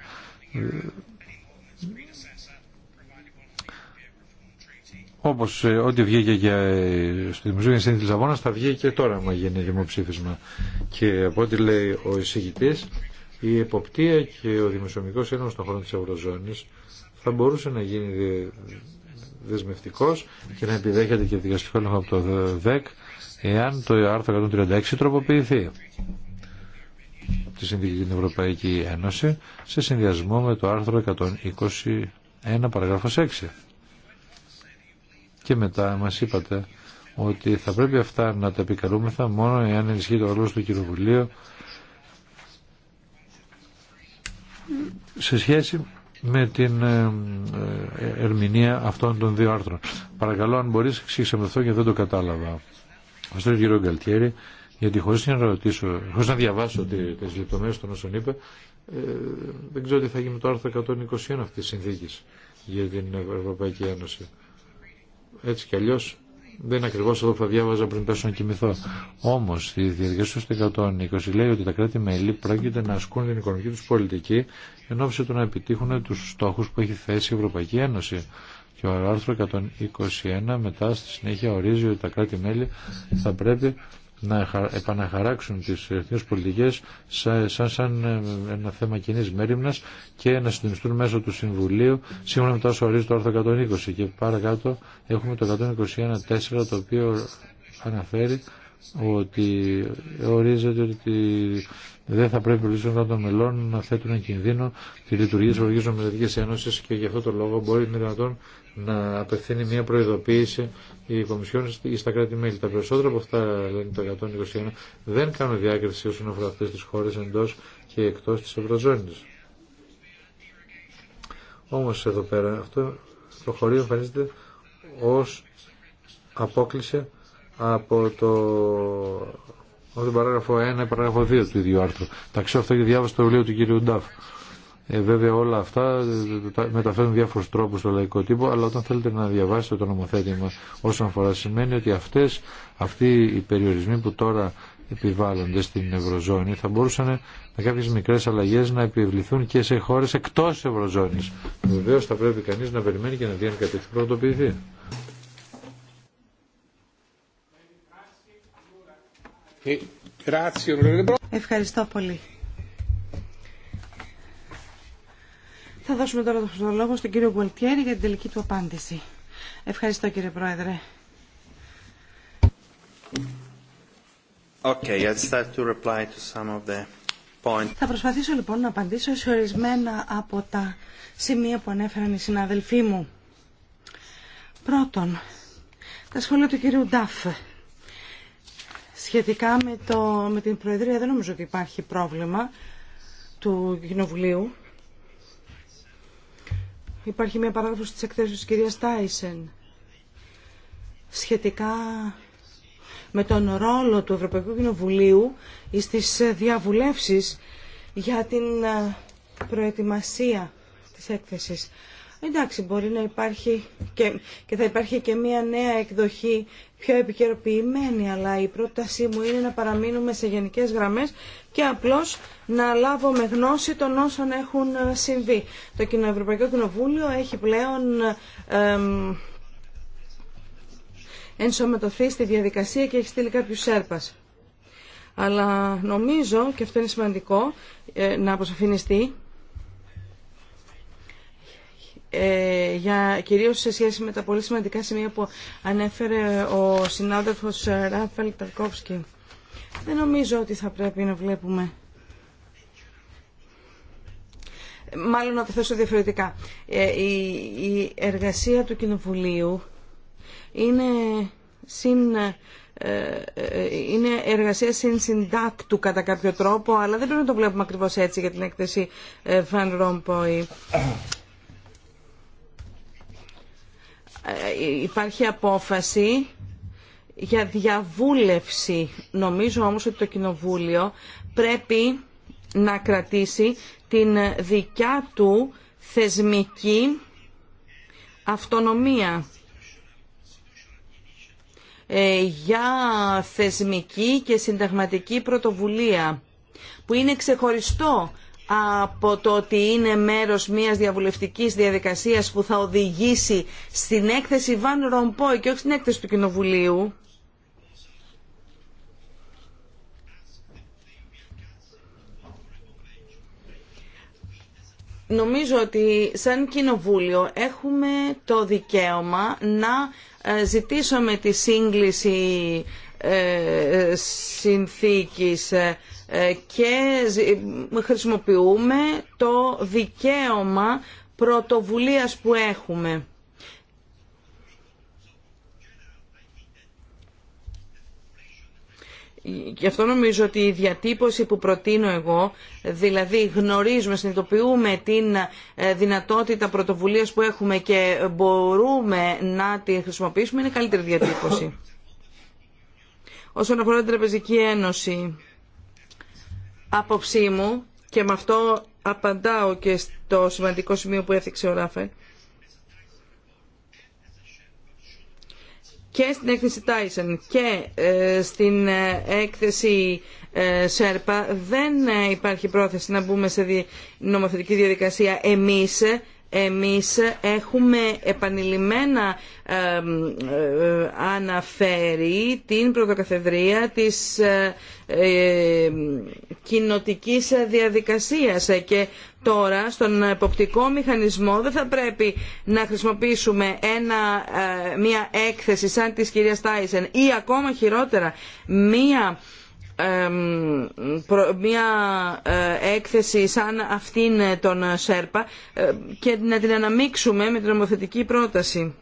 Όπω ε, ό,τι βγήκε για, ε, στο Δημοσίου τη Λισαβόνα, θα βγει και τώρα, άμα γίνει δημοψήφισμα. Και από ό,τι λέει ο εισηγητή, η εποπτεία και ο δημοσιονομικό ένωμο των χωρών τη Ευρωζώνη θα μπορούσε να γίνει δεσμευτικό και να επιδέχεται και δικαστικό έλεγχο από το ΔΕΚ εάν το άρθρο 136 τροποποιηθεί τη Συνδική την Ευρωπαϊκή Ένωση σε συνδυασμό με το άρθρο 121 παραγράφος 6. Και μετά μας είπατε ότι θα πρέπει αυτά να τα επικαλούμεθα μόνο εάν ενισχύει το ρόλο του Κοινοβουλίου σε σχέση με την ε, ε, ερμηνεία αυτών των δύο άρθρων. Παρακαλώ αν μπορείς εξήγησε με αυτό και δεν το κατάλαβα. Ευχαριστώ τον κύριο Γκαλτιέρη, γιατί χωρί να ρωτήσω, χωρί να διαβάσω τι λεπτομέρειε των όσων είπε, ε, δεν ξέρω τι θα γίνει το άρθρο 121 αυτή τη συνθήκη για την Ευρωπαϊκή Ένωση. Έτσι κι αλλιώ δεν είναι ακριβώς εδώ που θα διάβαζα πριν πέσω να κοιμηθώ. Όμως η διαδικασία του 120 λέει ότι τα κράτη-μέλη πρόκειται να ασκούν την οικονομική του πολιτική εν ώψη του να επιτύχουν του στόχου που έχει θέσει η Ευρωπαϊκή Ένωση. Και ο άρθρο 121 μετά στη συνέχεια ορίζει ότι τα κράτη-μέλη θα πρέπει να επαναχαράξουν τις εθνικές πολιτικές σαν, σαν ε, ένα θέμα κοινής μέρημνας και να συντονιστούν μέσω του Συμβουλίου σύμφωνα με το όσο ορίζει το άρθρο 120 και παρακάτω έχουμε το 121.4 το οποίο αναφέρει ότι ορίζεται ότι δεν θα πρέπει οι των μελών να θέτουν κινδύνο τη λειτουργία τη Ευρωπαϊκή Ένωση και γι' αυτό το λόγο μπορεί να δυνατόν να απευθύνει μια προειδοποίηση η Κομισιόν ή στα κράτη-μέλη. Τα περισσότερα από αυτά, λένε το 121, δεν κάνουν διάκριση όσον αφορά αυτέ τι χώρε εντό και εκτός της Ευρωζώνης. Όμως εδώ πέρα αυτό το χωρίο εμφανίζεται ως απόκληση από, το, από παράγραφο 1 παράγραφο 2 του ίδιου άρθρου. Τα ξέρω αυτό και διάβασα το βιβλίο του κ. Ντάφ. Ε, βέβαια όλα αυτά μεταφέρουν διάφορους τρόπους στο λαϊκό τύπο, αλλά όταν θέλετε να διαβάσετε το νομοθέτημα όσον αφορά σημαίνει ότι αυτές, αυτοί οι περιορισμοί που τώρα επιβάλλονται στην Ευρωζώνη θα μπορούσαν με κάποιες μικρές αλλαγές να επιβληθούν και σε χώρες εκτός Ευρωζώνης. Βεβαίω θα πρέπει κανείς να περιμένει και να δει κάτι Ευχαριστώ πολύ. Θα δώσουμε τώρα το λόγο στον κύριο Γκουαλτιέρη για την τελική του απάντηση. Ευχαριστώ κύριε Πρόεδρε. Okay, start to reply to some of the points. Θα προσπαθήσω λοιπόν να απαντήσω σε ορισμένα από τα σημεία που ανέφεραν οι συναδελφοί μου. Πρώτον, τα σχόλια του κύριου Ντάφ. Σχετικά με, το, με την Προεδρία δεν νομίζω ότι υπάρχει πρόβλημα του Κοινοβουλίου Υπάρχει μια παράγραφος της εκθέσεως της κυρίας Τάισεν σχετικά με τον ρόλο του Ευρωπαϊκού Κοινοβουλίου στις διαβουλεύσεις για την ε, προετοιμασία της έκθεσης. Εντάξει, μπορεί να υπάρχει και, και θα υπάρχει και μία νέα εκδοχή πιο επικαιροποιημένη, αλλά η πρότασή μου είναι να παραμείνουμε σε γενικές γραμμές και απλώς να λάβω με γνώση των όσων έχουν ε, συμβεί. Το Ευρωπαϊκό Κοινοβούλιο έχει πλέον... Εμ, ενσωματωθεί στη διαδικασία και έχει στείλει κάποιους σέρπας. Αλλά νομίζω, και αυτό είναι σημαντικό ε, να αποσαφινιστεί, ε, για, κυρίως σε σχέση με τα πολύ σημαντικά σημεία που ανέφερε ο συνάδελφος ε, Ράφελ Ταρκόφσκι. Δεν νομίζω ότι θα πρέπει να βλέπουμε μάλλον να το θέσω διαφορετικά. Ε, η, εργασία του Κοινοβουλίου είναι, συν, είναι εργασία συνσυντάκτου κατά κάποιο τρόπο, αλλά δεν πρέπει να το βλέπουμε ακριβώς έτσι για την έκθεση Φαν Ρόμποϊ. Ε, υπάρχει απόφαση για διαβούλευση. Νομίζω όμως ότι το Κοινοβούλιο πρέπει να κρατήσει την δικιά του θεσμική αυτονομία ε, για θεσμική και συνταγματική πρωτοβουλία που είναι ξεχωριστό από το ότι είναι μέρος μιας διαβουλευτικής διαδικασίας που θα οδηγήσει στην έκθεση Βαν Ρομπόη και όχι στην έκθεση του Κοινοβουλίου. Νομίζω ότι σαν Κοινοβούλιο έχουμε το δικαίωμα να ε, ζητήσουμε τη σύγκληση ε, συνθήκης ε, ε, και χρησιμοποιούμε το δικαίωμα πρωτοβουλίας που έχουμε. Γι' αυτό νομίζω ότι η διατύπωση που προτείνω εγώ, δηλαδή γνωρίζουμε, συνειδητοποιούμε την ε, δυνατότητα πρωτοβουλίας που έχουμε και μπορούμε να τη χρησιμοποιήσουμε, είναι καλύτερη διατύπωση. Όσον αφορά την Τραπεζική Ένωση, άποψή μου και με αυτό απαντάω και στο σημαντικό σημείο που έφτιαξε ο Ράφε και στην έκθεση Tyson και ε, στην ε, έκθεση ε, Σέρπα δεν υπάρχει πρόθεση να μπούμε σε νομοθετική διαδικασία εμείς εμείς έχουμε επανειλημμένα ε, αναφέρει την πρωτοκαθεδρία της ε, κοινοτικής διαδικασίας και τώρα στον εποπτικό μηχανισμό δεν θα πρέπει να χρησιμοποιήσουμε ένα, ε, μια έκθεση σαν της κυρίας Τάισεν ή ακόμα χειρότερα μια μια ε, έκθεση σαν αυτήν τον ΣΕΡΠΑ ε, και να την αναμίξουμε με την νομοθετική πρόταση.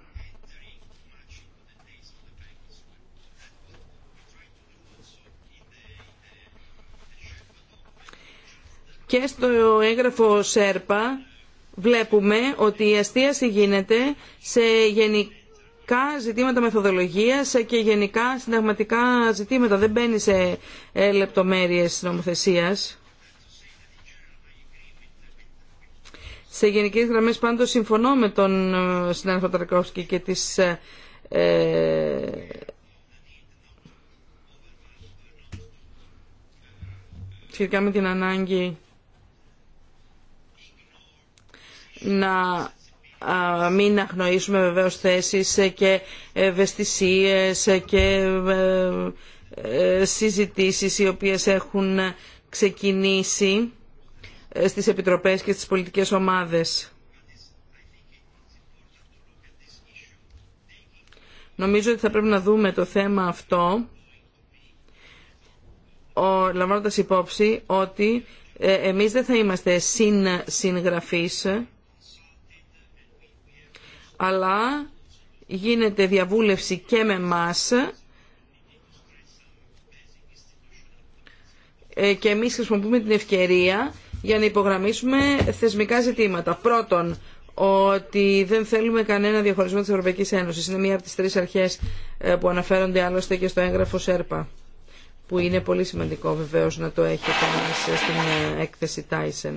Και στο έγγραφο ΣΕΡΠΑ βλέπουμε ότι η αστίαση γίνεται σε γενικό τεχνικά ζητήματα μεθοδολογίας και γενικά συνταγματικά ζητήματα. Δεν μπαίνει σε ε, λεπτομέρειες νομοθεσίας. Σε γενικές γραμμές πάντως συμφωνώ με τον ε, συνάδελφο Ταρκόφσκι και τις ε, ε, σχετικά με την ανάγκη να μην αγνοήσουμε βεβαίως θέσεις και ευαισθησίες και ε, ε, συζητήσεις οι οποίες έχουν ξεκινήσει ε, στις επιτροπές και στις πολιτικές ομάδες. Νομίζω ότι θα πρέπει να δούμε το θέμα αυτό ο, λαμβάνοντας υπόψη ότι εμείς δεν θα είμαστε συν αλλά γίνεται διαβούλευση και με μας ε, και εμείς χρησιμοποιούμε την ευκαιρία για να υπογραμμίσουμε θεσμικά ζητήματα. Πρώτον, ότι δεν θέλουμε κανένα διαχωρισμό της Ευρωπαϊκής Ένωσης. Είναι μία από τις τρεις αρχές ε, που αναφέρονται άλλωστε και στο έγγραφο ΣΕΡΠΑ, που είναι πολύ σημαντικό βεβαίως να το έχει κανείς στην ε, έκθεση Tyson.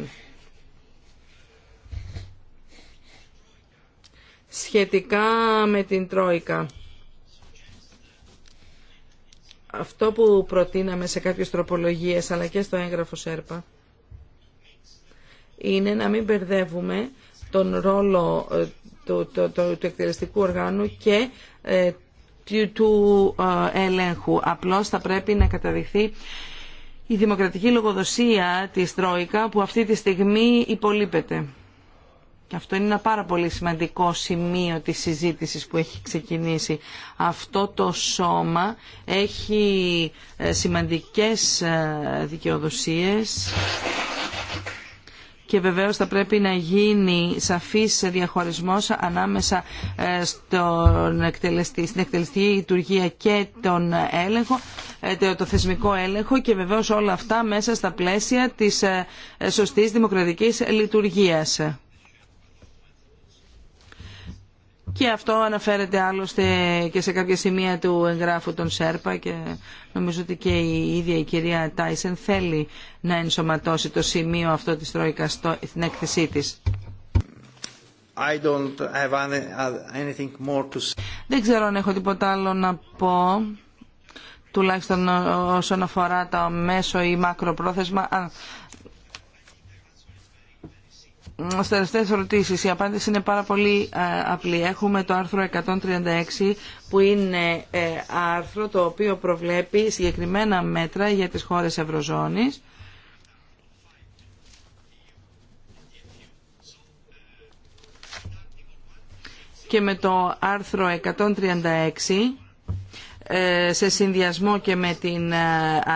σχετικά με την Τρόικα. Αυτό που προτείναμε σε κάποιες τροπολογίες αλλά και στο έγγραφο ΣΕΡΠΑ είναι να μην μπερδεύουμε τον ρόλο ε, του, εκτελεστικού οργάνου και ε, του ε, ελέγχου. Απλώς θα πρέπει να καταδειχθεί η δημοκρατική λογοδοσία της Τρόικα που αυτή τη στιγμή υπολείπεται. Και αυτό είναι ένα πάρα πολύ σημαντικό σημείο της συζήτησης που έχει ξεκινήσει. Αυτό το σώμα έχει ε, σημαντικές ε, δικαιοδοσίες και βεβαίως θα πρέπει να γίνει σαφής διαχωρισμός ανάμεσα ε, στον εκτελεστή, στην εκτελεστή λειτουργία και τον έλεγχο, το θεσμικό έλεγχο και βεβαίως όλα αυτά μέσα στα πλαίσια της σωστής δημοκρατικής λειτουργίας. Και αυτό αναφέρεται άλλωστε και σε κάποια σημεία του εγγράφου των ΣΕΡΠΑ και νομίζω ότι και η ίδια η κυρία Τάισεν θέλει να ενσωματώσει το σημείο αυτό της Τρόικας στην έκθεσή της. I don't uh, Δεν ξέρω αν έχω τίποτα άλλο να πω τουλάχιστον όσον αφορά το μέσο ή μακροπρόθεσμα. Στι τελευταίε ερωτήσει η απάντηση είναι πάρα πολύ ε, απλή. Έχουμε το άρθρο 136 που είναι ε, άρθρο το οποίο προβλέπει συγκεκριμένα μέτρα για τις χώρες Ευρωζώνης. Και με το άρθρο 136 ε, σε συνδυασμό και με την ε,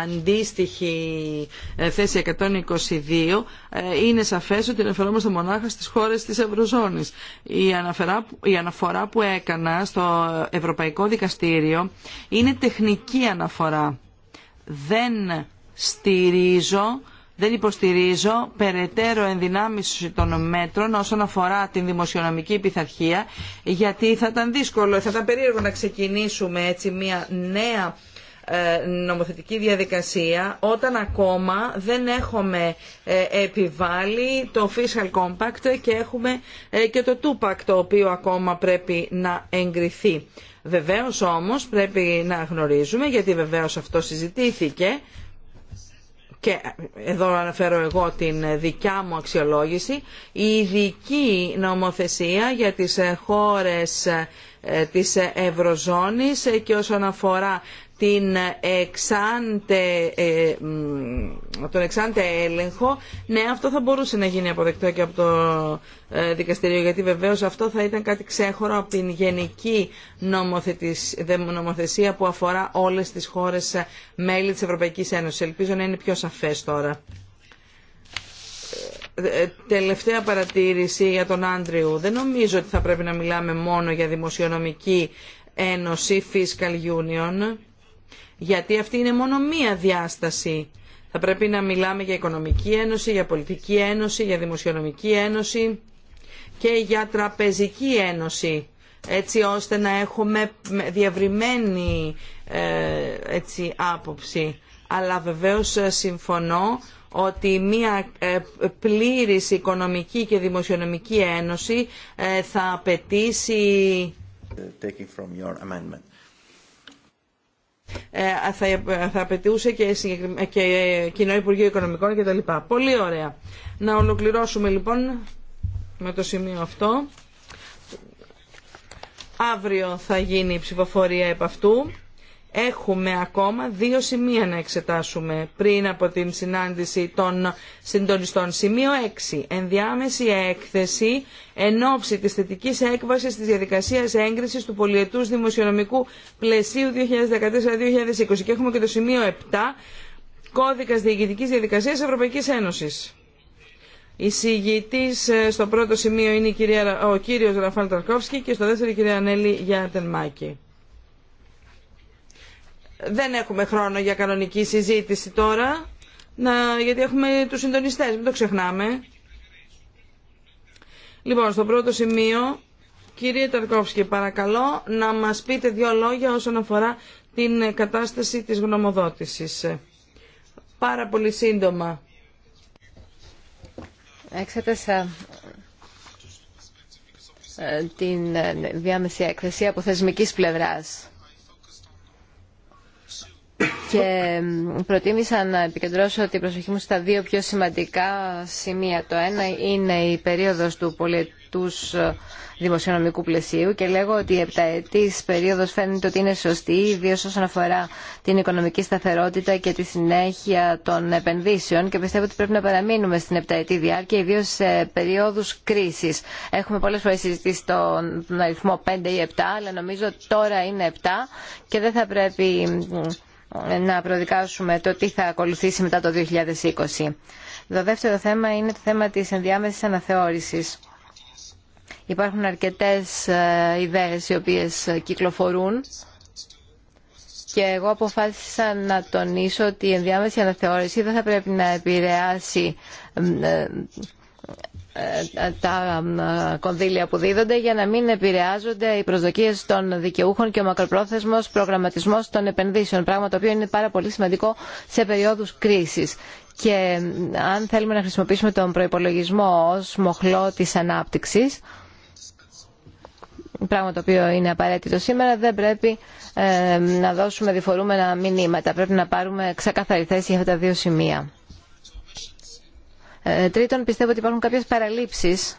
αντίστοιχη ε, θέση 122 είναι σαφές ότι αναφερόμαστε μονάχα στις χώρες της Ευρωζώνης. Η, αναφορά, η αναφορά που έκανα στο Ευρωπαϊκό Δικαστήριο είναι τεχνική αναφορά. Δεν στηρίζω δεν υποστηρίζω περαιτέρω ενδυνάμιση των μέτρων όσον αφορά την δημοσιονομική πειθαρχία γιατί θα ήταν δύσκολο, θα ήταν περίεργο να ξεκινήσουμε έτσι μια νέα ε, νομοθετική διαδικασία όταν ακόμα δεν έχουμε ε, επιβάλει το Fiscal Compact και έχουμε ε, και το Tupac το οποίο ακόμα πρέπει να εγκριθεί. Βεβαίως όμως πρέπει να γνωρίζουμε γιατί βεβαίως αυτό συζητήθηκε και εδώ αναφέρω εγώ την δικιά μου αξιολόγηση, η ειδική νομοθεσία για τις χώρες ε, της Ευρωζώνης και όσον αφορά την εξάντε, ε, τον εξάντε έλεγχο, ναι αυτό θα μπορούσε να γίνει αποδεκτό και από το ε, δικαστήριο γιατί βεβαίως αυτό θα ήταν κάτι ξέχωρο από την γενική νομοθεσία που αφορά όλες τις χώρες ε, μέλη της Ευρωπαϊκής Ένωσης. Ελπίζω να είναι πιο σαφές τώρα. Τελευταία παρατήρηση για τον Άντριου. Δεν νομίζω ότι θα πρέπει να μιλάμε μόνο για δημοσιονομική ένωση, fiscal union γιατί αυτή είναι μόνο μία διάσταση. Θα πρέπει να μιλάμε για οικονομική ένωση, για πολιτική ένωση, για δημοσιονομική ένωση και για τραπεζική ένωση έτσι ώστε να έχουμε διευρυμένη ε, έτσι, άποψη. Αλλά βεβαίως ε, συμφωνώ ότι μια ε, πλήρης οικονομική και δημοσιονομική ένωση θα απαιτήσει... Ε, θα απαιτούσε και ε, και κοινό Υπουργείο Οικονομικών κτλ. Πολύ ωραία. Να ολοκληρώσουμε λοιπόν με το σημείο αυτό. Αύριο θα γίνει η ψηφοφορία επ' αυτού. Έχουμε ακόμα δύο σημεία να εξετάσουμε πριν από την συνάντηση των συντονιστών. Σημείο 6. Ενδιάμεση έκθεση εν ώψη της θετικής έκβασης της διαδικασίας έγκρισης του πολιετούς δημοσιονομικού πλαισίου 2014-2020. Και έχουμε και το σημείο 7. Κώδικας Διοικητικής Διαδικασίας Ευρωπαϊκής Ένωσης. Η συγητής ε, στο πρώτο σημείο είναι η ο κύριος Ραφάλ Ταρκόφσκι και στο δεύτερο η κυρία Ανέλη Γιάντεν δεν έχουμε χρόνο για κανονική συζήτηση τώρα, να, γιατί έχουμε τους συντονιστές, μην το ξεχνάμε. Λοιπόν, στο πρώτο σημείο, κύριε Ταρκόφσκι, παρακαλώ να μας πείτε δύο λόγια όσον αφορά την κατάσταση της γνωμοδότησης. Πάρα πολύ σύντομα. Εξέτασα ε, την ε, διάμεση έκθεση από θεσμικής πλευράς και προτίμησα να επικεντρώσω την προσοχή μου στα δύο πιο σημαντικά σημεία. Το ένα είναι η περίοδος του πολιτούς ε, δημοσιονομικού πλαισίου και λέγω ότι η επταετής περίοδος φαίνεται ότι είναι σωστή, ιδίω όσον αφορά την οικονομική σταθερότητα και τη συνέχεια των επενδύσεων και πιστεύω ότι πρέπει να παραμείνουμε στην επταετή διάρκεια, ιδίω σε περίοδους κρίσης. Έχουμε πολλές φορές συζητήσει τον αριθμό 5 ή 7, αλλά νομίζω τώρα είναι 7 και δεν θα πρέπει να προδικάσουμε το τι θα ακολουθήσει μετά το 2020. Το δεύτερο θέμα είναι το θέμα της ενδιάμεσης αναθεώρησης. Υπάρχουν αρκετές ε, ιδέες οι οποίες κυκλοφορούν και εγώ αποφάσισα να τονίσω ότι η ενδιάμεση αναθεώρηση δεν θα πρέπει να επηρεάσει ε, ε, τα κονδύλια που δίδονται για να μην επηρεάζονται οι προσδοκίες των δικαιούχων και ο μακροπρόθεσμος προγραμματισμός των επενδύσεων, πράγμα το οποίο είναι πάρα πολύ σημαντικό σε περίοδους κρίσης. Και αν θέλουμε να χρησιμοποιήσουμε τον προϋπολογισμό ως μοχλό της ανάπτυξης, πράγμα το οποίο είναι απαραίτητο σήμερα, δεν πρέπει ε, να δώσουμε διφορούμενα μηνύματα. Πρέπει να πάρουμε ξεκαθαρή θέση για αυτά τα δύο σημεία. Ε, τρίτον, πιστεύω ότι υπάρχουν κάποιες παραλήψεις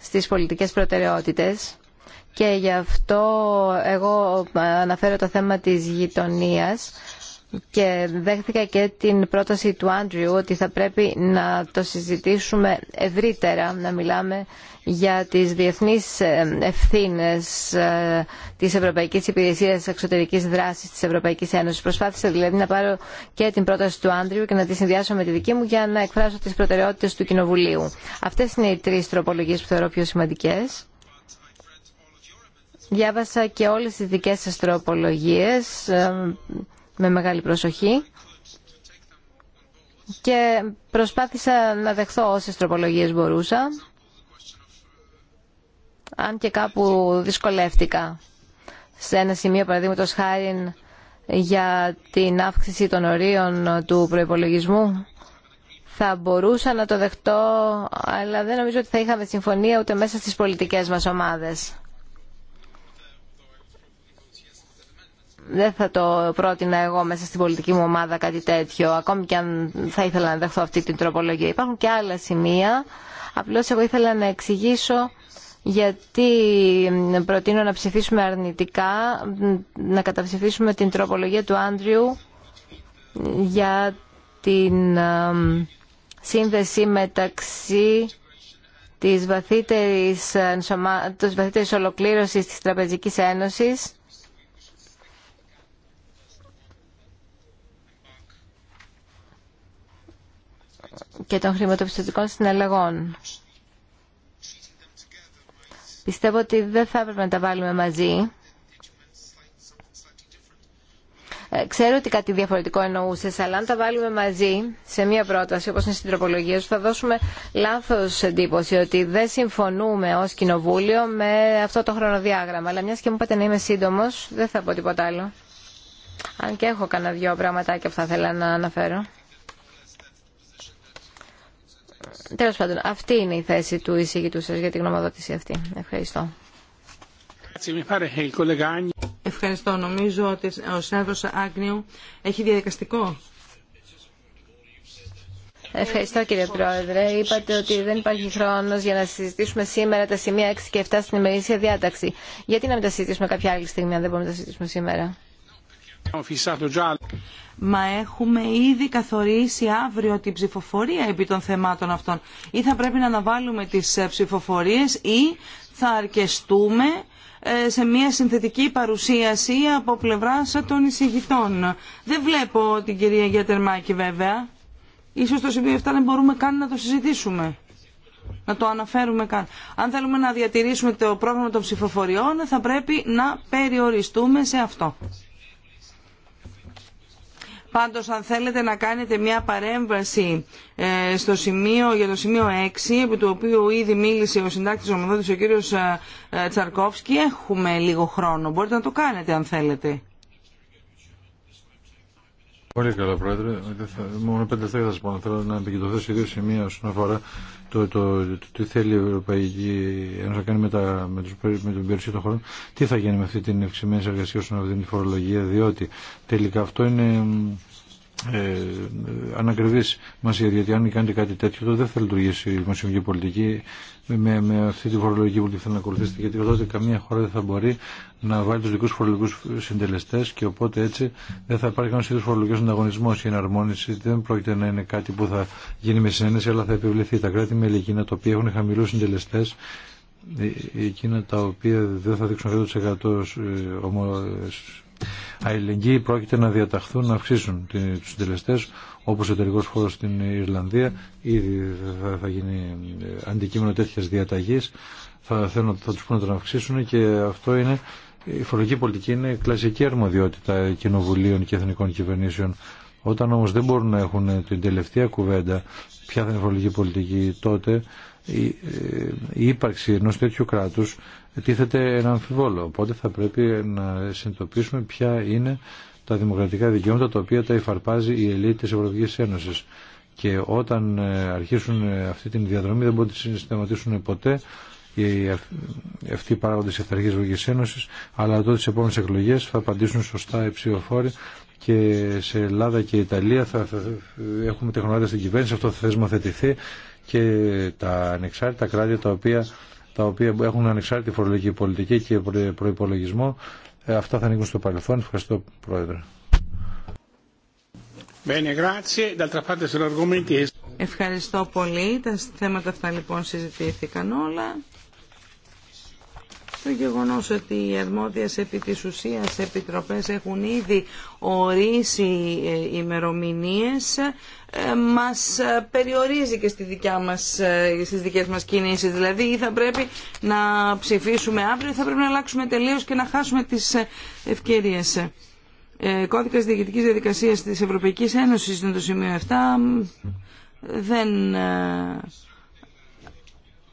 στις πολιτικές προτεραιότητες και γι' αυτό εγώ αναφέρω το θέμα της γειτονίας και δέχθηκα και την πρόταση του Άντριου ότι θα πρέπει να το συζητήσουμε ευρύτερα, να μιλάμε για τις διεθνείς ε, ευθύνες ε, της Ευρωπαϊκής Υπηρεσίας Εξωτερικής Δράσης της Ευρωπαϊκής Ένωσης. Προσπάθησα δηλαδή να πάρω και την πρόταση του Άντριου και να τη συνδυάσω με τη δική μου για να εκφράσω τις προτεραιότητες του Κοινοβουλίου. Αυτές είναι οι τρεις τροπολογίες που θεωρώ πιο σημαντικές. Διάβασα και όλες τις δικές σας τροπολογίες ε, με μεγάλη προσοχή και προσπάθησα να δεχθώ όσες τροπολογίες μπορούσα αν και κάπου δυσκολεύτηκα σε ένα σημείο παραδείγματος χάρη για την αύξηση των ορίων του προϋπολογισμού θα μπορούσα να το δεχτώ αλλά δεν νομίζω ότι θα είχαμε συμφωνία ούτε μέσα στις πολιτικές μας ομάδες. δεν θα το πρότεινα εγώ μέσα στην πολιτική μου ομάδα κάτι τέτοιο, ακόμη και αν θα ήθελα να δεχθώ αυτή την τροπολογία. Υπάρχουν και άλλα σημεία. Απλώς εγώ ήθελα να εξηγήσω γιατί προτείνω να ψηφίσουμε αρνητικά, να καταψηφίσουμε την τροπολογία του Άντριου για την σύνδεση μεταξύ της βαθύτερης, της βαθύτερης ολοκλήρωσης της Τραπεζικής Ένωσης και των χρηματοπιστωτικών συναλλαγών. Πιστεύω ότι δεν θα έπρεπε να τα βάλουμε μαζί. Ε, ξέρω ότι κάτι διαφορετικό εννοούσε, αλλά αν τα βάλουμε μαζί σε μία πρόταση, όπω είναι στην τροπολογία σου, θα δώσουμε λάθο εντύπωση ότι δεν συμφωνούμε ω κοινοβούλιο με αυτό το χρονοδιάγραμμα. Αλλά μια και μου είπατε να είμαι σύντομο, δεν θα πω τίποτα άλλο. Αν και έχω κανένα δυο πραγματάκια που θα ήθελα να αναφέρω. Τέλο πάντων, αυτή είναι η θέση του εισηγητού σα για την γνωμοδότηση αυτή. Ευχαριστώ. Ευχαριστώ. Νομίζω ότι ο Σέρβο Άγνιου έχει διαδικαστικό. Ευχαριστώ κύριε Πρόεδρε. Είπατε ότι δεν υπάρχει χρόνος για να συζητήσουμε σήμερα τα σημεία 6 και 7 στην ημερήσια διάταξη. Γιατί να μην τα συζητήσουμε κάποια άλλη στιγμή αν δεν μπορούμε να τα συζητήσουμε σήμερα. Μα έχουμε ήδη καθορίσει αύριο την ψηφοφορία επί των θεμάτων αυτών. Ή θα πρέπει να αναβάλουμε τις ε, ψηφοφορίες ή θα αρκεστούμε ε, σε μια συνθετική παρουσίαση από πλευράς των εισηγητών. Δεν βλέπω την κυρία Γιατερμάκη βέβαια. Ίσως το σημείο αυτά δεν μπορούμε καν να το συζητήσουμε. Να το αναφέρουμε καν. Αν θέλουμε να διατηρήσουμε το πρόγραμμα των ψηφοφοριών θα πρέπει να περιοριστούμε σε αυτό. Πάντως αν θέλετε να κάνετε μια παρέμβαση ε, στο σημείο, για το σημείο 6, επί του οποίου ήδη μίλησε ο συντάκτης ομοδότης ο κύριος ε, ε, Τσαρκόφσκι, έχουμε λίγο χρόνο. Μπορείτε να το κάνετε αν θέλετε. Πολύ καλά, Πρόεδρε. Μόνο πέντε θέσει θα σα πω. Θέλω να επικεντρωθώ σε δύο σημεία όσον αφορά το, το, το, τι θέλει η Ευρωπαϊκή Ένωση να κάνει με, τα, με, τους, με τον περιουσία των χωρών. Τι θα γίνει με αυτή την ευξημένη εργασία όσον αφορά την φορολογία, διότι τελικά αυτό είναι ε, μα, ε, μας γιατί αν κάνετε κάτι τέτοιο δεν θα λειτουργήσει η δημοσιονομική πολιτική με, με αυτή τη φορολογική που θέλει να ακολουθήσετε γιατί τότε καμία χώρα δεν θα μπορεί να βάλει του δικού φορολογικού συντελεστέ και οπότε έτσι δεν θα υπάρχει κανένας είδου φορολογικό ανταγωνισμός η εναρμόνιση δεν πρόκειται να είναι κάτι που θα γίνει με συνένεση αλλά θα επιβληθεί τα κράτη με εκείνα τα οποία έχουν χαμηλού συντελεστέ, ε, ε, εκείνα τα οποία δεν θα δείξουν 100% αλληλεγγύη πρόκειται να διαταχθούν να αυξήσουν του συντελεστέ, όπω ο εταιρικό χώρο στην Ιρλανδία ήδη θα γίνει αντικείμενο τέτοια διαταγή, θα, θέλουν, θα τους πούνε να αυξήσουν και αυτό είναι η φορολογική πολιτική είναι κλασική αρμοδιότητα κοινοβουλίων και εθνικών κυβερνήσεων όταν όμως δεν μπορούν να έχουν την τελευταία κουβέντα ποια θα είναι η φορολογική πολιτική τότε η, ε, η ύπαρξη ενός τέτοιου κράτους Ετίθεται ένα αμφιβόλο. Οπότε θα πρέπει να συνειδητοποιήσουμε ποια είναι τα δημοκρατικά δικαιώματα τα οποία τα υφαρπάζει η ελίτ της Ευρωπαϊκής Ένωσης. Και όταν ε, αρχίσουν ε, αυτή τη διαδρομή δεν μπορούν να συστηματίσουν ποτέ οι αυτοί οι παράγοντε τη Ευρωπαϊκής Ευρωπαϊκή Ένωση, αλλά τότε τι επόμενε εκλογέ θα απαντήσουν σωστά οι ψηφοφόροι και σε Ελλάδα και Ιταλία θα, έχουμε τεχνολογιά στην κυβέρνηση, αυτό θα θεσμοθετηθεί και τα ανεξάρτητα κράτη τα οποία τα οποία έχουν ανεξάρτητη φορολογική πολιτική και προπολογισμό. Ε, αυτά θα ανοίγουν στο παρελθόν. Ευχαριστώ, Πρόεδρε. Ευχαριστώ πολύ. Τα θέματα αυτά λοιπόν συζητήθηκαν όλα το γεγονός ότι οι αρμόδιες επί της ουσίας επιτροπές έχουν ήδη ορίσει ε, ημερομηνίες ε, μας ε, περιορίζει και δικιά μας, στις δικές μας κινήσεις. Δηλαδή ή θα πρέπει να ψηφίσουμε αύριο ή θα πρέπει να αλλάξουμε τελείως και να χάσουμε τις ευκαιρίες. Ε, κώδικας διοικητικής διαδικασίας της Ευρωπαϊκής Ένωσης είναι το σημείο 7. Δεν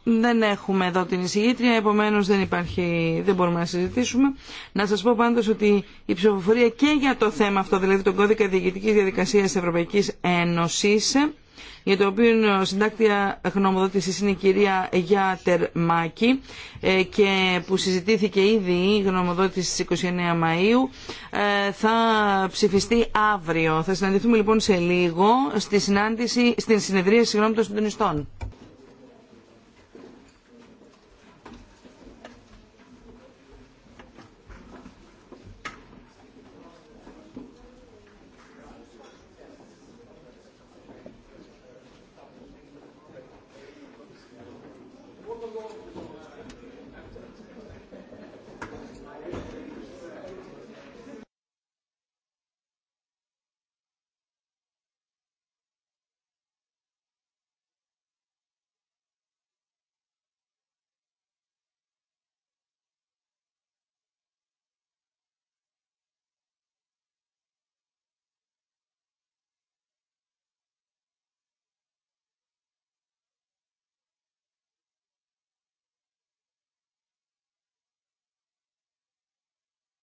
δεν έχουμε εδώ την εισηγήτρια, επομένω, δεν, υπάρχει, δεν μπορούμε να συζητήσουμε. Να σα πω πάντως ότι η ψηφοφορία και για το θέμα αυτό, δηλαδή τον κώδικα διοικητική διαδικασία της Ευρωπαϊκής Ένωσης, για το οποίο συντάκτια γνωμοδότηση είναι η κυρία Γιάτερ Μάκη ε, και που συζητήθηκε ήδη η γνωμοδότηση στις 29 Μαΐου ε, θα ψηφιστεί αύριο. Θα συναντηθούμε λοιπόν σε λίγο στη συνάντηση, στην συνεδρία συγγνώμη των συντονιστών.